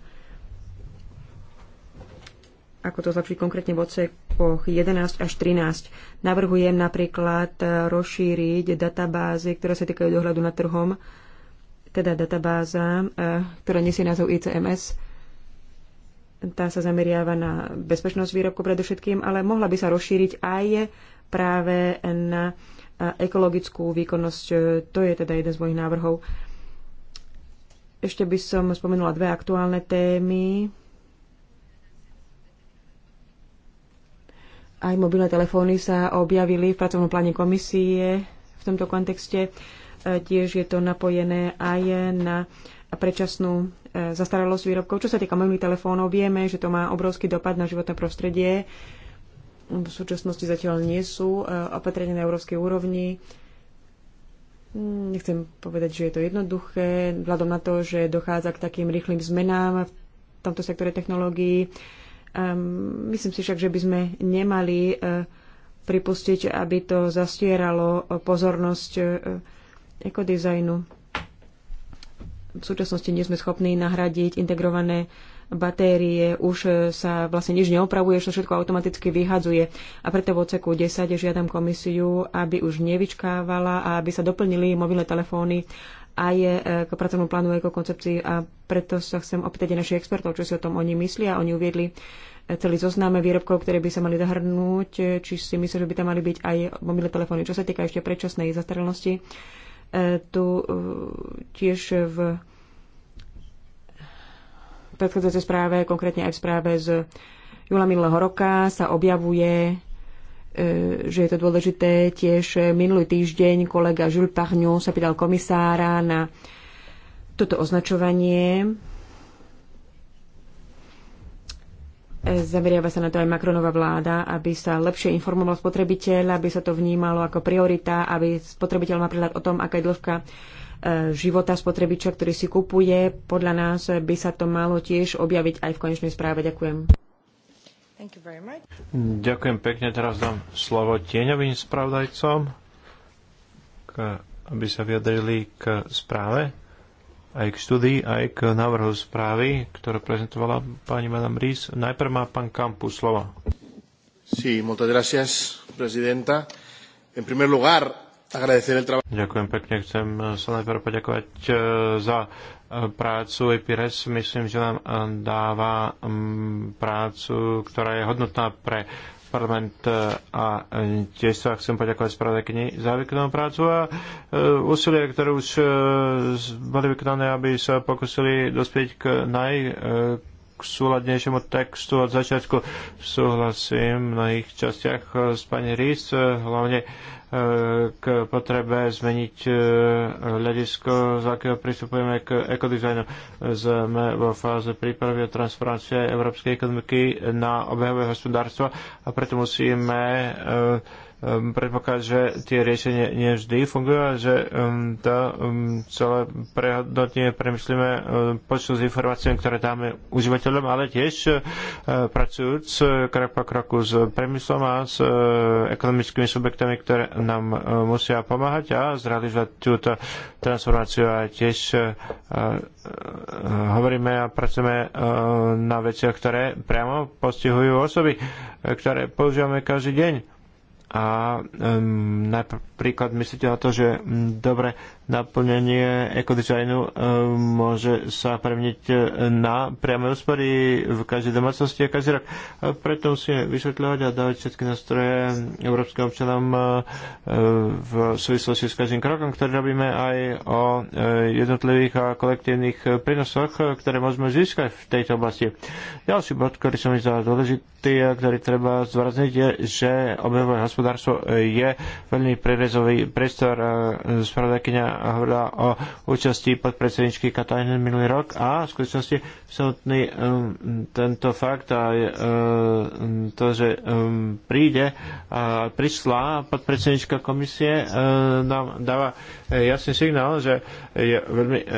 ako to zlepšiť konkrétne v odsekoch 11 až 13. Navrhujem napríklad eh, rozšíriť databázy, ktoré sa týkajú dohľadu nad trhom, teda databáza, eh, ktorá nesie názov ICMS, tá sa zameriava na bezpečnosť výrobku predovšetkým, ale mohla by sa rozšíriť aj práve na ekologickú výkonnosť. To je teda jeden z mojich návrhov. Ešte by som spomenula dve aktuálne témy. Aj mobilné telefóny sa objavili v pracovnom pláne komisie v tomto kontexte. E, tiež je to napojené aj na predčasnú zastaralosť výrobkov. Čo sa týka mobilných telefónov, vieme, že to má obrovský dopad na životné prostredie. V súčasnosti zatiaľ nie sú e, opatrenia na európskej úrovni. Mm, Nechcem povedať, že je to jednoduché, vzhľadom na to, že dochádza k takým rýchlým zmenám v tomto sektore technológií. Ehm, myslím si však, že by sme nemali e, pripustiť, aby to zastieralo pozornosť uh, e, ekodizajnu v súčasnosti nie sme schopní nahradiť integrované batérie, už sa vlastne nič neopravuje, to všetko automaticky vyhadzuje. A preto v oceku 10 žiadam komisiu, aby už nevyčkávala a aby sa doplnili mobilné telefóny aj e, k pracovnému plánu ako koncepcii. A preto sa chcem opýtať aj našich expertov, čo si o tom oni myslia. Oni uviedli e, celý zoznam výrobkov, ktoré by sa mali zahrnúť, e, či si myslíš, že by tam mali byť aj mobilné telefóny. Čo sa týka ešte predčasnej zastarelnosti. E, tu e, tiež v predchádzajúcej správe, konkrétne aj v správe z júla minulého roka sa objavuje, e, že je to dôležité. Tiež minulý týždeň kolega Jules Parňu sa pýtal komisára na toto označovanie Zameriava sa na to aj Macronová vláda, aby sa lepšie informoval spotrebiteľ, aby sa to vnímalo ako priorita, aby spotrebiteľ mal prehľad o tom, aká je dĺžka e, života spotrebiča, ktorý si kupuje. Podľa nás by sa to malo tiež objaviť aj v konečnej správe. Ďakujem. Ďakujem pekne. Teraz dám slovo tieňovým spravodajcom, aby sa vyjadrili k správe aj k štúdii, aj k návrhu správy, ktoré prezentovala pani Madam Ries. Najprv má pán Kampu slova. Sí, muchas gracias, presidenta. En primer lugar, agradecer el trabajo. Ďakujem pekne, chcem sa najprv poďakovať eh, za eh, prácu EPRS myslím, že nám eh, dáva mm, prácu, ktorá je hodnotná pre parlament e, a e, tiež sa chcem poďakovať spravodajkyni za vykonanú prácu a e, úsilie, ktoré už boli vykonané, aby sa pokusili dospieť k naj k súladnejšiemu textu od začiatku. Súhlasím v mnohých častiach s pani Rís, hlavne e, k potrebe zmeniť e, hľadisko, z akého pristupujeme k ekodizajnu. Sme vo fáze prípravy a transformácie európskej ekonomiky na obehové hospodárstva a preto musíme e, Ehm, predpoklad, že tie riešenia vždy fungujú a že ehm, to ehm, celé prehodnotne premyslíme počtu s informáciami, ktoré dáme užívateľom, ale tiež pracujúc e, krok po kroku s premyslom a s e, ekonomickými subjektami, ktoré nám e, musia pomáhať a zrealizovať túto transformáciu a tiež hovoríme a pracujeme na veciach, ktoré priamo postihujú osoby, ktoré používame každý deň a um, napríklad myslíte na to, že um, dobre, naplnenie ekodizajnu eh, môže sa premeniť eh, na priame úspory v každej domácnosti a každý rok. Eh, preto musíme vysvetľovať a dávať všetky nástroje európskym občanom v súvislosti s každým krokom, ktorý robíme aj o jednotlivých a kolektívnych prínosoch, ktoré môžeme získať v tejto oblasti. Ďalší bod, ktorý som myslel dôležitý a ktorý treba zvrazniť, je, že obehové hospodárstvo je veľmi prerezový priestor spravodajkynia hovorila o účasti podpredsedničky Katajnen minulý rok a v skutočnosti samotný um, tento fakt a e, um, to, že um, príde a prišla podpredsednička komisie um, nám dáva jasný signál, že je veľmi um,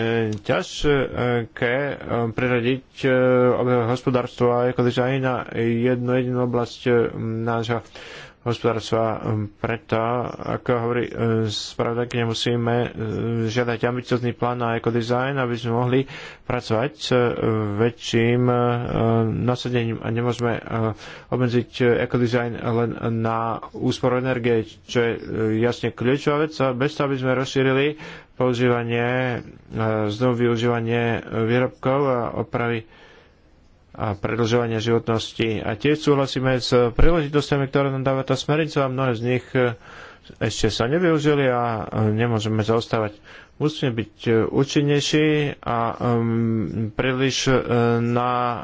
ťažké um, priradiť um, hospodárstvo a ekodizajn na jednu jedinú oblasť um, nášho hospodárstva. Hm, preto, ako hovorí hm, spravodajkyňa, musíme hm, žiadať ambiciozný plán na ekodizajn, aby sme mohli pracovať s väčším nasadením a nemôžeme obmedziť ekodizajn len na úsporu energie, čo je jasne kľúčová vec a bez toho, aby sme rozšírili používanie, znovu využívanie výrobkov a opravy a predlžovania životnosti. A tiež súhlasíme s príležitostiami, ktoré nám dáva tá smernica a mnohé z nich e, ešte sa nevyužili a e, nemôžeme zaostávať. Musíme byť e, účinnejší a um, príliš uh, na uh,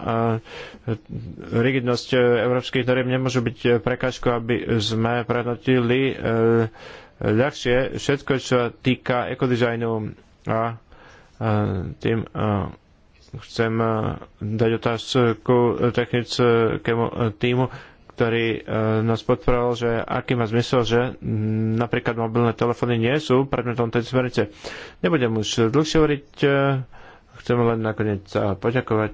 rigidnosť európskych noriem nemôžu byť prekážkou, aby sme prehnotili uh, ľahšie všetko, čo týka ekodizajnu a uh, tým uh, chcem eh, dať otázku technickému týmu, ktorý eh, nás podporoval, že aký má zmysel, že napríklad mobilné telefóny nie sú predmetom tej smernice. Nebudem už dlhšie hovoriť, eh, chcem len nakoniec poďakovať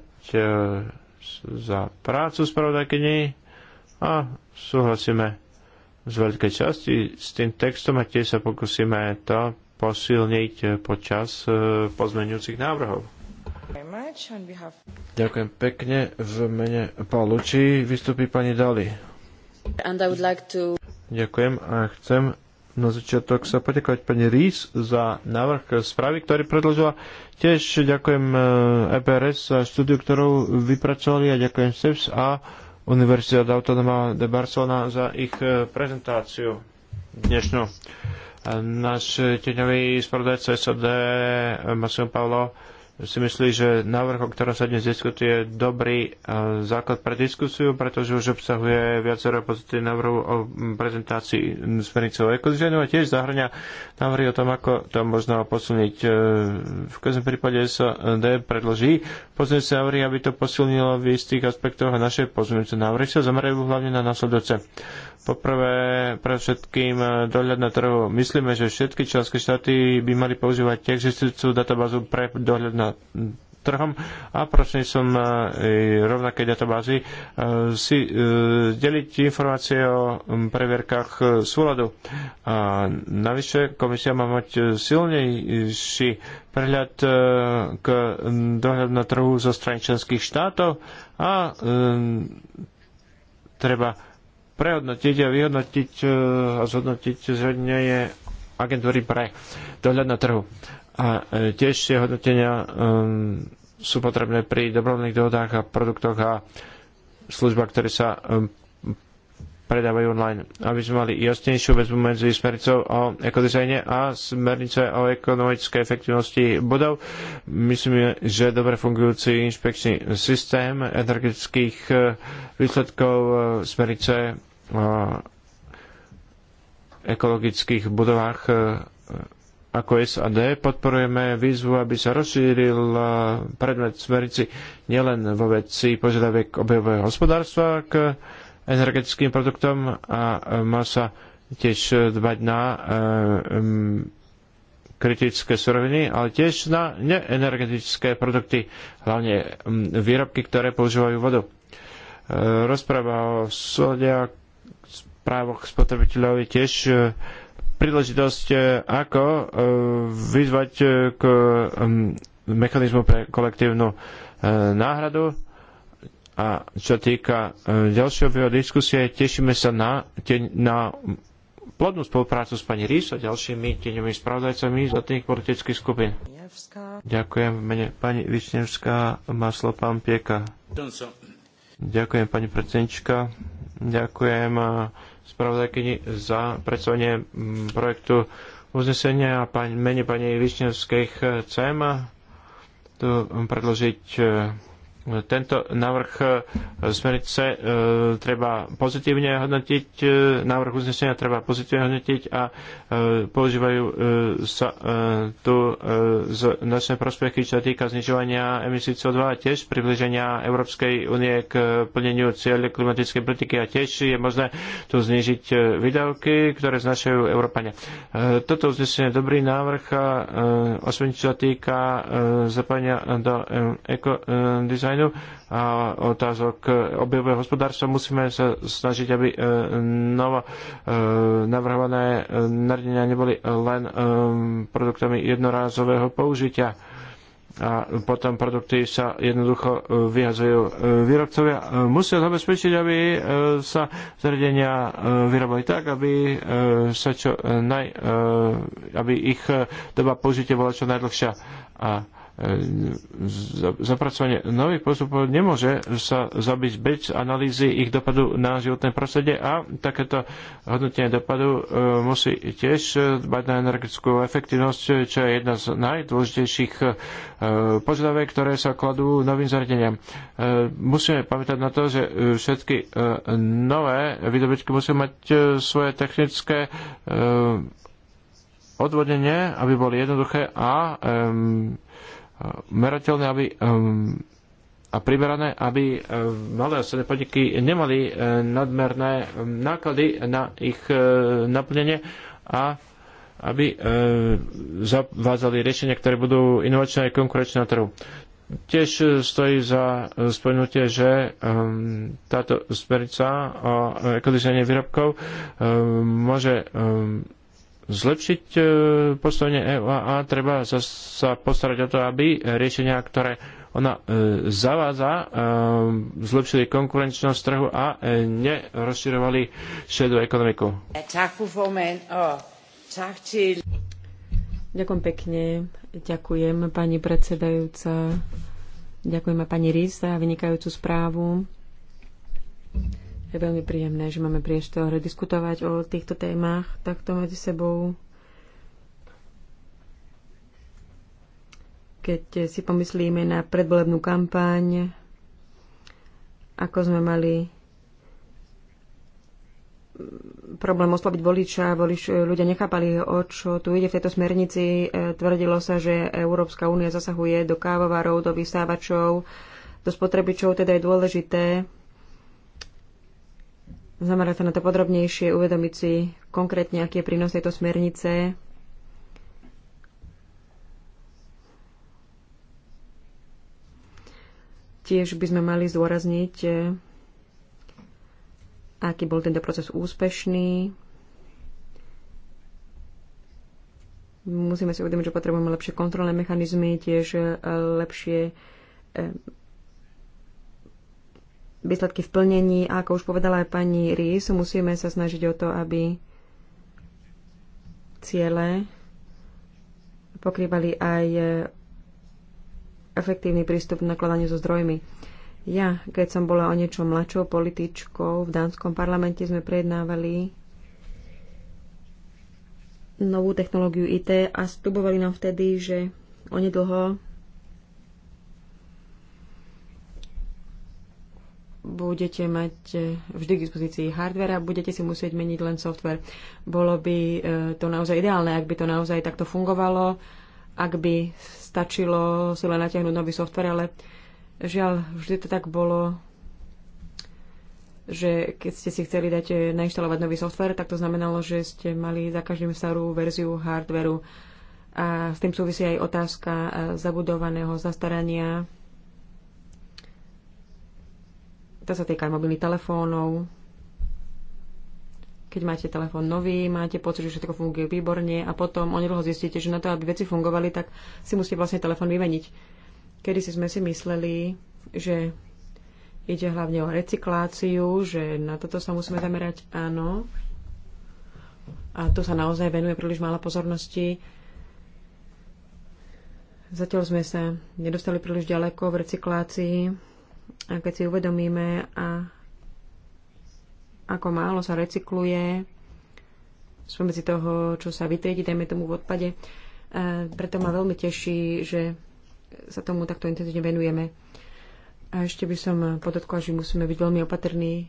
za prácu spravodajkyni a súhlasíme z veľkej časti s tým textom a tiež sa pokúsime to posilniť počas pozmeňujúcich návrhov. Ďakujem pekne. V mene Paulucci vystupí pani Dali. Like to... Ďakujem a chcem na začiatok sa poďakovať pani Rís za návrh správy, ktorý predložila. Tiež ďakujem EPRS e za štúdiu, ktorú vypracovali a ďakujem SEPS a Univerzita Autonoma de Barcelona za ich e, prezentáciu dnešnú. Náš teňový spravodajca SOD Masimo Pavlo si myslí, že návrh, o ktorom sa dnes diskutuje, je dobrý e, základ pre diskusiu, pretože už obsahuje viacero pozitívnych návrhov o prezentácii smernice o ekozizénu a tiež zahrňa návrhy o tom, ako to možno posilniť. E, v každom prípade D predloží pozmeňujúce návrhy, aby to posilnilo v istých aspektoch a naše pozitívne návrhy sa zamerajú hlavne na nasledujúce Poprvé, pre všetkým e, dohľad na trhu. Myslíme, že všetky členské štáty by mali používať existujúcu databázu pre dohľad na trhom a som e, rovnakej databázy e, si deliť informácie o previerkách súladu. A navyše komisia má mať silnejší prehľad k dohľad na trhu zo strany členských štátov a treba prehodnotiť a vyhodnotiť e, a zhodnotiť je agentúry pre dohľad na trhu. A e, tiež tie hodnotenia um, sú potrebné pri dobrovoľných dohodách a produktoch a službách, ktoré sa um, predávajú online. Aby sme mali jasnejšiu väzbu medzi smernicou o ekodizajne a smernice o ekonomickej efektivnosti budov, myslím, že dobre fungujúci inšpekčný systém energetických výsledkov smernice ekologických budovách e, ako SAD podporujeme výzvu, aby sa rozšíril e, predmet smerici nielen vo veci požiadaviek objevového hospodárstva k energetickým produktom a e, má sa tiež dbať na kritické suroviny, ale tiež na neenergetické produkty, hlavne výrobky, ktoré používajú vodu. Rozpráva o súde Právo spotrebiteľov je tiež e, príležitosť, e, ako e, vyzvať k mechanizmu pre kolektívnu náhradu. A čo týka ďalšieho vývoja diskusie, tešíme sa na, na plodnú spoluprácu s pani Rís a ďalšími tieňovými spravodajcami z tých politických skupín. Ďakujem v mene pani Višnevská, maslo pán Pieka. Ďakujem pani predsednička, ďakujem spravodajkyni za predstavenie mm, projektu uznesenia a mene pani Višňovskej chcem tu predložiť eh, tento návrh e, smernice e, treba pozitívne hodnotiť, e, návrh uznesenia treba pozitívne hodnotiť a používajú sa tu značné prospechy, čo týka znižovania emisí CO2 a tiež približenia Európskej únie k plneniu cieľ klimatickej politiky a tiež je možné tu znižiť výdavky, ktoré znašajú Európania. Toto uznesenie je dobrý návrh a osobne čo sa týka zapojenia do ekodizajnu dizajnu a otázok e, objevového hospodárstva, musíme sa snažiť, aby e, novo e, navrhované nariadenia neboli len produktami jednorázového použitia a potom produkty sa jednoducho vyhazujú. Výrobcovia musia zabezpečiť, aby sa zariadenia vyrobili tak, aby, sa čo naj, aby ich doba použitia bola čo najdlhšia. A zapracovanie nových postupov nemôže sa zabiť bez analýzy ich dopadu na životné prostredie a takéto hodnotenie dopadu e, musí tiež dbať na energetickú efektivnosť, čo je jedna z najdôležitejších e, požiadaviek, ktoré sa kladú novým zariadeniam. E, musíme pamätať na to, že všetky nové výdobytky musia mať svoje technické odvodnenie, aby boli jednoduché a um, merateľné, aby ehm, a primerané, aby ehm, malé a stredné podniky nemali ehm, nadmerné náklady na ich naplnenie a aby zavádzali riešenia, ktoré budú inovačné a konkurenčné na trhu. Tiež e, stojí za e, spomenutie, že táto smernica o e, ekodizajne výrobkov môže zlepšiť e, postavenie EU a treba sa, sa postarať o to, aby riešenia, ktoré ona e, zavádza, e, zlepšili konkurenčnosť trhu a nerozširovali šedú ekonomiku. Ďakujem pekne. Ďakujem pani predsedajúca. Ďakujem a pani Rís za vynikajúcu správu. Je veľmi príjemné, že máme priestor diskutovať o týchto témach takto medzi sebou. Keď si pomyslíme na predvolebnú kampaň, ako sme mali problém osloviť voliča, volič, ľudia nechápali, o čo tu ide v tejto smernici. E, tvrdilo sa, že Európska únia zasahuje do kávovarov, do vysávačov, do spotrebičov, teda je dôležité, zamerať sa na to podrobnejšie, uvedomiť si konkrétne, aký je prínos tejto smernice. Tiež by sme mali zdôrazniť, aký bol tento proces úspešný. Musíme si uvedomiť, že potrebujeme lepšie kontrolné mechanizmy, tiež e, lepšie e, výsledky v plnení. A ako už povedala aj pani Rís, musíme sa snažiť o to, aby ciele pokrývali aj e, efektívny prístup k nakladaniu so zdrojmi. Ja, keď som bola o niečo mladšou političkou, v dánskom parlamente sme prejednávali novú technológiu IT a stubovali nám vtedy, že onedlho budete mať e, vždy k dispozícii hardware a budete si musieť meniť len software. Bolo by e, to naozaj ideálne, ak by to naozaj takto fungovalo, ak by stačilo si len natiahnuť nový software, ale žiaľ, vždy to tak bolo, že keď ste si chceli dať e, nainštalovať nový software, tak to znamenalo, že ste mali za každým starú verziu hardveru. A s tým súvisí aj otázka zabudovaného zastarania To sa týka aj mobilných telefónov. Keď máte telefón nový, máte pocit, že všetko funguje výborne a potom onedlho zistíte, že na to, aby veci fungovali, tak si musíte vlastne telefón vymeniť. Kedy si sme si mysleli, že ide hlavne o recykláciu, že na toto sa musíme zamerať, áno. A tu sa naozaj venuje príliš mála pozornosti. Zatiaľ sme sa nedostali príliš ďaleko v recyklácii. A keď si uvedomíme, a ako málo sa recykluje, spomedzi toho, čo sa vytriedí, dajme tomu v odpade, preto ma veľmi teší, že sa tomu takto intenzívne venujeme. A ešte by som podotkla, že musíme byť veľmi opatrní,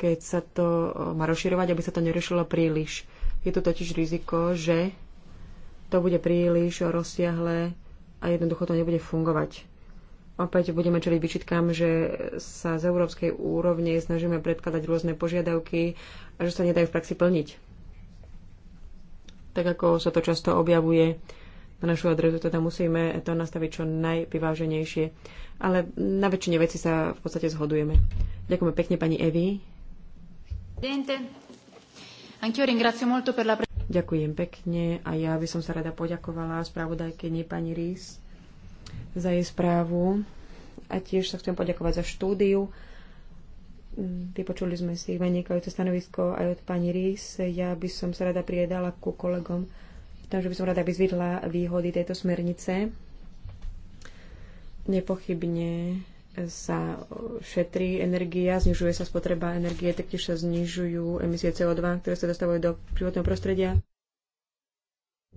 keď sa to má rozširovať, aby sa to nerešilo príliš. Je tu totiž riziko, že to bude príliš rozsiahle a jednoducho to nebude fungovať. Opäť budeme čeliť vyčitkám, že sa z európskej úrovne snažíme predkladať rôzne požiadavky a že sa nedajú v praxi plniť. Tak ako sa to často objavuje na našu adresu, teda musíme to nastaviť čo najvyváženejšie. Ale na väčšine veci sa v podstate zhodujeme. Ďakujeme pekne pani Evi. Ďakujem pekne a ja by som sa rada poďakovala spravodajkyni pani Rís za jej správu a tiež sa chcem poďakovať za štúdiu. Vypočuli sme si vynikajúce stanovisko aj od pani Rís. Ja by som sa rada priedala ku kolegom takže že by som rada vyzvidla výhody tejto smernice. Nepochybne sa šetrí energia, znižuje sa spotreba energie, taktiež sa znižujú emisie CO2, ktoré sa dostávajú do životného prostredia.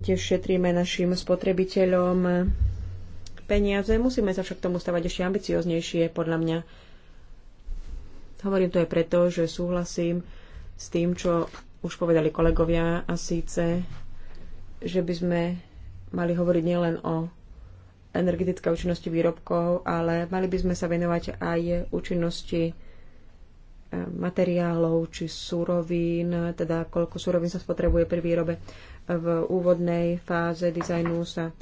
Tiež šetríme našim spotrebiteľom peniaze. Musíme sa však tomu stavať ešte ambicioznejšie, podľa mňa. Hovorím to aj preto, že súhlasím s tým, čo už povedali kolegovia a síce, že by sme mali hovoriť nielen o energetické účinnosti výrobkov, ale mali by sme sa venovať aj účinnosti e, materiálov či surovín, teda koľko surovín sa spotrebuje pri výrobe. V úvodnej fáze dizajnu sa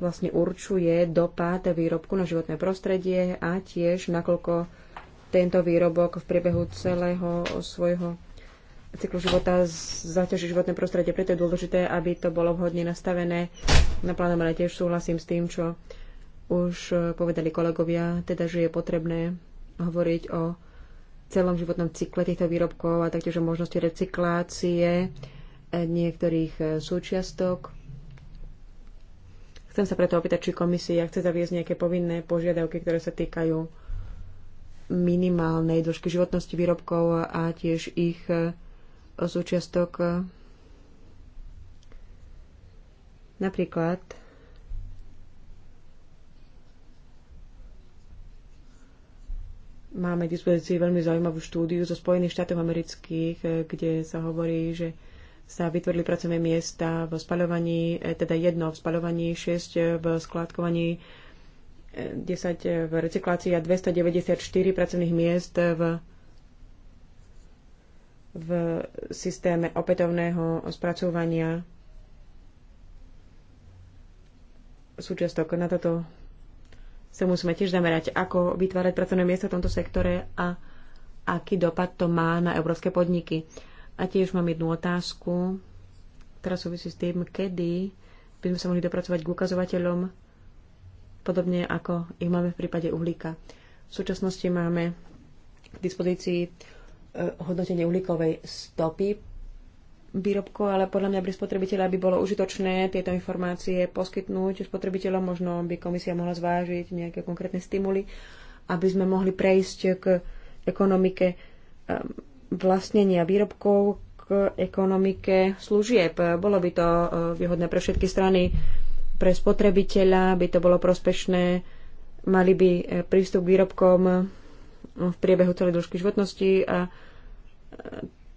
vlastne určuje dopad výrobku na životné prostredie a tiež nakoľko tento výrobok v priebehu celého svojho cyklu života zaťaží životné prostredie. Preto je dôležité, aby to bolo vhodne nastavené. Na plánom ale tiež súhlasím s tým, čo už povedali kolegovia, teda, že je potrebné hovoriť o celom životnom cykle týchto výrobkov a taktiež o možnosti recyklácie niektorých súčiastok Chcem sa preto opýtať, či komisia chce zaviesť nejaké povinné požiadavky, ktoré sa týkajú minimálnej dĺžky životnosti výrobkov a tiež ich e, súčiastok. Napríklad máme k dispozícii veľmi zaujímavú štúdiu zo Spojených štátov amerických, e, kde sa hovorí, že sa vytvorili pracovné miesta v spaľovaní, e, teda jedno v spaľovaní, 6 v skládkovaní, 10 e, v recyklácii a 294 pracovných miest v, v systéme opätovného spracovania súčiastok. Na toto sa musíme tiež zamerať, ako vytvárať pracovné miesta v tomto sektore a aký dopad to má na európske podniky. A tiež mám jednu otázku, ktorá súvisí s tým, kedy by sme sa mohli dopracovať k ukazovateľom, podobne ako ich máme v prípade uhlíka. V súčasnosti máme k dispozícii e, hodnotenie uhlíkovej stopy výrobkov, ale podľa mňa pre spotrebiteľa by bolo užitočné tieto informácie poskytnúť spotrebiteľom. Možno by komisia mohla zvážiť nejaké konkrétne stimuly, aby sme mohli prejsť k ekonomike vlastnenia výrobkov k ekonomike služieb. Bolo by to e, výhodné pre všetky strany, pre spotrebiteľa by to bolo prospešné, mali by e, prístup k výrobkom e, v priebehu celej dĺžky životnosti a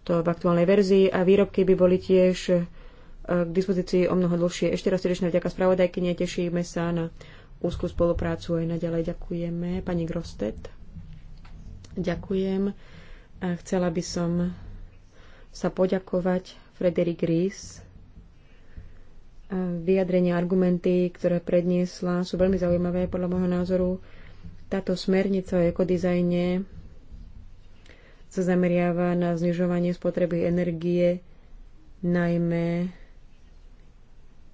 to v aktuálnej verzii a výrobky by boli tiež k dispozícii o mnoho dlhšie. Ešte raz srdečne vďaka spravodajkyne, tešíme sa na úzkú spoluprácu aj naďalej. Ďakujeme. Pani Grostet. Ďakujem. A chcela by som sa poďakovať Frederik Ries. Vyjadrenia, argumenty, ktoré predniesla, sú veľmi zaujímavé podľa môjho názoru. Táto smernica o ekodizajne sa zameriava na znižovanie spotreby energie, najmä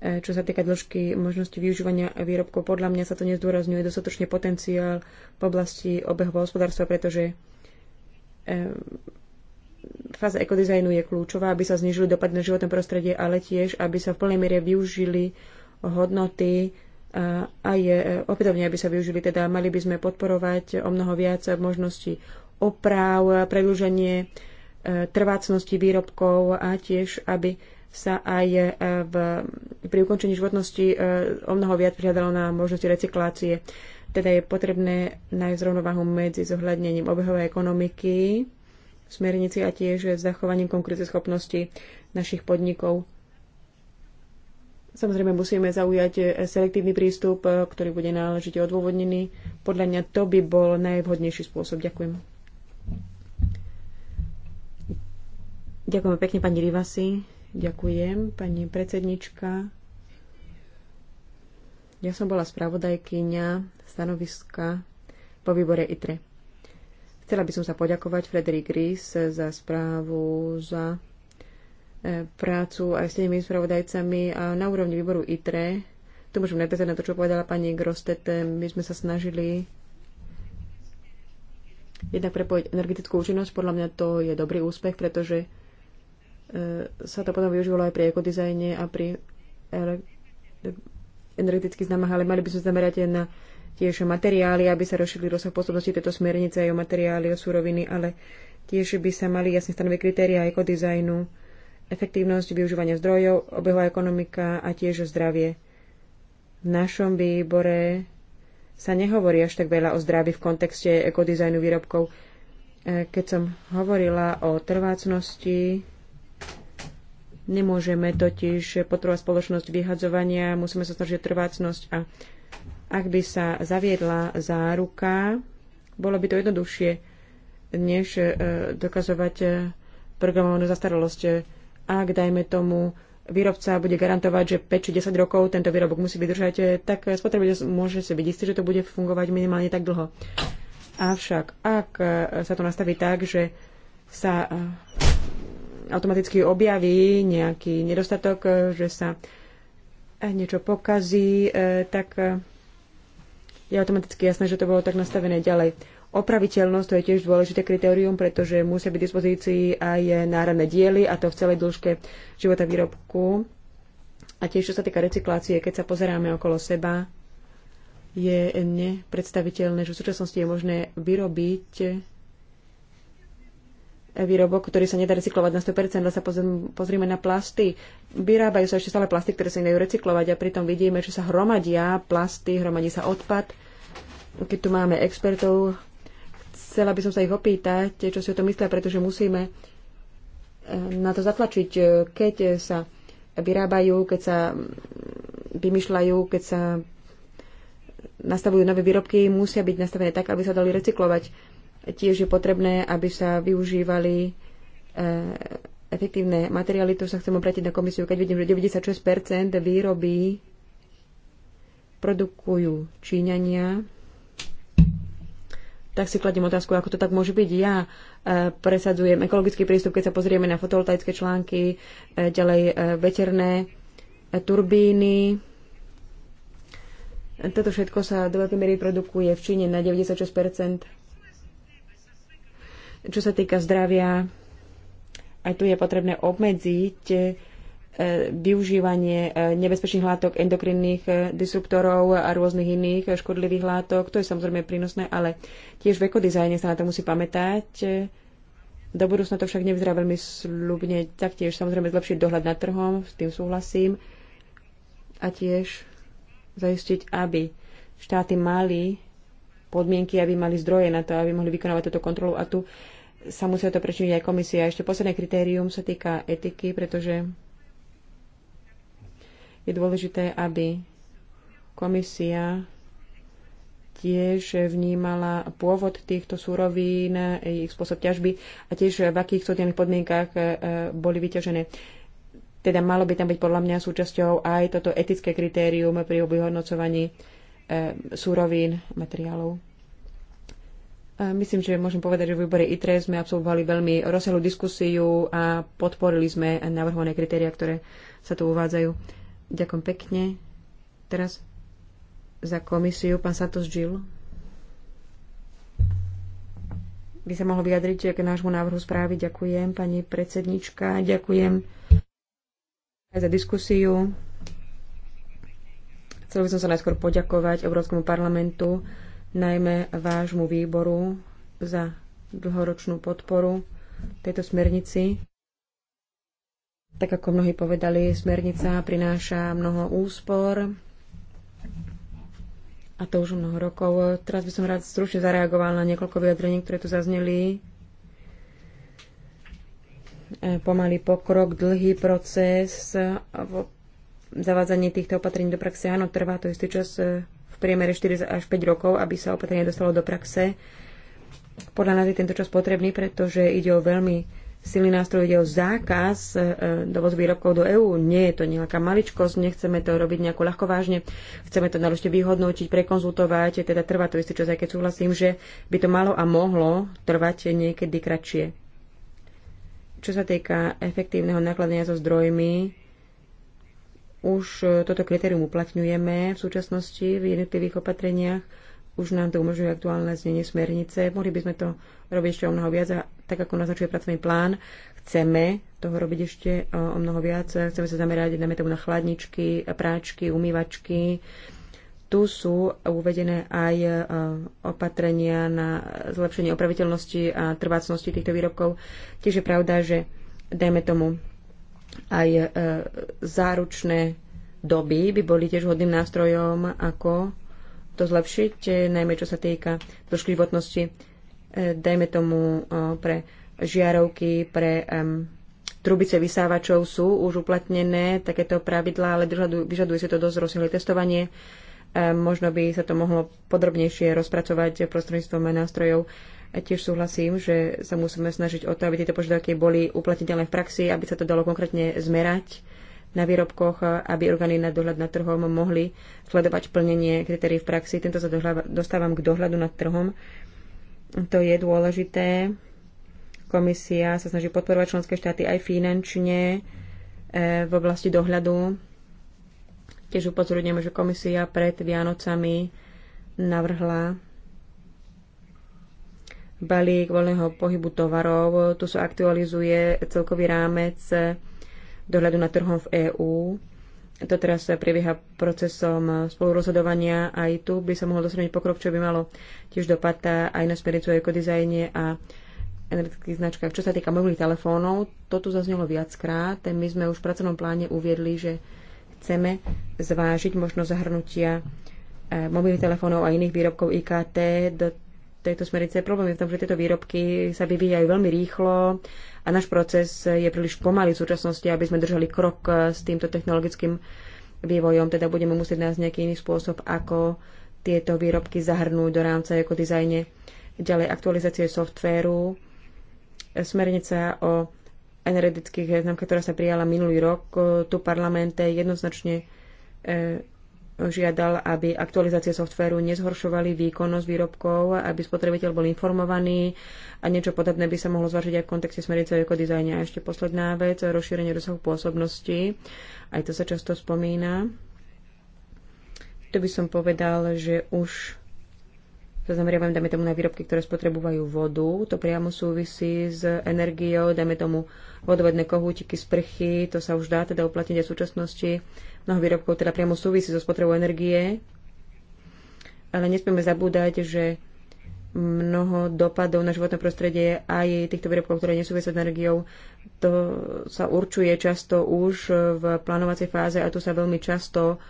e, čo sa týka dĺžky možnosti využívania výrobkov. Podľa mňa sa to nezdôrazňuje dostatočne potenciál v oblasti obehového hospodárstva, pretože Ehm, fáza ekodizajnu je kľúčová, aby sa znižili dopady na životné prostredie, ale tiež, aby sa v plnej miere využili hodnoty a, a je e, opätovne, aby sa využili. Teda mali by sme podporovať o mnoho viac možností oprav, predĺženie e, trvácnosti výrobkov a tiež, aby sa aj e, v, pri ukončení životnosti o mnoho viac prihľadalo na možnosti recyklácie. Teda je potrebné nájsť rovnováhu medzi zohľadnením obehovej ekonomiky v smernici a tiež zachovaním konkrétnej schopnosti našich podnikov. Samozrejme musíme zaujať selektívny prístup, ktorý bude náležite odôvodnený. Podľa mňa to by bol najvhodnejší spôsob. Ďakujem. Ďakujem pekne pani Rivasi. Ďakujem pani predsednička. Ja som bola spravodajkyňa stanoviska po výbore ITRE. Chcela by som sa poďakovať Frederik Ries za správu, za e, prácu aj s tými spravodajcami a na úrovni výboru ITRE. Tu môžem nadviazať na to, čo povedala pani Grostete, My sme sa snažili jednak prepojiť energetickú účinnosť. Podľa mňa to je dobrý úspech, pretože e, sa to potom využívalo aj pri ekodizajne a pri energetických známach, ale mali by sme zamerať na tiež o materiály, aby sa rozšírili rozsah pôsobnosti tejto smernice aj o materiály, o suroviny, ale tiež by sa mali jasne stanoviť kritéria ekodizajnu, efektívnosť využívania zdrojov, obehová ekonomika a tiež zdravie. V našom výbore sa nehovorí až tak veľa o zdraví v kontexte ekodizajnu výrobkov. E, keď som hovorila o trvácnosti, nemôžeme totiž potrebovať spoločnosť vyhadzovania, musíme sa snažiť trvácnosť a ak by sa zaviedla záruka, bolo by to jednoduchšie, než e, dokazovať e, programovanú zastaralosť. Ak, dajme tomu, výrobca bude garantovať, že 5 či 10 rokov tento výrobok musí vydržať, e, tak spotrebiteľ môže si byť istý, že to bude fungovať minimálne tak dlho. Avšak ak sa to nastaví tak, že sa automaticky objaví nejaký nedostatok, že sa niečo pokazí, tak je automaticky jasné, že to bolo tak nastavené ďalej. Opraviteľnosť to je tiež dôležité kritérium, pretože musia byť v dispozícii aj náhradné diely a to v celej dĺžke života výrobku. A tiež čo sa týka recyklácie, keď sa pozeráme okolo seba, je nepredstaviteľné, že v súčasnosti je možné vyrobiť výrobok, ktorý sa nedá recyklovať na 100%, ale sa pozrieme na plasty. Vyrábajú sa ešte stále plasty, ktoré sa nedajú recyklovať a pritom vidíme, že sa hromadia plasty, hromadí sa odpad. Keď tu máme expertov, chcela by som sa ich opýtať, čo si o tom myslia, pretože musíme eh, na to zatlačiť, eh, keď sa vyrábajú, keď sa mm, vymýšľajú, keď sa nastavujú nové výrobky, musia byť nastavené tak, aby sa dali recyklovať Tiež je potrebné, aby sa využívali e, efektívne materiály. Tu sa chcem obrátiť na komisiu, keď vidím, že 96 výroby produkujú Číňania, tak si kladím otázku, ako to tak môže byť. Ja e, presadzujem ekologický prístup, keď sa pozrieme na fotovoltaické články, e, ďalej veterné turbíny. Toto všetko sa do veľkej miery produkuje v Číne na 96 čo sa týka zdravia, aj tu je potrebné obmedziť e, využívanie e, nebezpečných látok, endokrinných e, disruptorov a rôznych iných škodlivých látok. To je samozrejme prínosné, ale tiež v ekodizajne sa na to musí pamätať. Do budúcna to však nevyzerá veľmi slubne. Taktiež samozrejme zlepšiť dohľad nad trhom, s tým súhlasím. A tiež zajistiť, aby štáty mali podmienky, aby mali zdroje na to, aby mohli vykonávať túto kontrolu. A tu sa musí to prečiť aj komisia. Ešte posledné kritérium sa týka etiky, pretože je dôležité, aby komisia tiež vnímala pôvod týchto súrovín, ich spôsob ťažby a tiež v akých sociálnych podmienkách e, boli vyťažené. Teda malo by tam byť podľa mňa súčasťou aj toto etické kritérium pri obyhodnocovaní e, súrovín materiálov. Myslím, že môžem povedať, že v výbore ITRE sme absolvovali veľmi rozsiahlu diskusiu a podporili sme navrhované kritéria, ktoré sa tu uvádzajú. Ďakujem pekne. Teraz za komisiu pán Santos Gil. By sa mohol vyjadriť k nášmu návrhu správy. Ďakujem, pani predsednička. Ďakujem aj za diskusiu. Chcel by som sa najskôr poďakovať Európskemu parlamentu najmä vášmu výboru za dlhoročnú podporu tejto smernici. Tak ako mnohí povedali, smernica prináša mnoho úspor a to už mnoho rokov. Teraz by som rád stručne zareagoval na niekoľko vyjadrení, ktoré tu zazneli. E, pomalý pokrok, dlhý proces v zavádzaní týchto opatrení do praxe. Áno, trvá to istý čas e, priemere 4 až 5 rokov, aby sa opatrenie dostalo do praxe. Podľa nás je tento čas potrebný, pretože ide o veľmi silný nástroj, ide o zákaz e, dovoz výrobkov do EÚ. Nie je to nejaká maličkosť, nechceme to robiť nejako ľahkovážne, chceme to naložite vyhodnotiť, prekonzultovať, teda trvá to istý čas, aj keď súhlasím, že by to malo a mohlo trvať niekedy kratšie. Čo sa týka efektívneho nakladania so zdrojmi, už e, toto kritérium uplatňujeme v súčasnosti v jednotlivých opatreniach. Už nám to umožňuje aktuálne znenie smernice. Mohli by sme to robiť ešte o mnoho viac a tak, ako naznačuje pracovný plán, chceme toho robiť ešte e, o, mnoho viac. Chceme sa zamerať, na metódu na chladničky, práčky, umývačky. Tu sú uvedené aj e, opatrenia na zlepšenie opraviteľnosti a trvácnosti týchto výrobkov. Tiež je pravda, že dajme tomu aj e, záručné doby by boli tiež hodným nástrojom, ako to zlepšiť, e, najmä čo sa týka dĺžky životnosti, e, dajme tomu pre žiarovky, pre trubice vysávačov sú už uplatnené takéto pravidlá, ale vyžaduje si to dosť rozsiahle testovanie. Možno by sa to mohlo podrobnejšie rozpracovať prostredníctvom nástrojov a tiež súhlasím, že sa musíme snažiť o to, aby tieto požiadavky boli uplatniteľné v praxi, aby sa to dalo konkrétne zmerať na výrobkoch, aby orgány na dohľad nad trhom mohli sledovať plnenie kritérií v praxi. Tento sa dostávam k dohľadu nad trhom. To je dôležité. Komisia sa snaží podporovať členské štáty aj finančne eh, v oblasti dohľadu. Tiež upozorňujeme, že komisia pred Vianocami navrhla balík voľného pohybu tovarov. Tu sa aktualizuje celkový rámec dohľadu na trhom v EÚ. To teraz prebieha procesom spolurozhodovania. Aj tu by sa mohol dosiahnuť pokrok, čo by malo tiež dopad aj na smernicu o ekodizajne a energetických značkách. Čo sa týka mobilných telefónov, to tu zaznelo viackrát. My sme už v pracovnom pláne uviedli, že chceme zvážiť možnosť zahrnutia eh, mobilných telefónov a iných výrobkov IKT do tejto smernice. Problém je v tom, že tieto výrobky sa vyvíjajú veľmi rýchlo a náš proces je príliš pomalý v súčasnosti, aby sme držali krok s týmto technologickým vývojom. Teda budeme musieť nájsť nejaký iný spôsob, ako tieto výrobky zahrnúť do rámca ako dizajne. Ďalej aktualizácie softvéru, smernica o energetických známkach, ktorá sa prijala minulý rok, tu parlamente, jednoznačne e, žiadal, aby aktualizácie softvéru nezhoršovali výkonnosť výrobkov, aby spotrebiteľ bol informovaný a niečo podobné by sa mohlo zvažiť aj v kontexte smernice o ekodizajne. A ešte posledná vec, rozšírenie rozsahu pôsobnosti. Aj to sa často spomína. To by som povedal, že už sa zameriavam, dajme tomu, na výrobky, ktoré spotrebujú vodu. To priamo súvisí s energiou, dajme tomu vodovodné kohútiky, sprchy, to sa už dá teda uplatniť aj v súčasnosti. Mnoho výrobkov teda priamo súvisí so spotrebou energie. Ale nesmieme zabúdať, že mnoho dopadov na životné prostredie aj týchto výrobkov, ktoré nesúvisia s energiou, to sa určuje často už v plánovacej fáze a tu sa veľmi často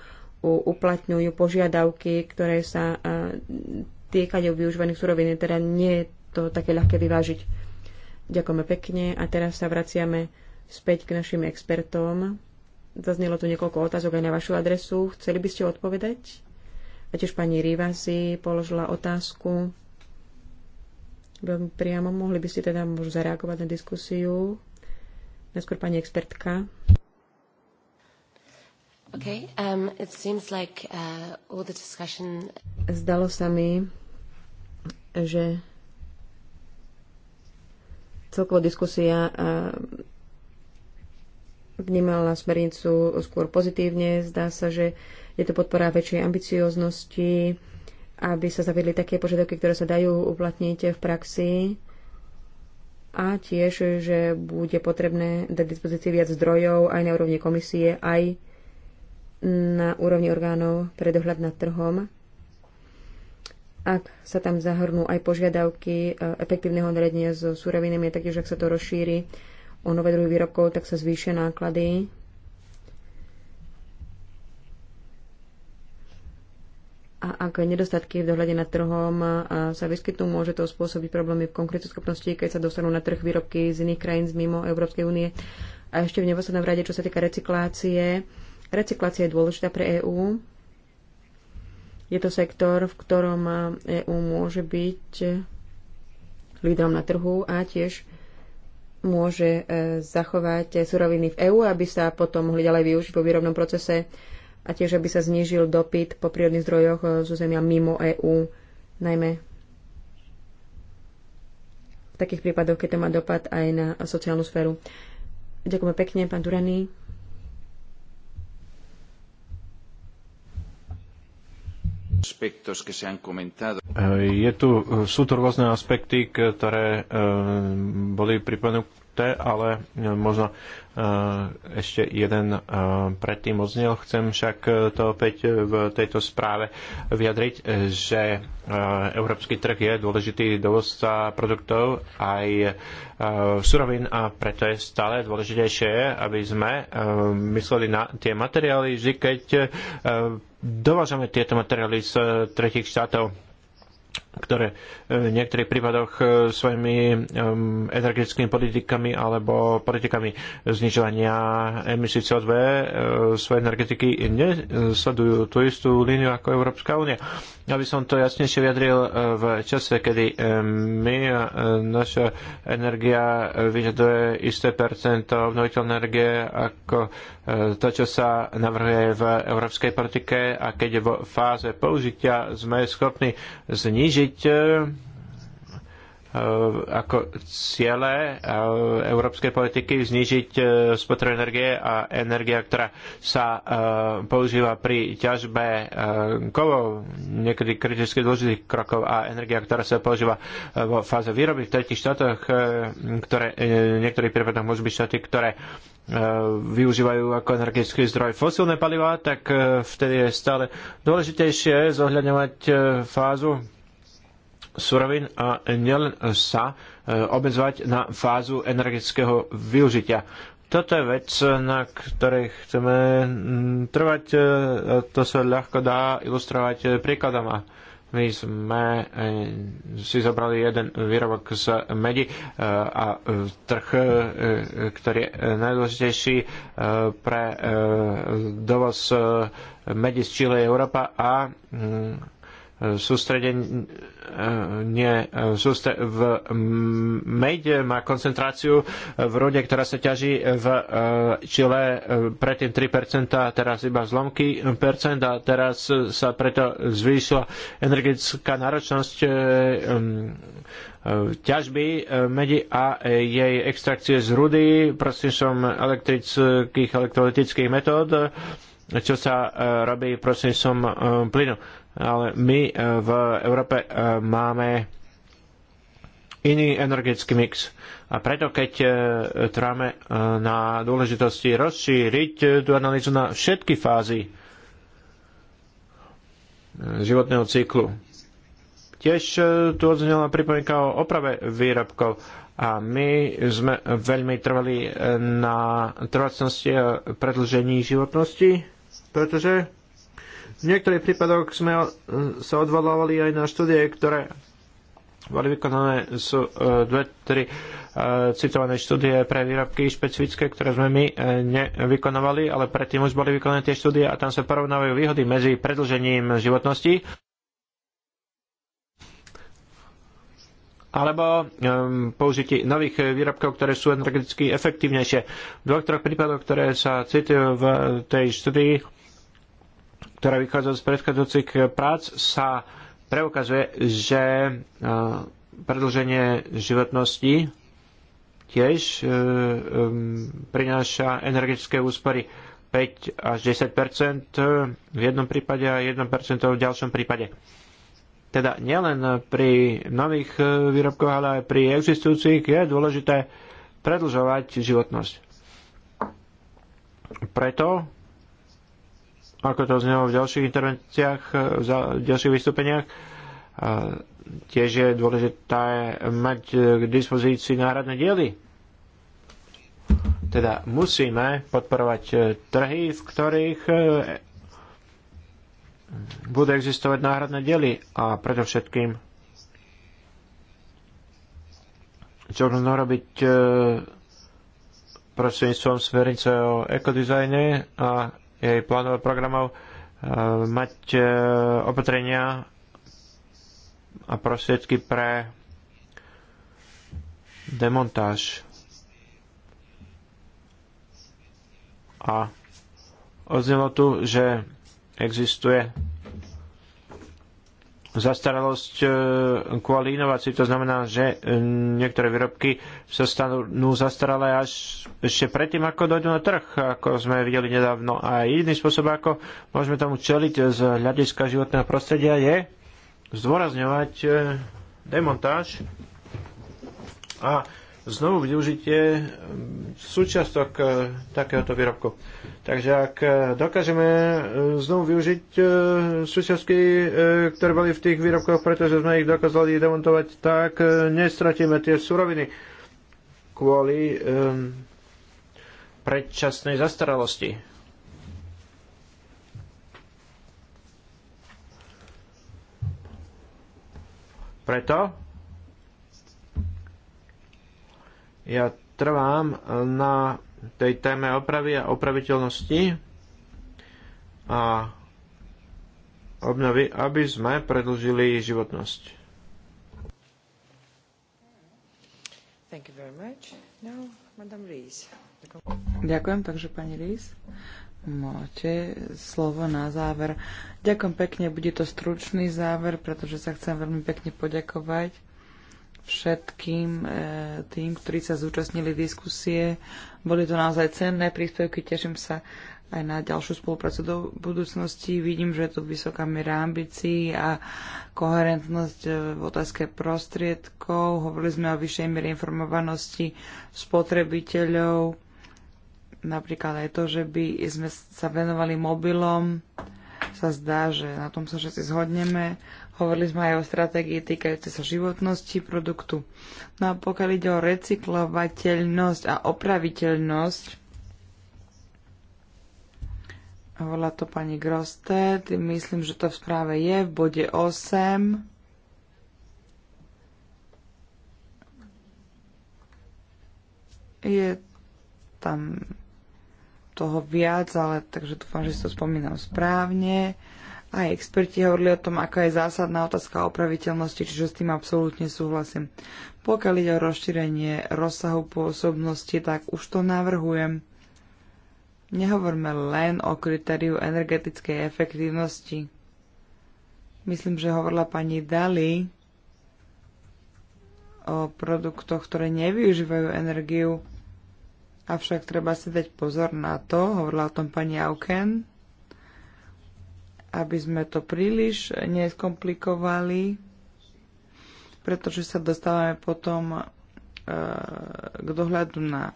uplatňujú požiadavky, ktoré sa eh, týkajú využívaných surovín, teda nie je to také ľahké vyvážiť. Ďakujeme pekne a teraz sa vraciame späť k našim expertom. Zaznelo tu niekoľko otázok aj na vašu adresu. Chceli by ste odpovedať? A tiež pani Riva si položila otázku veľmi priamo. Mohli by ste teda možno zareagovať na diskusiu. Najskôr pani expertka. Okay, um, it seems like, uh, all the discussion... Zdalo sa mi, že celková diskusia eh, vnímala smernicu skôr pozitívne. Zdá sa, že je to podpora väčšej ambicioznosti, aby sa zaviedli také požiadavky, ktoré sa dajú uplatniť v praxi a tiež, že bude potrebné dať dispozícii viac zdrojov aj na úrovni komisie, aj na úrovni orgánov pre dohľad nad trhom ak sa tam zahrnú aj požiadavky e, efektívneho nariadenia so súrovinami a taktiež ak sa to rozšíri o nové druhy výrobkov, tak sa zvýšia náklady. A ak nedostatky v dohľade nad trhom e, sa vyskytnú, môže to spôsobiť problémy v konkrétnej schopnosti, keď sa dostanú na trh výrobky z iných krajín z mimo Európskej únie. A ešte v neposlednom rade, čo sa týka recyklácie. Recyklácia je dôležitá pre EÚ je to sektor, v ktorom EÚ môže byť lídrom na trhu a tiež môže e, zachovať suroviny v EÚ, aby sa potom mohli ďalej využiť po výrobnom procese a tiež, aby sa znížil dopyt po prírodných zdrojoch e, zo zemia mimo EÚ, najmä v takých prípadoch, keď to má dopad aj na sociálnu sféru. Ďakujeme pekne, pán turaný. Eh, je tu, eh, sú tu rôzne aspekty, ktoré eh, boli pripomenuté dôležité, ale e, možno e, ešte jeden e, predtým odznel. Chcem však to opäť v tejto správe vyjadriť, že európsky trh je dôležitý dovozca produktov aj surovín a preto je stále dôležitejšie, aby sme mysleli na tie materiály, že keď dovážame tieto materiály z tretich štátov, ktoré e, v niektorých prípadoch e, svojimi e, energetickými politikami alebo politikami znižovania emisí CO2 svoje energetiky nesledujú tú istú líniu ako Európska únia. Aby som to jasnejšie vyjadril v čase, kedy my, naša energia vyžaduje isté percento obnoviteľnej energie ako to, čo sa navrhuje v európskej politike a keď je vo fáze použitia sme schopní znižiť znížiť e, e, ako ciele e, európskej politiky znižiť spotrebu energie a energia, ktorá sa používa pri ťažbe kovov, niekedy kriticky dôležitých krokov a energia, ktorá sa používa vo fáze výroby v tretich štátoch, ktoré v niektorých prípadoch môžu byť štáty, ktoré využívajú ako energetický zdroj fosílne paliva, tak vtedy je stále dôležitejšie zohľadňovať fázu surovín a nielen sa e, obezvať na fázu energetického využitia. Toto je vec, na ktorej chceme mm, trvať. E, to sa ľahko dá ilustrovať e, príkladom. My sme si zobrali jeden výrobok z medi a trh, ktorý je najdôležitejší pre dovoz medi z Čile Európa a mm, sústredenie eh, sústre, v meď má koncentráciu v rude, ktorá sa ťaží v eh, Čile eh, predtým 3%, teraz iba zlomky percent a teraz sa preto zvýšila energetická náročnosť ťažby medi a jej extrakcie z rudy prostredníctvom elektrických elektrolytických metód čo sa robí prostredníctvom plynu ale my eh, v Európe eh, máme iný energetický mix. A preto, keď eh, tráme na dôležitosti rozšíriť tú analýzu na všetky fázy životného cyklu. Tiež tu odznela pripomienka o oprave výrobkov a my sme veľmi trvali na trvácnosti a predlžení životnosti, pretože v niektorých prípadoch sme e, sa odvolávali aj na štúdie, ktoré boli vykonané sú e, dve, tri e, citované štúdie pre výrobky špecifické, ktoré sme my nevykonovali, ale predtým už boli vykonané tie štúdie a tam sa porovnávajú výhody medzi predlžením životnosti alebo um, použití nových výrobkov, ktoré sú energeticky efektívnejšie. V dvoch, troch prípadoch, ktoré sa citujú v tej štúdii, ktorá vychádza z predchádzajúcich prác, sa preukazuje, že eh, predlženie životnosti tiež eh, prináša energetické úspory 5 až 10 eh, v jednom prípade a 1 v ďalšom prípade. Teda nielen pri nových výrobkoch, ale aj pri existujúcich je dôležité predlžovať životnosť. Preto ako to znelo v ďalších intervenciách, e, v ďalších vystúpeniach. Tiež je dôležité mať e, k dispozícii náhradné diely. Teda musíme podporovať e, trhy, v ktorých budú existovať náhradné diely a predovšetkým čo možno robiť prostredníctvom smernice o ekodizajne a jej plánov programov eh, mať eh, opatrenia a prostriedky pre demontáž a oznelo tu, že existuje zastaralosť e, kvôli inovácii. To znamená, že e, niektoré výrobky sa stanú zastaralé až ešte predtým, ako dojdú na trh, ako sme videli nedávno. A jediný spôsob, ako môžeme tomu čeliť z hľadiska životného prostredia, je zdôrazňovať e, demontáž a znovu využitie um, súčiastok uh, takéhoto výrobku. Takže ak uh, dokážeme uh, znovu využiť súčiastky, ktoré boli v tých výrobkoch, pretože sme ich dokázali demontovať, tak nestratíme tie suroviny kvôli um, predčasnej zastaralosti. Preto Ja trvám na tej téme opravy a opraviteľnosti a obnovy, aby sme predlžili životnosť. Thank you very much. Now, Madame Rees. Ďakujem, takže pani Rees. Máte slovo na záver. Ďakujem pekne, bude to stručný záver, pretože sa chcem veľmi pekne poďakovať všetkým e, tým, ktorí sa zúčastnili diskusie. Boli to naozaj cenné príspevky, teším sa aj na ďalšiu spoluprácu do budúcnosti. Vidím, že je tu vysoká miera ambícií a koherentnosť e, v otázke prostriedkov. Hovorili sme o vyššej miere informovanosti spotrebiteľov. Napríklad aj to, že by sme sa venovali mobilom, sa zdá, že na tom sa všetci zhodneme. Hovorili sme aj o stratégii týkajúce sa životnosti produktu. No a pokiaľ ide o recyklovateľnosť a opraviteľnosť, hovorila to pani Grosted, myslím, že to v správe je v bode 8. Je tam toho viac, ale takže dúfam, že si to spomínam správne. Aj experti hovorili o tom, aká je zásadná otázka opraviteľnosti, čiže s tým absolútne súhlasím. Pokiaľ ide o rozšírenie rozsahu pôsobnosti, tak už to navrhujem. Nehovorme len o kritériu energetickej efektívnosti. Myslím, že hovorila pani Dali o produktoch, ktoré nevyužívajú energiu. Avšak treba si dať pozor na to, hovorila o tom pani Auken, aby sme to príliš neskomplikovali, pretože sa dostávame potom e, k dohľadu na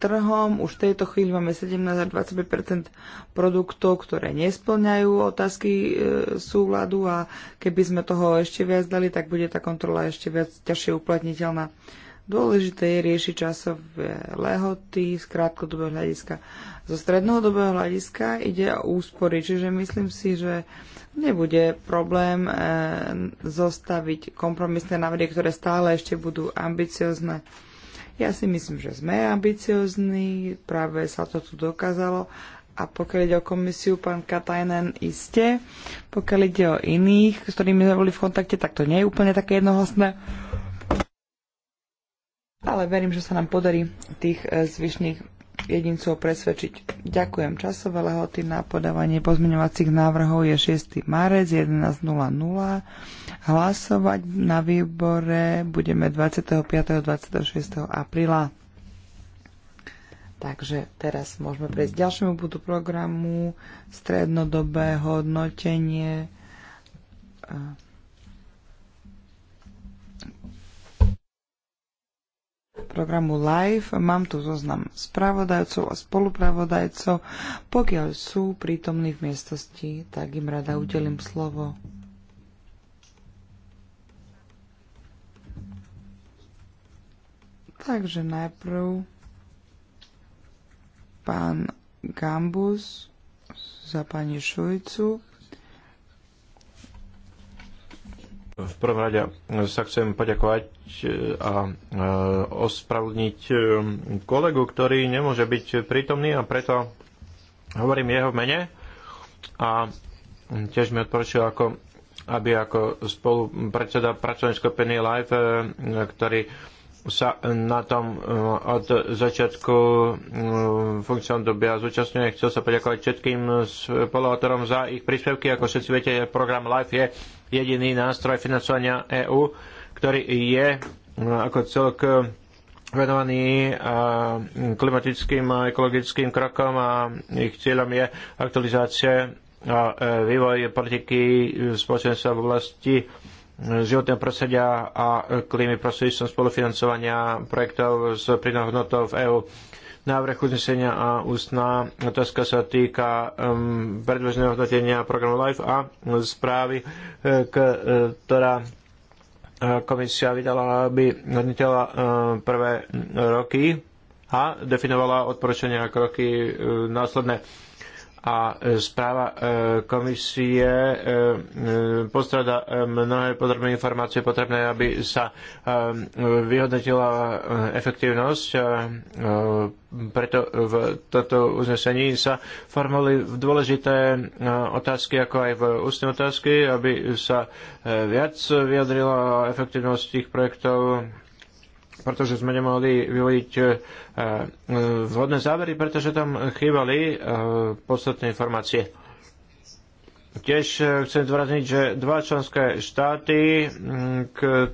trhom. Už v tejto chvíli máme 17 a 25 produktov, ktoré nesplňajú otázky e, súladu a keby sme toho ešte viac dali, tak bude tá kontrola ešte viac ťažšie uplatniteľná. Dôležité je riešiť časové lehoty z krátkodobého hľadiska. Zo strednodobého hľadiska ide o úspory, čiže myslím si, že nebude problém e, zostaviť kompromisné návrhy, ktoré stále ešte budú ambiciozne. Ja si myslím, že sme ambiciozní, práve sa to tu dokázalo. A pokiaľ ide o komisiu, pán Katajnen iste. Pokiaľ ide o iných, s ktorými sme boli v kontakte, tak to nie je úplne také jednohlasné ale verím, že sa nám podarí tých e, zvyšných jedincov presvedčiť. Ďakujem. Časové lehoty na podávanie pozmeňovacích návrhov je 6. marec 11.00. Hlasovať na výbore budeme 25. a 26. apríla. Takže teraz môžeme prejsť k ďalšiemu budu programu, strednodobé hodnotenie e, programu LIVE. Mám tu zoznam spravodajcov a spolupravodajcov. Pokiaľ sú prítomní v miestnosti, tak im rada udelím slovo. Takže najprv pán Gambus za pani Šujcu. V prvom rade sa chcem poďakovať E, a e, ospravedlniť e, kolegu, ktorý nemôže byť prítomný a preto hovorím jeho mene a tiež mi odporučil, ako, aby ako spolu predseda pracovnej skupiny LIFE, ktorý sa na tom od začiatku funkcion dobia zúčastňuje. Chcel sa poďakovať všetkým spoluautorom za ich príspevky. Ako všetci viete, program LIFE je jediný nástroj financovania EÚ ktorý je e, ako celok e, venovaný e, klimatickým a ekologickým krokom a ich cieľom je aktualizácia a vývoj politiky spoločenstva v oblasti životného prostredia a klímy prostredníctvom spolufinancovania projektov s pridanou hodnotou v EÚ. Návrh uznesenia a ústná otázka sa týka um, predbežného hodnotenia programu LIFE a správy, ktorá komisia vydala, aby hodnotila e, prvé roky a definovala odporúčania a kroky e, následné a e, správa e, komisie e, postrada mnohé podrobné informácie potrebné, aby sa vyhodnotila efektívnosť. Preto v toto uznesení sa formuli dôležité otázky, ako aj v ústne otázky, aby sa viac vyjadrila efektívnosť tých projektov pretože sme nemohli vyvodiť e, e, vhodné závery, pretože tam chýbali e, podstatné informácie. Tiež chcem zvrazniť, že dva členské štáty,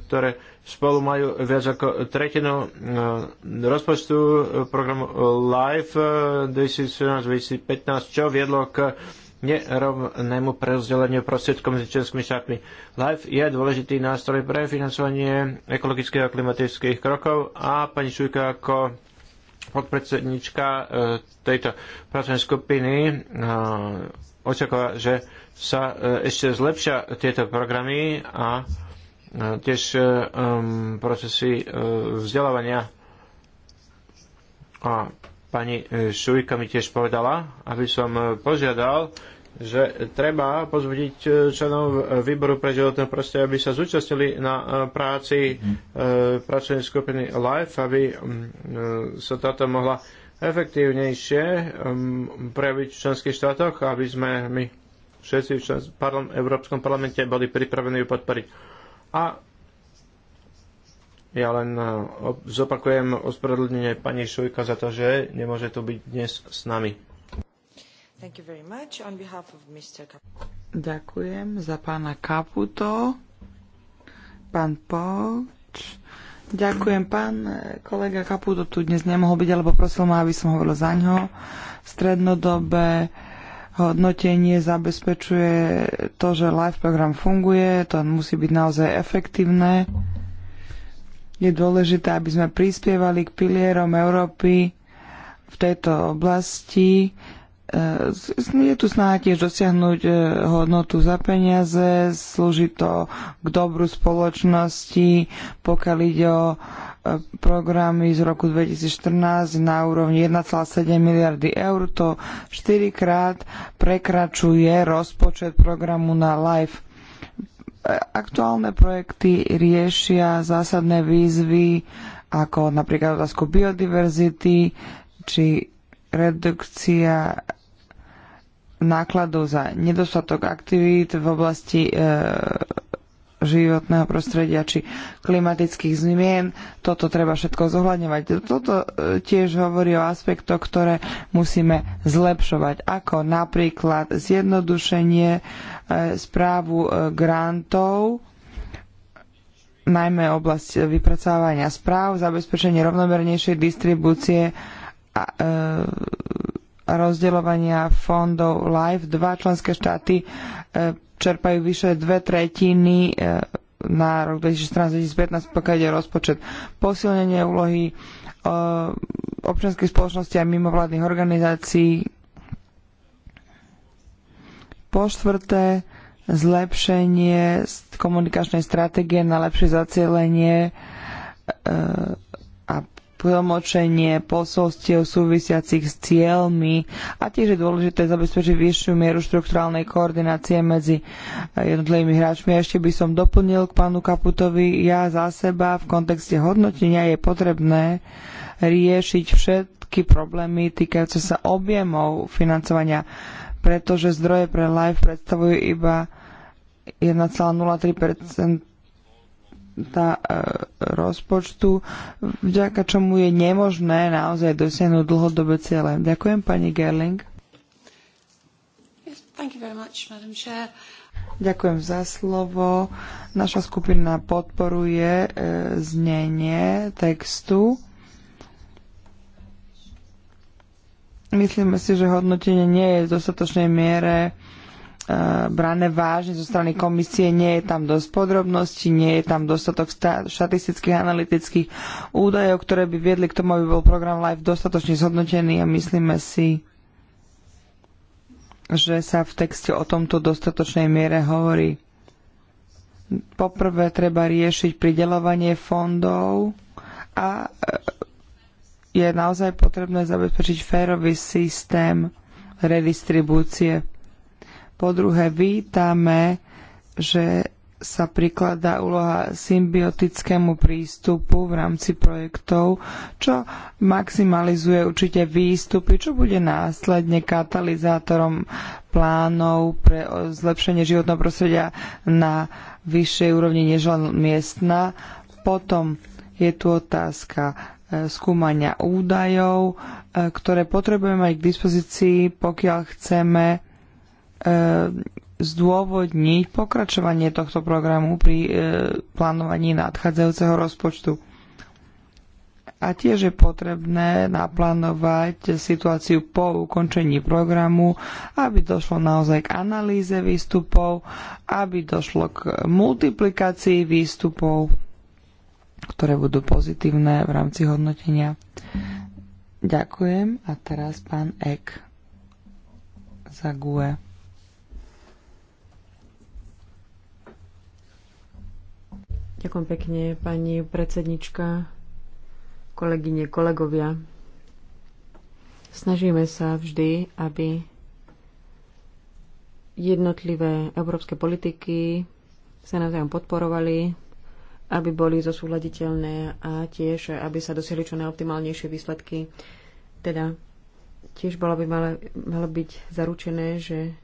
ktoré spolu majú viac ako tretinu rozpočtu programu LIFE 2017-2015, čo viedlo k nerovnému prerozdeleniu prostriedkom medzi členskými štátmi. LIFE je dôležitý nástroj pre financovanie ekologických a klimatických krokov a pani Šujka ako podpredsednička eh, tejto pracovnej skupiny eh, očakáva, že sa eh, ešte zlepšia tieto programy a tiež procesy vzdelávania a Pani e, Šujka mi tiež povedala, aby som e, požiadal, že treba pozbudiť e, členov výboru pre životné prostredie, aby sa zúčastnili na práci pracovnej skupiny LIFE, aby mm, sa táto mohla efektívnejšie mm, prejaviť v členských štátoch, aby sme my všetci v Európskom parlamente boli pripravení ju podporiť. A ja len eh, zopakujem ospravedlnenie pani Šujka za to, že nemôže tu byť dnes s nami. Ďakujem za pána Kaputo, pán Poč. Ďakujem, pán eh, kolega Kaputo tu dnes nemohol byť, alebo prosil ma, aby som hovoril za ňo. Strednodobé hodnotenie zabezpečuje to, že live program funguje, to musí byť naozaj efektívne. Je dôležité, aby sme prispievali k pilierom Európy v tejto oblasti. E, je tu snaha tiež dosiahnuť e, hodnotu za peniaze, slúži to k dobru spoločnosti, pokiaľ ide o e, programy z roku 2014 na úrovni 1,7 miliardy eur, to štyrikrát prekračuje rozpočet programu na LIFE. Aktuálne projekty riešia zásadné výzvy ako napríklad otázku biodiverzity či redukcia nákladov za nedostatok aktivít v oblasti e, životného prostredia či klimatických zmien. Toto treba všetko zohľadňovať. Toto e, tiež hovorí o aspektoch, ktoré musíme zlepšovať, ako napríklad zjednodušenie e, správu e, grantov, najmä oblasť vypracávania správ, zabezpečenie rovnomernejšej distribúcie a, rozdeľovania fondov LIFE. Dva členské štáty čerpajú vyše dve tretiny eh, na rok 2014-2015, pokiaľ ide rozpočet. Posilnenie úlohy eh, občianskej spoločnosti a mimovládnych organizácií. Po štvrté, zlepšenie komunikačnej stratégie na lepšie zacielenie eh, tlmočenie posolstiev súvisiacich s cieľmi a tiež je dôležité zabezpečiť vyššiu mieru štrukturálnej koordinácie medzi eh, jednotlivými hráčmi. ešte by som doplnil k pánu Kaputovi, ja za seba v kontexte hodnotenia je potrebné riešiť všetky problémy týkajúce sa objemov financovania, pretože zdroje pre live predstavujú iba 1,03 tá e, rozpočtu, vďaka čomu je nemožné naozaj dosiahnuť dlhodobé ciele. Ďakujem, pani Gerling. Thank you very much, Madam Chair. Ďakujem za slovo. Naša skupina podporuje e, znenie textu. Myslíme si, že hodnotenie nie je v dostatočnej miere e, E, brané vážne zo strany komisie, nie je tam dosť podrobností, nie je tam dostatok štatistických analytických údajov, ktoré by viedli k tomu, aby bol program LIFE dostatočne zhodnotený a myslíme si, že sa v texte o tomto dostatočnej miere hovorí. Poprvé treba riešiť pridelovanie fondov a e, je naozaj potrebné zabezpečiť férový systém redistribúcie po druhé, vítame, že sa prikladá úloha symbiotickému prístupu v rámci projektov, čo maximalizuje určite výstupy, čo bude následne katalizátorom plánov pre zlepšenie životného prostredia na vyššej úrovni než len miestna. Potom je tu otázka e, skúmania údajov, e, ktoré potrebujeme mať k dispozícii, pokiaľ chceme E, zdôvodniť pokračovanie tohto programu pri e, plánovaní nadchádzajúceho rozpočtu. A tiež je potrebné naplánovať situáciu po ukončení programu, aby došlo naozaj k analýze výstupov, aby došlo k multiplikácii výstupov, ktoré budú pozitívne v rámci hodnotenia. Ďakujem a teraz pán Ek za GUE. Ďakujem pekne, pani predsednička, kolegyne, kolegovia. Snažíme sa vždy, aby jednotlivé európske politiky sa navzájom podporovali, aby boli zosúhľaditeľné a tiež, aby sa dosiahli čo najoptimálnejšie výsledky. Teda tiež bolo by malo, malo byť zaručené, že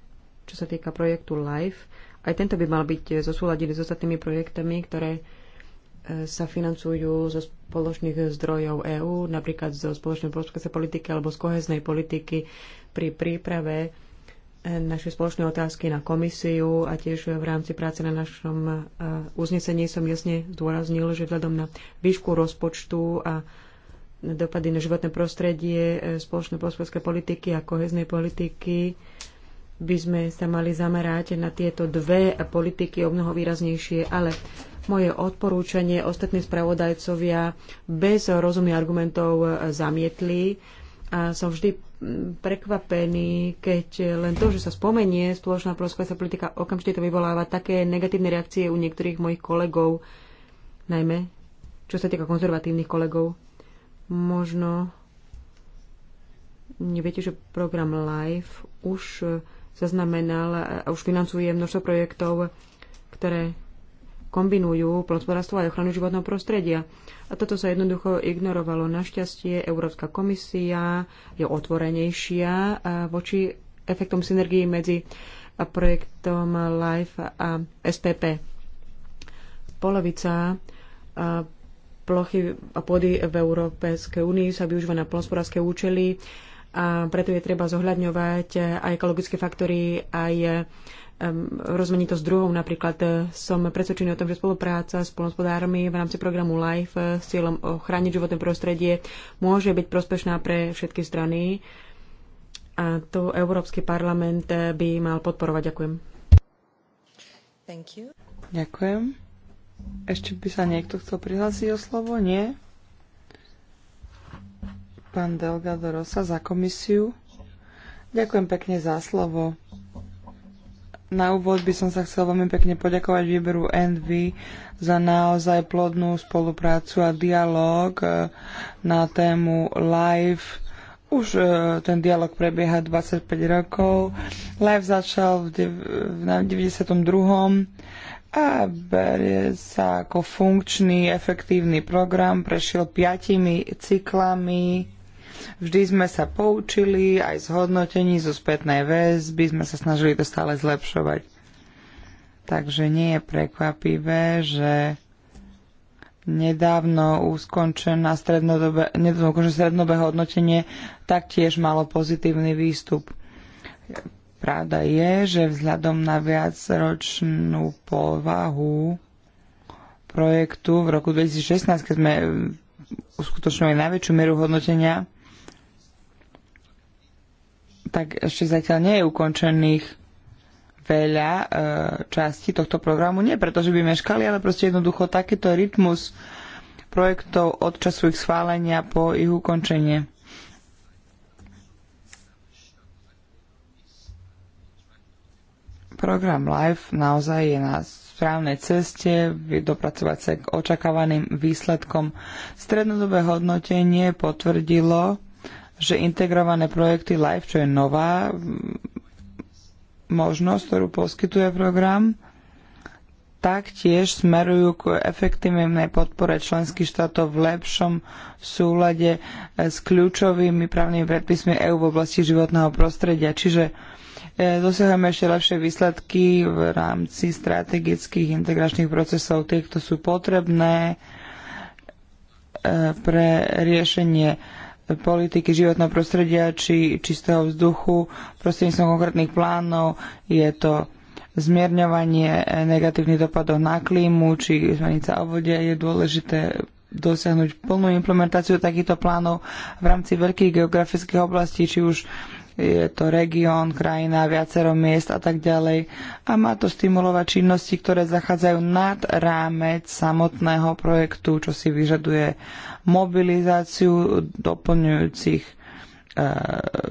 čo sa týka projektu LIFE, aj tento by mal byť zosúladený s ostatnými projektami, ktoré e, sa financujú zo spoločných zdrojov EÚ, napríklad zo spoločnej polskej politiky alebo z koheznej politiky pri príprave e, našej spoločnej otázky na komisiu a tiež v rámci práce na našom e, uznesení som jasne zdôraznil, že vzhľadom na výšku rozpočtu a dopady na životné prostredie, spoločnej polskej politiky a koheznej politiky by sme sa mali zamerať na tieto dve politiky o mnoho výraznejšie, ale moje odporúčanie ostatní spravodajcovia bez rozumných argumentov zamietli a som vždy prekvapený, keď len to, že sa spomenie spoločná proskvesa politika, okamžite to vyvoláva také negatívne reakcie u niektorých mojich kolegov, najmä čo sa týka konzervatívnych kolegov. Možno neviete, že program Live už zaznamenal a už financuje množstvo projektov, ktoré kombinujú plnospodárstvo a ochranu životného prostredia. A toto sa jednoducho ignorovalo. Našťastie Európska komisia je otvorenejšia voči efektom synergii medzi projektom LIFE a SPP. Polovica plochy a pôdy v Európskej únii sa využíva na plnospodárske účely a preto je treba zohľadňovať eh, aj ekologické faktory, aj eh, rozmanitosť druhov. Napríklad eh, som presvedčený o tom, že spolupráca s polnospodármi v rámci programu LIFE s cieľom ochrániť životné prostredie môže byť prospešná pre všetky strany. A to Európsky parlament by mal podporovať. Ďakujem. Ďakujem. Ešte by sa niekto chcel prihlásiť o slovo? Nie? Pán Delgado Rosa za komisiu. Ďakujem pekne za slovo. Na úvod by som sa chcel veľmi pekne poďakovať výberu Envy za naozaj plodnú spoluprácu a dialog e, na tému live už e, ten dialog prebieha 25 rokov. Live začal v, 92. a berie sa ako funkčný, efektívny program. Prešiel piatimi cyklami Vždy sme sa poučili aj z hodnotení, zo spätnej väzby, sme sa snažili to stále zlepšovať. Takže nie je prekvapivé, že nedávno uskončená strednodobe, strednodobé hodnotenie taktiež malo pozitívny výstup. Pravda je, že vzhľadom na viacročnú povahu projektu v roku 2016, keď sme uskutočnili najväčšiu mieru hodnotenia, tak ešte zatiaľ nie je ukončených veľa e, častí tohto programu. Nie preto, že by meškali, ale proste jednoducho takýto je rytmus projektov od času ich schválenia po ich ukončenie. Program LIFE naozaj je na správnej ceste, dopracovať sa k očakávaným výsledkom. Strednodobé hodnotenie potvrdilo, že integrované projekty LIFE, čo je nová možnosť, ktorú poskytuje program, taktiež smerujú k efektívnej podpore členských štátov v lepšom súlade eh, s kľúčovými právnymi predpismi EÚ v oblasti životného prostredia. Čiže eh, dosiahujeme ešte lepšie výsledky v rámci strategických integračných procesov, tie, ktoré sú potrebné eh, pre riešenie politiky životného prostredia či čistého vzduchu prostredníctvom konkrétnych plánov. Je to zmierňovanie negatívnych dopadov na klímu či zmenica o vode. Je dôležité dosiahnuť plnú implementáciu takýchto plánov v rámci veľkých geografických oblastí, či už je to región, krajina, viacero miest a tak ďalej. A má to stimulovať činnosti, ktoré zachádzajú nad rámec samotného projektu, čo si vyžaduje mobilizáciu doplňujúcich e,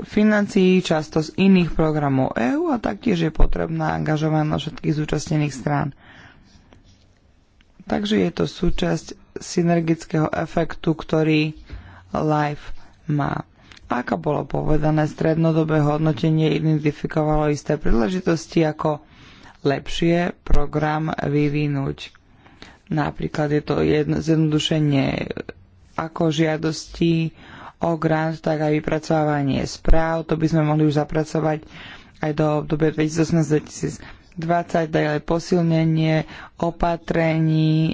financií, často z iných programov EÚ a taktiež je potrebná angažovanosť všetkých zúčastnených strán. Takže je to súčasť synergického efektu, ktorý LIFE má ako bolo povedané, strednodobé hodnotenie identifikovalo isté príležitosti, ako lepšie program vyvinúť. Napríklad je to jedno, zjednodušenie ako žiadosti o grant, tak aj vypracovanie správ. To by sme mohli už zapracovať aj do obdobia 2018-2020, ďalej posilnenie opatrení e,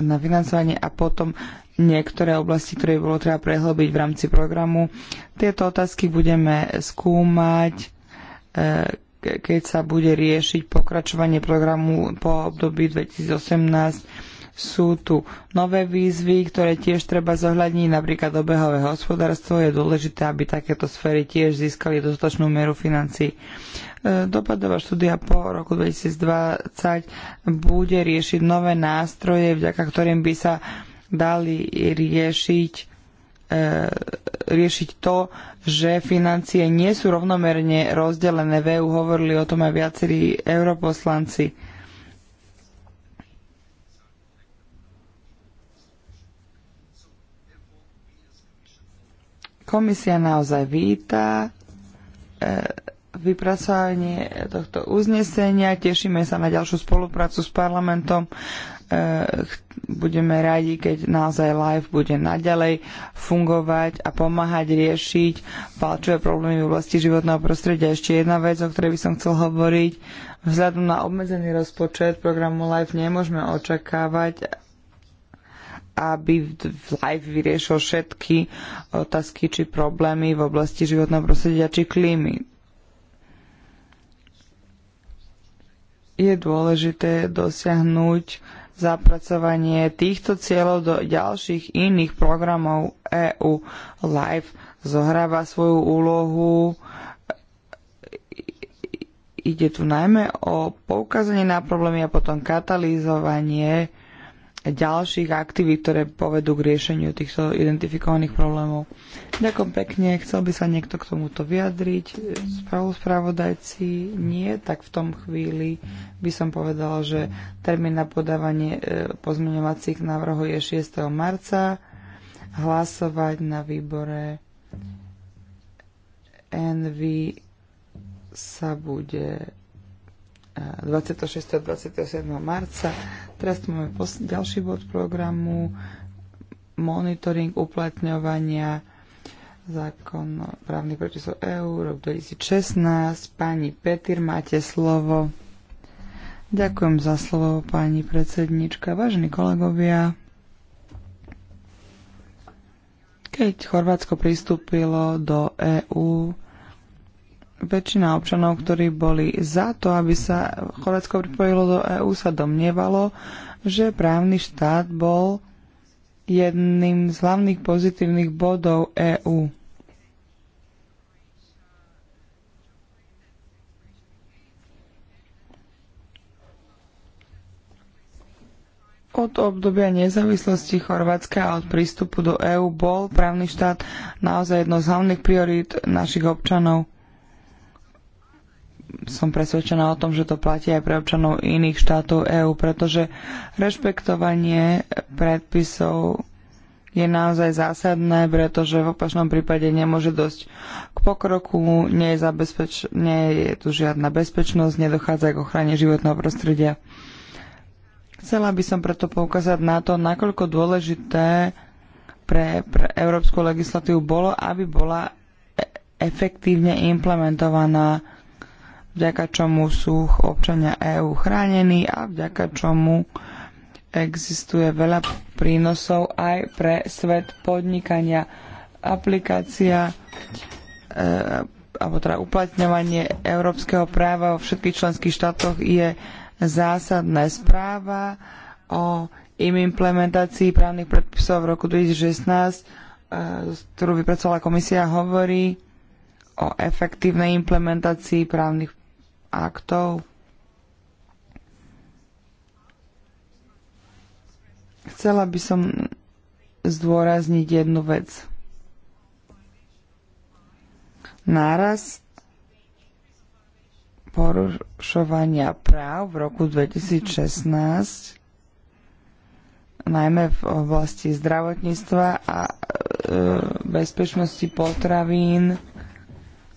na financovanie a potom niektoré oblasti, ktoré bolo treba prehlbiť v rámci programu. Tieto otázky budeme skúmať, e, keď sa bude riešiť pokračovanie programu po období 2018. Sú tu nové výzvy, ktoré tiež treba zohľadniť, napríklad obehové hospodárstvo. Je dôležité, aby takéto sféry tiež získali dostatočnú mieru financií. E, dopadová štúdia po roku 2020 bude riešiť nové nástroje, vďaka ktorým by sa dali riešiť, e, riešiť to, že financie nie sú rovnomerne rozdelené. V EU hovorili o tom aj viacerí europoslanci. Komisia naozaj víta e, vypracovanie tohto uznesenia. Tešíme sa na ďalšiu spoluprácu s parlamentom budeme radi, keď naozaj live bude naďalej fungovať a pomáhať riešiť palčové problémy v oblasti životného prostredia. Ešte jedna vec, o ktorej by som chcel hovoriť. Vzhľadom na obmedzený rozpočet programu Live nemôžeme očakávať, aby Live vyriešil všetky otázky či problémy v oblasti životného prostredia či klímy. Je dôležité dosiahnuť zapracovanie týchto cieľov do ďalších iných programov EU Life zohráva svoju úlohu. Ide tu najmä o poukazanie na problémy a potom katalýzovanie ďalších aktivít, ktoré povedú k riešeniu týchto identifikovaných problémov. Ďakujem pekne. Chcel by sa niekto k tomuto vyjadriť. Spravospravodajci spravodajci nie, tak v tom chvíli by som povedala, že termín na podávanie e, pozmeňovacích návrhov je 6. marca. Hlasovať na výbore NV sa bude 26. a 27. marca. Teraz tu máme ďalší bod programu monitoring uplatňovania zákon právnych predpisov EÚ, rok 2016. Pani Petir, máte slovo. Ďakujem za slovo, pani predsednička. Vážení kolegovia, keď Chorvátsko pristúpilo do EÚ, väčšina občanov, ktorí boli za to, aby sa Chorvátsko pripojilo do EÚ, sa domnievalo, že právny štát bol jedným z hlavných pozitívnych bodov EÚ. Od obdobia nezávislosti Chorvátska a od prístupu do EÚ bol právny štát naozaj jedno z hlavných priorít našich občanov som presvedčená o tom, že to platí aj pre občanov iných štátov EÚ, pretože rešpektovanie predpisov je naozaj zásadné, pretože v opačnom prípade nemôže dosť k pokroku, nie je, zabezpeč- nie je tu žiadna bezpečnosť, nedochádza k ochrane životného prostredia. Chcela by som preto poukázať na to, nakoľko dôležité pre, pre európsku legislatívu bolo, aby bola e-, efektívne implementovaná vďaka čomu sú občania EÚ chránení a vďaka čomu existuje veľa prínosov aj pre svet podnikania. Aplikácia e, alebo teda uplatňovanie európskeho práva vo všetkých členských štátoch je zásadná Správa o im implementácii právnych predpisov v roku 2016, e, ktorú vypracovala komisia, hovorí o efektívnej implementácii právnych aktov. Chcela by som zdôrazniť jednu vec. Náraz porušovania práv v roku 2016 najmä v oblasti zdravotníctva a e, bezpečnosti potravín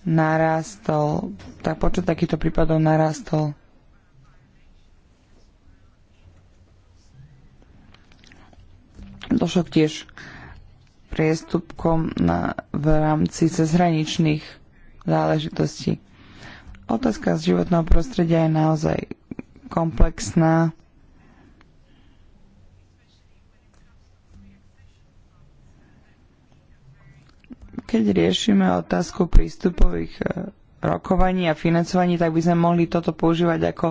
narastol, tak počet takýchto prípadov narastol. Došlo tiež priestupkom na, v rámci cezhraničných záležitostí. Otázka z životného prostredia je naozaj komplexná Keď riešime otázku prístupových e, rokovaní a financovaní, tak by sme mohli toto používať ako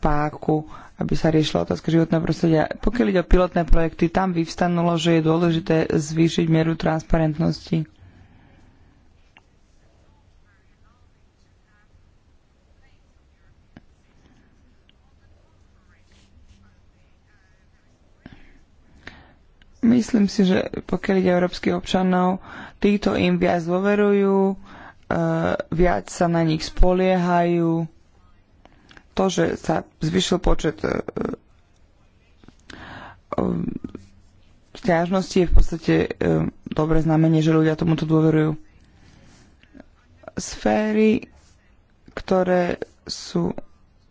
páku, aby sa riešila otázka životného prostredia. Pokiaľ ide o pilotné projekty, tam vyvstanulo, že je dôležité zvýšiť mieru transparentnosti. Myslím si, že pokiaľ ide európskych občanov, títo im viac dôverujú, e, viac sa na nich spoliehajú. To, že sa zvyšil počet e, e, stiažností je v podstate dobré znamenie, že ľudia tomuto dôverujú. Sféry, ktoré sú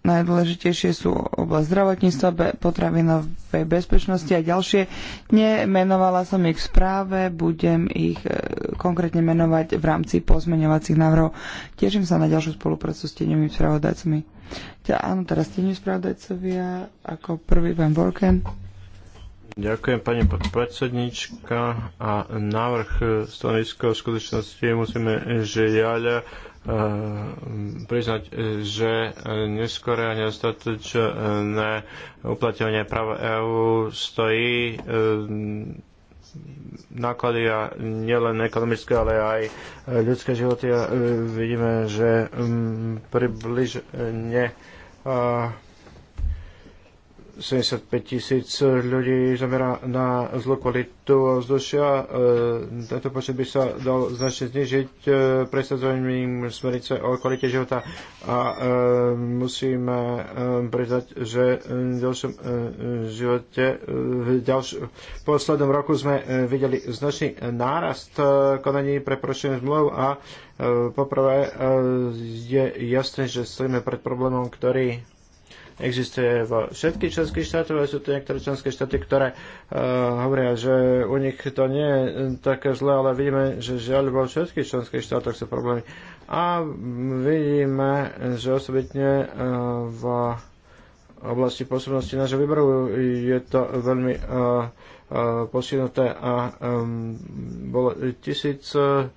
Najdôležitejšie sú oblasť zdravotníctva, potravinovej bezpečnosti a ďalšie. Nemenovala som ich v správe, budem ich e, konkrétne menovať v rámci pozmeňovacích návrhov. Teším sa na ďalšiu spoluprácu s tieňovými spravodajcami. Ja, áno, teraz tieňoví spravodajcovia, ako prvý pán Volken. Ďakujem pani podpredsednička. a návrh stanovisko v skutočnosti musíme jaľa. E, priznať, e, že e, neskore a nedostatočné uplatňovanie práva EÚ stojí náklady a nielen ekonomické, ale aj ľudské životy. A vidíme, že mm, približne 75 tisíc ľudí zamerá na zlú kvalitu ovzdušia. E, tento počet by sa dal značne znižiť e, presadzovaním smerice o kvalite života a e, musíme priznať, že v ďalšom živote, v ďalš- v poslednom roku sme videli značný nárast konaní pre prošenie zmluv a poprvé je jasné, že stojíme pred problémom, ktorý existuje vo všetkých členských štátoch, ale sú to niektoré členské štáty, ktoré uh, hovoria, že u nich to nie je eh, také zlé, ale vidíme, že žiaľ vo všetkých členských štátoch sú problémy. A vidíme, že osobitne uh, v oblasti posobnosti nášho výboru je to veľmi uh, uh, posunuté a um, bolo tisíc uh,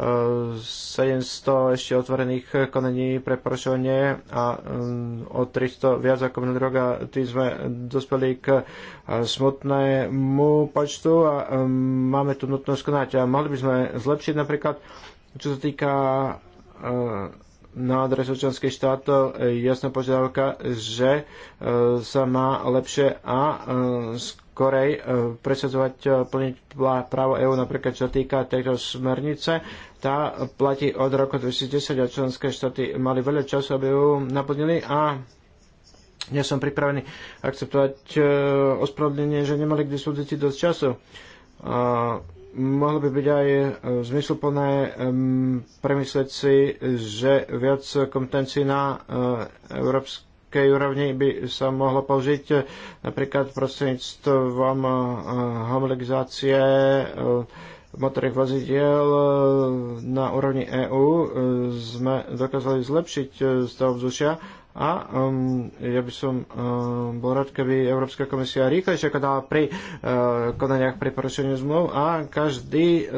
700 ešte otvorených konení, pre porušovanie a mm, o 300 viac ako minulý rok a tým sme dospeli k smutnému počtu a mm, máme tu nutnosť konať a mohli by sme zlepšiť napríklad čo sa týka na adresu členských štátov jasná požiadavka, že sa má lepšie a skorej presadzovať plniť právo EÚ napríklad čo týka tejto smernice tá platí od roku 2010 a členské štáty mali veľa času, aby ju naplnili a ja som pripravený akceptovať uh, ospravedlnenie, že nemali k dispozícii dosť času. Uh, mohlo by byť aj e, zmysluplné um, premyslieť si, že viac kompetencií na uh, európskej úrovni by sa mohlo použiť napríklad prostredníctvom homologizácie uh, motorových vozidiel e, na úrovni EÚ e, sme dokázali zlepšiť e, stav vzdušia a um, ja by som um, bol rád, keby Európska komisia rýchlejšie konala pri uh, konaniach pri porušení zmluv a každý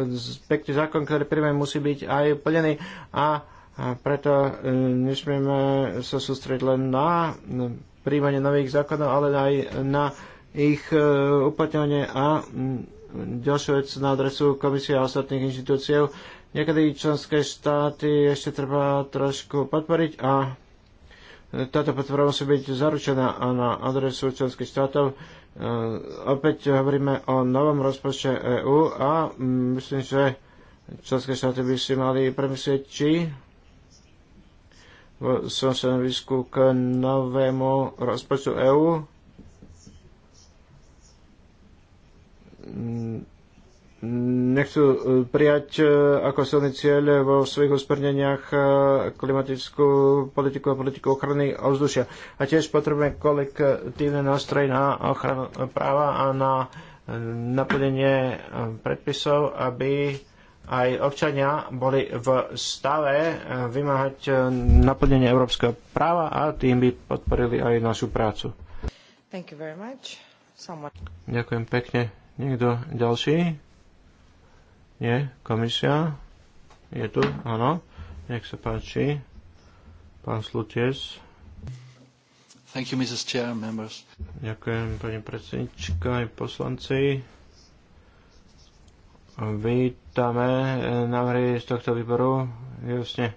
pekný zákon, ktorý príjme, musí byť aj plnený a, a preto um, nesmieme sa sústrediť len na príjmanie nových zákonov, ale aj na ich uh, uplatňovanie a um, ďalšiu vec na adresu komisie a ostatných inštitúcií. Niekedy členské štáty ešte treba trošku podporiť a táto podpora musí byť zaručená a na adresu členských štátov. E, opäť hovoríme o novom rozpočte EÚ a mm, myslím, že členské štáty by si mali premyslieť, či v svojom stanovisku k novému rozpočtu EÚ nechcú e, prijať e, ako silný cieľ vo svojich usprneniach e, klimatickú politiku a politiku ochrany ovzdušia. A tiež potrebujeme kolektívne nástroje na ochranu práva a na naplnenie predpisov, aby aj občania boli v stave vymáhať naplnenie európskeho práva a tým by podporili aj našu prácu. Ďakujem pekne. Niekto ďalší? Nie, komisia. Je tu, áno. Nech sa páči. Pán Slutiec. Thank you, Mrs. Chair, members. Ďakujem, pani predsednička aj poslanci. Vítame eh, návrhy z tohto výboru. Jasne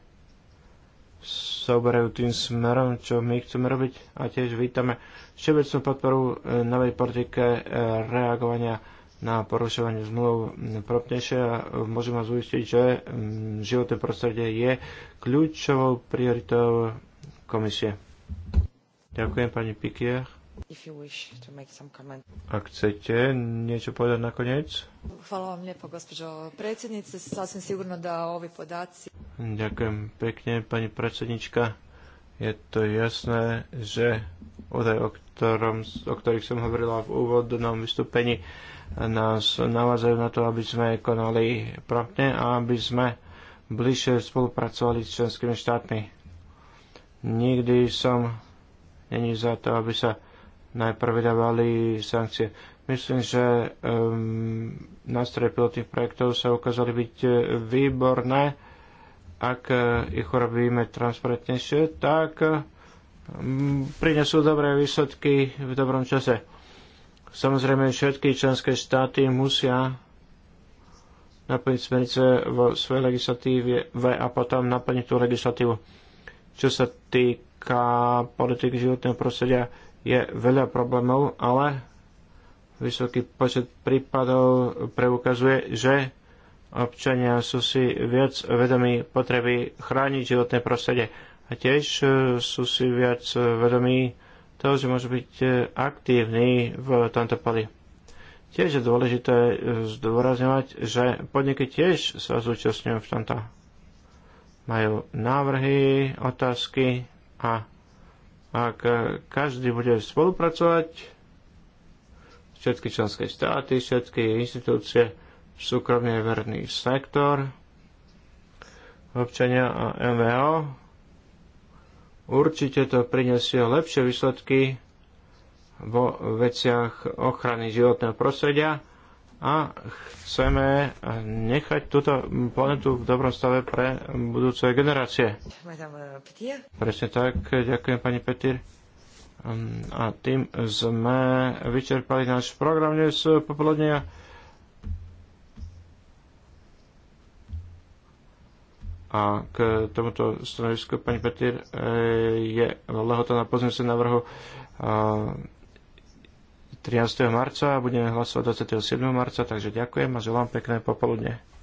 Soberajú tým smerom, čo my chceme robiť a tiež vítame všeobecnú podporu e, novej politike e, reagovania na porušovanie zmluv propnejšie a e, môžem vás uistiť, že životné prostredie je kľúčovou prioritou komisie. Ďakujem pani Pikier. If you wish to make some comment. Ak chcete niečo povedať nakoniec? Hvala vám lepo, gospođo predsjednice. Sasvim sigurno da ovi podaci... Ďakujem pekne, pani predsednička. Je to jasné, že údaj, o ktorom, o ktorých som hovorila v úvodnom vystúpení, nás navádzajú na to, aby sme konali promptne a aby sme bližšie spolupracovali s členskými štátmi. Nikdy som není za to, aby sa najprv vydávali sankcie. Myslím, že um, nástroje pilotných projektov sa ukázali byť výborné. Ak eh, ich urobíme transparentnejšie, tak prinesú dobré výsledky v dobrom čase. Samozrejme, všetky členské štáty musia naplniť smernice vo svojej legislatíve a potom naplniť tú legislatívu. Čo sa týka politiky životného prostredia, je veľa problémov, ale vysoký počet prípadov preukazuje, že občania sú si viac vedomí potreby chrániť životné prostredie a tiež e, sú si viac e, vedomí toho, že môžu byť e, aktívni v tomto poli. Tiež je dôležité zdôrazňovať, že podniky tiež sa zúčastňujú v tomto. Majú návrhy, otázky a ak každý bude spolupracovať, všetky členské štáty, všetky inštitúcie, súkromne verný sektor, občania a MVO, Určite to prinesie lepšie výsledky vo veciach ochrany životného prostredia a chceme nechať túto planetu v dobrom stave pre budúce generácie. Presne tak, ďakujem pani Petir. Hm, a tým sme vyčerpali náš program dnes popoludnia. A k tomuto stanovisku pani Petir e, je lehota na pozornosť návrhu 13. marca a budeme hlasovať 27. marca, takže ďakujem a želám pekné popoludne.